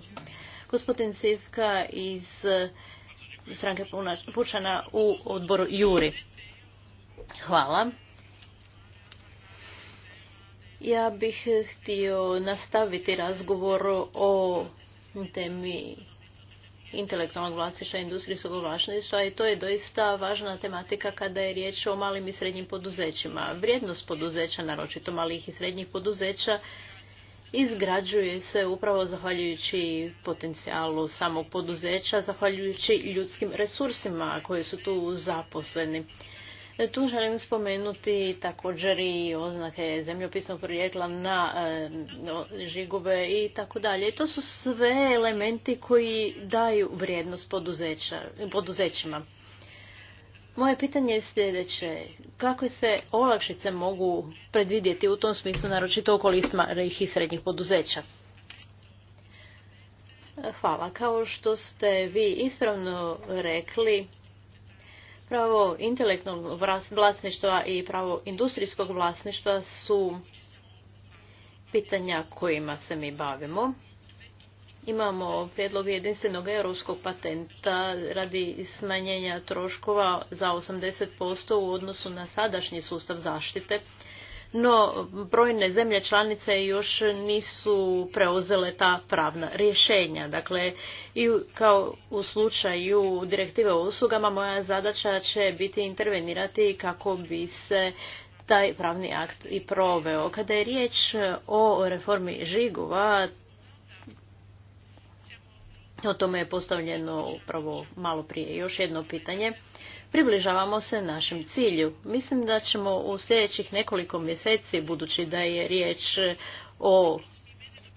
Gospodin Sivka iz e, stranke Pučana u odboru Juri. Hvala. Ja bih htio nastaviti razgovor o temi intelektualnog vlasništva, industrijskog vlasništva i to je doista važna tematika kada je riječ o malim i srednjim poduzećima. Vrijednost poduzeća, naročito malih i srednjih poduzeća, izgrađuje se upravo zahvaljujući potencijalu samog poduzeća, zahvaljujući ljudskim resursima koji su tu zaposleni. Tu želim spomenuti također i oznake zemljopisnog porijekla na e, žigube i tako dalje. To su sve elementi koji daju vrijednost poduzećima. Moje pitanje je sljedeće. Kako se olakšice mogu predvidjeti u tom smislu, naročito okolisma i srednjih poduzeća? Hvala. Kao što ste vi ispravno rekli, Pravo intelektualnog vlasništva i pravo industrijskog vlasništva su pitanja kojima se mi bavimo. Imamo prijedlog jedinstvenog europskog patenta radi smanjenja troškova za 80% u odnosu na sadašnji sustav zaštite no brojne zemlje članice još nisu preuzele ta pravna rješenja. Dakle, i kao u slučaju direktive o uslugama, moja zadaća će biti intervenirati kako bi se taj pravni akt i proveo. Kada je riječ o reformi žigova, o tome je postavljeno upravo malo prije još jedno pitanje približavamo se našem cilju. Mislim da ćemo u sljedećih nekoliko mjeseci, budući da je riječ o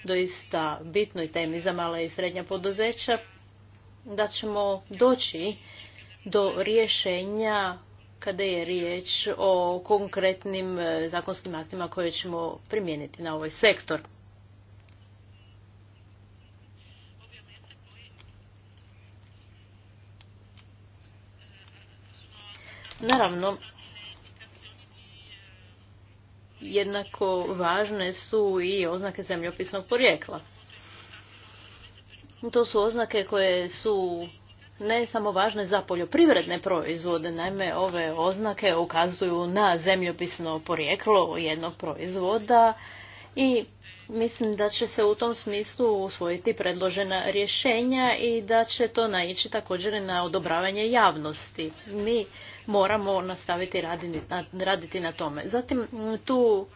doista bitnoj temi za mala i srednja poduzeća, da ćemo doći do rješenja kada je riječ o konkretnim zakonskim aktima koje ćemo primijeniti na ovaj sektor. Naravno, jednako važne su i oznake zemljopisnog porijekla. To su oznake koje su ne samo važne za poljoprivredne proizvode, naime ove oznake ukazuju na zemljopisno porijeklo jednog proizvoda i mislim da će se u tom smislu usvojiti predložena rješenja i da će to naići također na odobravanje javnosti. Mi moramo nastaviti raditi na, tome. Zatim tu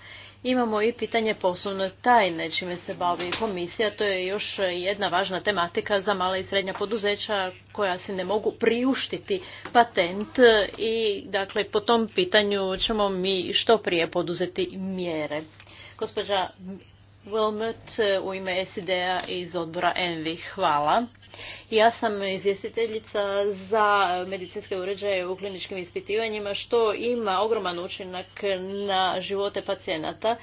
imamo i pitanje poslovne tajne čime se bavi komisija. To je još jedna važna tematika za mala i srednja poduzeća koja se ne mogu priuštiti patent i dakle po tom pitanju ćemo mi što prije poduzeti mjere. Gospođa wilmut u ime SID-a iz odbora Envi. Hvala. Ja sam izvjestiteljica za medicinske uređaje u kliničkim ispitivanjima što ima ogroman učinak na živote pacijenata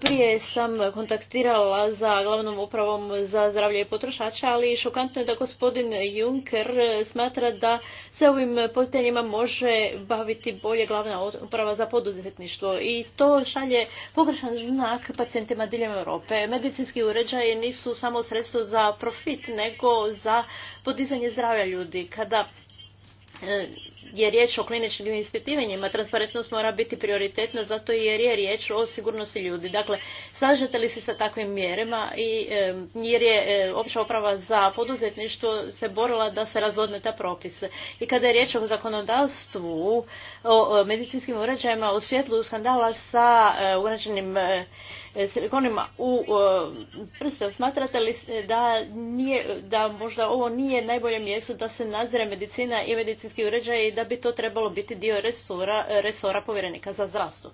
prije sam kontaktirala za glavnom upravom za zdravlje i potrošača, ali šokantno je da gospodin Juncker smatra da se ovim pitanjima može baviti bolje glavna uprava za poduzetništvo i to šalje pogrešan znak pacijentima diljem Europe. Medicinski uređaji nisu samo sredstvo za profit, nego za podizanje zdravlja ljudi. Kada e, je riječ o kliničkim ispitivanjima, transparentnost mora biti prioritetna zato jer je riječ o sigurnosti ljudi. Dakle, slažete li se sa takvim mjerama i e, jer je e, opća oprava za poduzetništvo se borila da se razvodne ta propise. I kada je riječ o zakonodavstvu, o medicinskim uređajima u svjetlu skandala sa e, uređenim E, silikonima u e, prste. Smatrate li da, da možda ovo nije najbolje mjesto da se nadzire medicina i medicinski uređaj i da bi to trebalo biti dio resora, povjerenika za zdravstvo?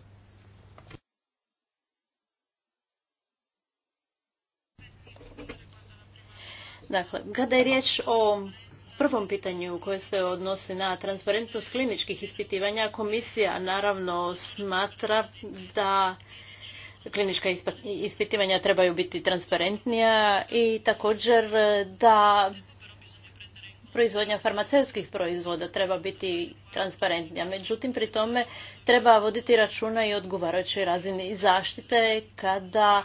Dakle, kada je riječ o prvom pitanju koje se odnosi na transparentnost kliničkih ispitivanja, komisija naravno smatra da klinička ispitivanja trebaju biti transparentnija i također da proizvodnja farmaceutskih proizvoda treba biti transparentnija. Međutim, pri tome treba voditi računa i odgovarajućoj razini zaštite kada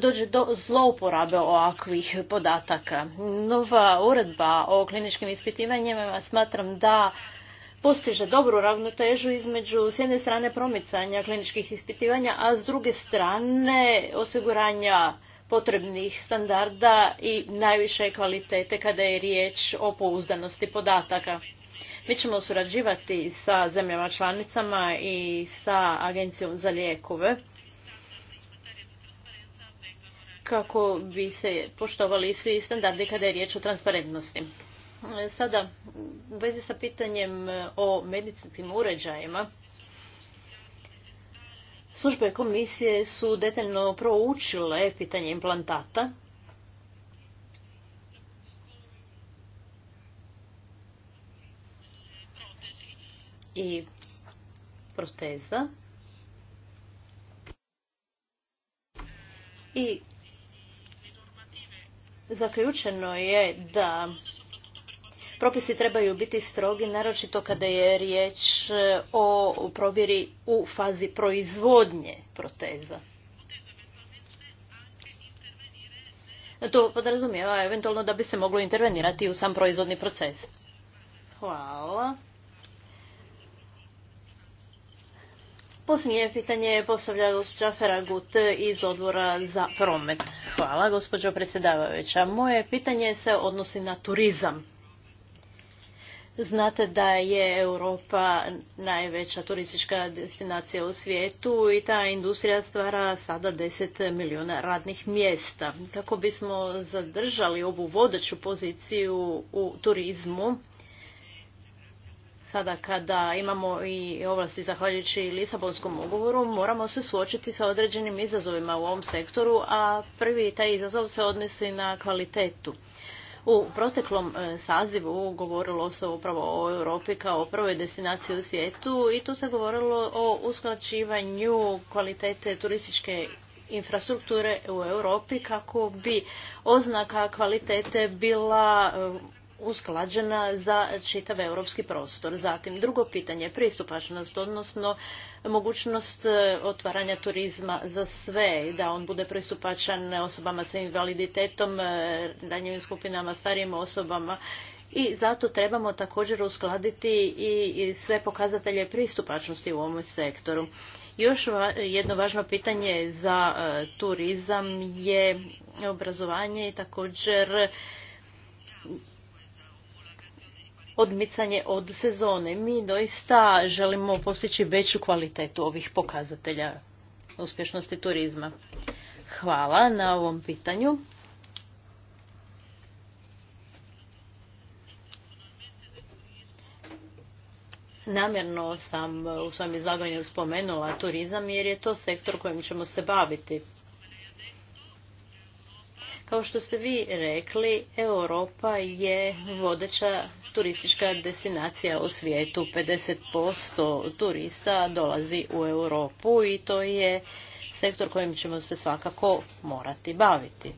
dođe do zlouporabe ovakvih podataka. Nova uredba o kliničkim ispitivanjima smatram da postiže dobru ravnotežu između s jedne strane promicanja kliničkih ispitivanja, a s druge strane osiguranja potrebnih standarda i najviše kvalitete kada je riječ o pouzdanosti podataka. Mi ćemo surađivati sa zemljama članicama i sa Agencijom za lijekove kako bi se poštovali svi standardi kada je riječ o transparentnosti. Sada, u vezi sa pitanjem e, o medicinskim uređajima, službe komisije su detaljno proučile pitanje implantata. I proteza. I zaključeno je da Propisi trebaju biti strogi, naročito kada je riječ e, o provjeri u fazi proizvodnje proteza. To podrazumijeva eventualno da bi se moglo intervenirati u sam proizvodni proces. Hvala. Posljednje pitanje postavlja gospođa Feragut iz odbora za promet. Hvala gospođo predsjedavajuća. Moje pitanje se odnosi na turizam. Znate da je Europa najveća turistička destinacija u svijetu i ta industrija stvara sada 10 milijuna radnih mjesta. Kako bismo zadržali ovu vodeću poziciju u turizmu, sada kada imamo i ovlasti zahvaljujući Lisabonskom ugovoru, moramo se suočiti sa određenim izazovima u ovom sektoru, a prvi taj izazov se odnosi na kvalitetu. U proteklom e, sazivu govorilo se upravo o Europi kao o prvoj destinaciji u svijetu i tu se govorilo o usklađivanju kvalitete turističke infrastrukture u Europi kako bi oznaka kvalitete bila e, usklađena za čitav europski prostor. Zatim drugo pitanje, je pristupačnost, odnosno mogućnost e, otvaranja turizma za sve, da on bude pristupačan osobama sa invaliditetom, e, ranjivim skupinama, starijim osobama i zato trebamo također uskladiti i sve pokazatelje pristupačnosti u ovom sektoru. Još jedno važno pitanje za e, turizam je obrazovanje i također odmicanje od sezone. Mi doista želimo postići veću kvalitetu ovih pokazatelja uspješnosti turizma. Hvala na ovom pitanju. Namjerno sam u svojom izlaganju spomenula turizam jer je to sektor kojim ćemo se baviti. Kao što ste vi rekli, Europa je vodeća turistička destinacija u svijetu. 50% turista dolazi u Europu i to je sektor kojim ćemo se svakako morati baviti.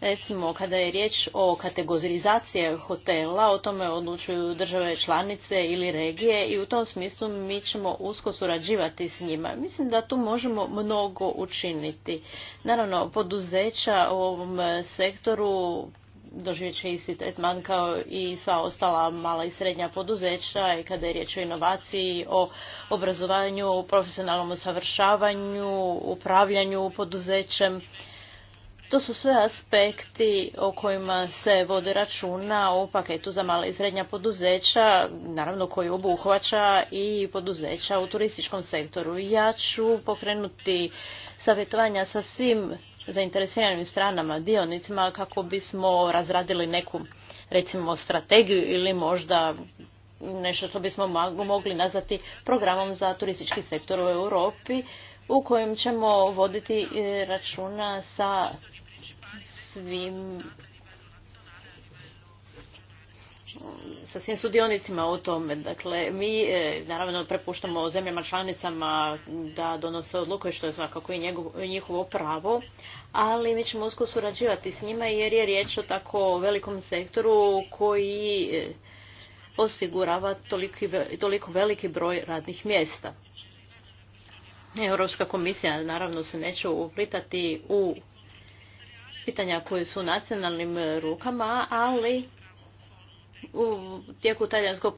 Recimo, kada je riječ o kategorizaciji hotela, o tome odlučuju države članice ili regije i u tom smislu mi ćemo usko surađivati s njima. Mislim da tu možemo mnogo učiniti. Naravno, poduzeća u ovom sektoru doživjet će isti tretman kao i sva ostala mala i srednja poduzeća i kada je riječ o inovaciji, o obrazovanju, profesionalnom usavršavanju, upravljanju poduzećem. To su sve aspekti o kojima se vode računa o paketu za mala i srednja poduzeća, naravno koji obuhvaća i poduzeća u turističkom sektoru. Ja ću pokrenuti savjetovanja sa svim zainteresiranim stranama, dionicima, kako bismo razradili neku, recimo, strategiju ili možda nešto što bismo mogli nazvati programom za turistički sektor u Europi, u kojem ćemo voditi e, računa sa svim sa svim sudionicima u tome. Dakle, mi e, naravno prepuštamo zemljama članicama da donose odluke što je svakako i njihovo pravo, ali mi ćemo usko surađivati s njima jer je riječ o tako velikom sektoru koji e, osigurava toliko veliki broj radnih mjesta. Europska komisija naravno se neće uplitati u pitanja koje su u nacionalnim e, rukama, ali u tijeku talijanskog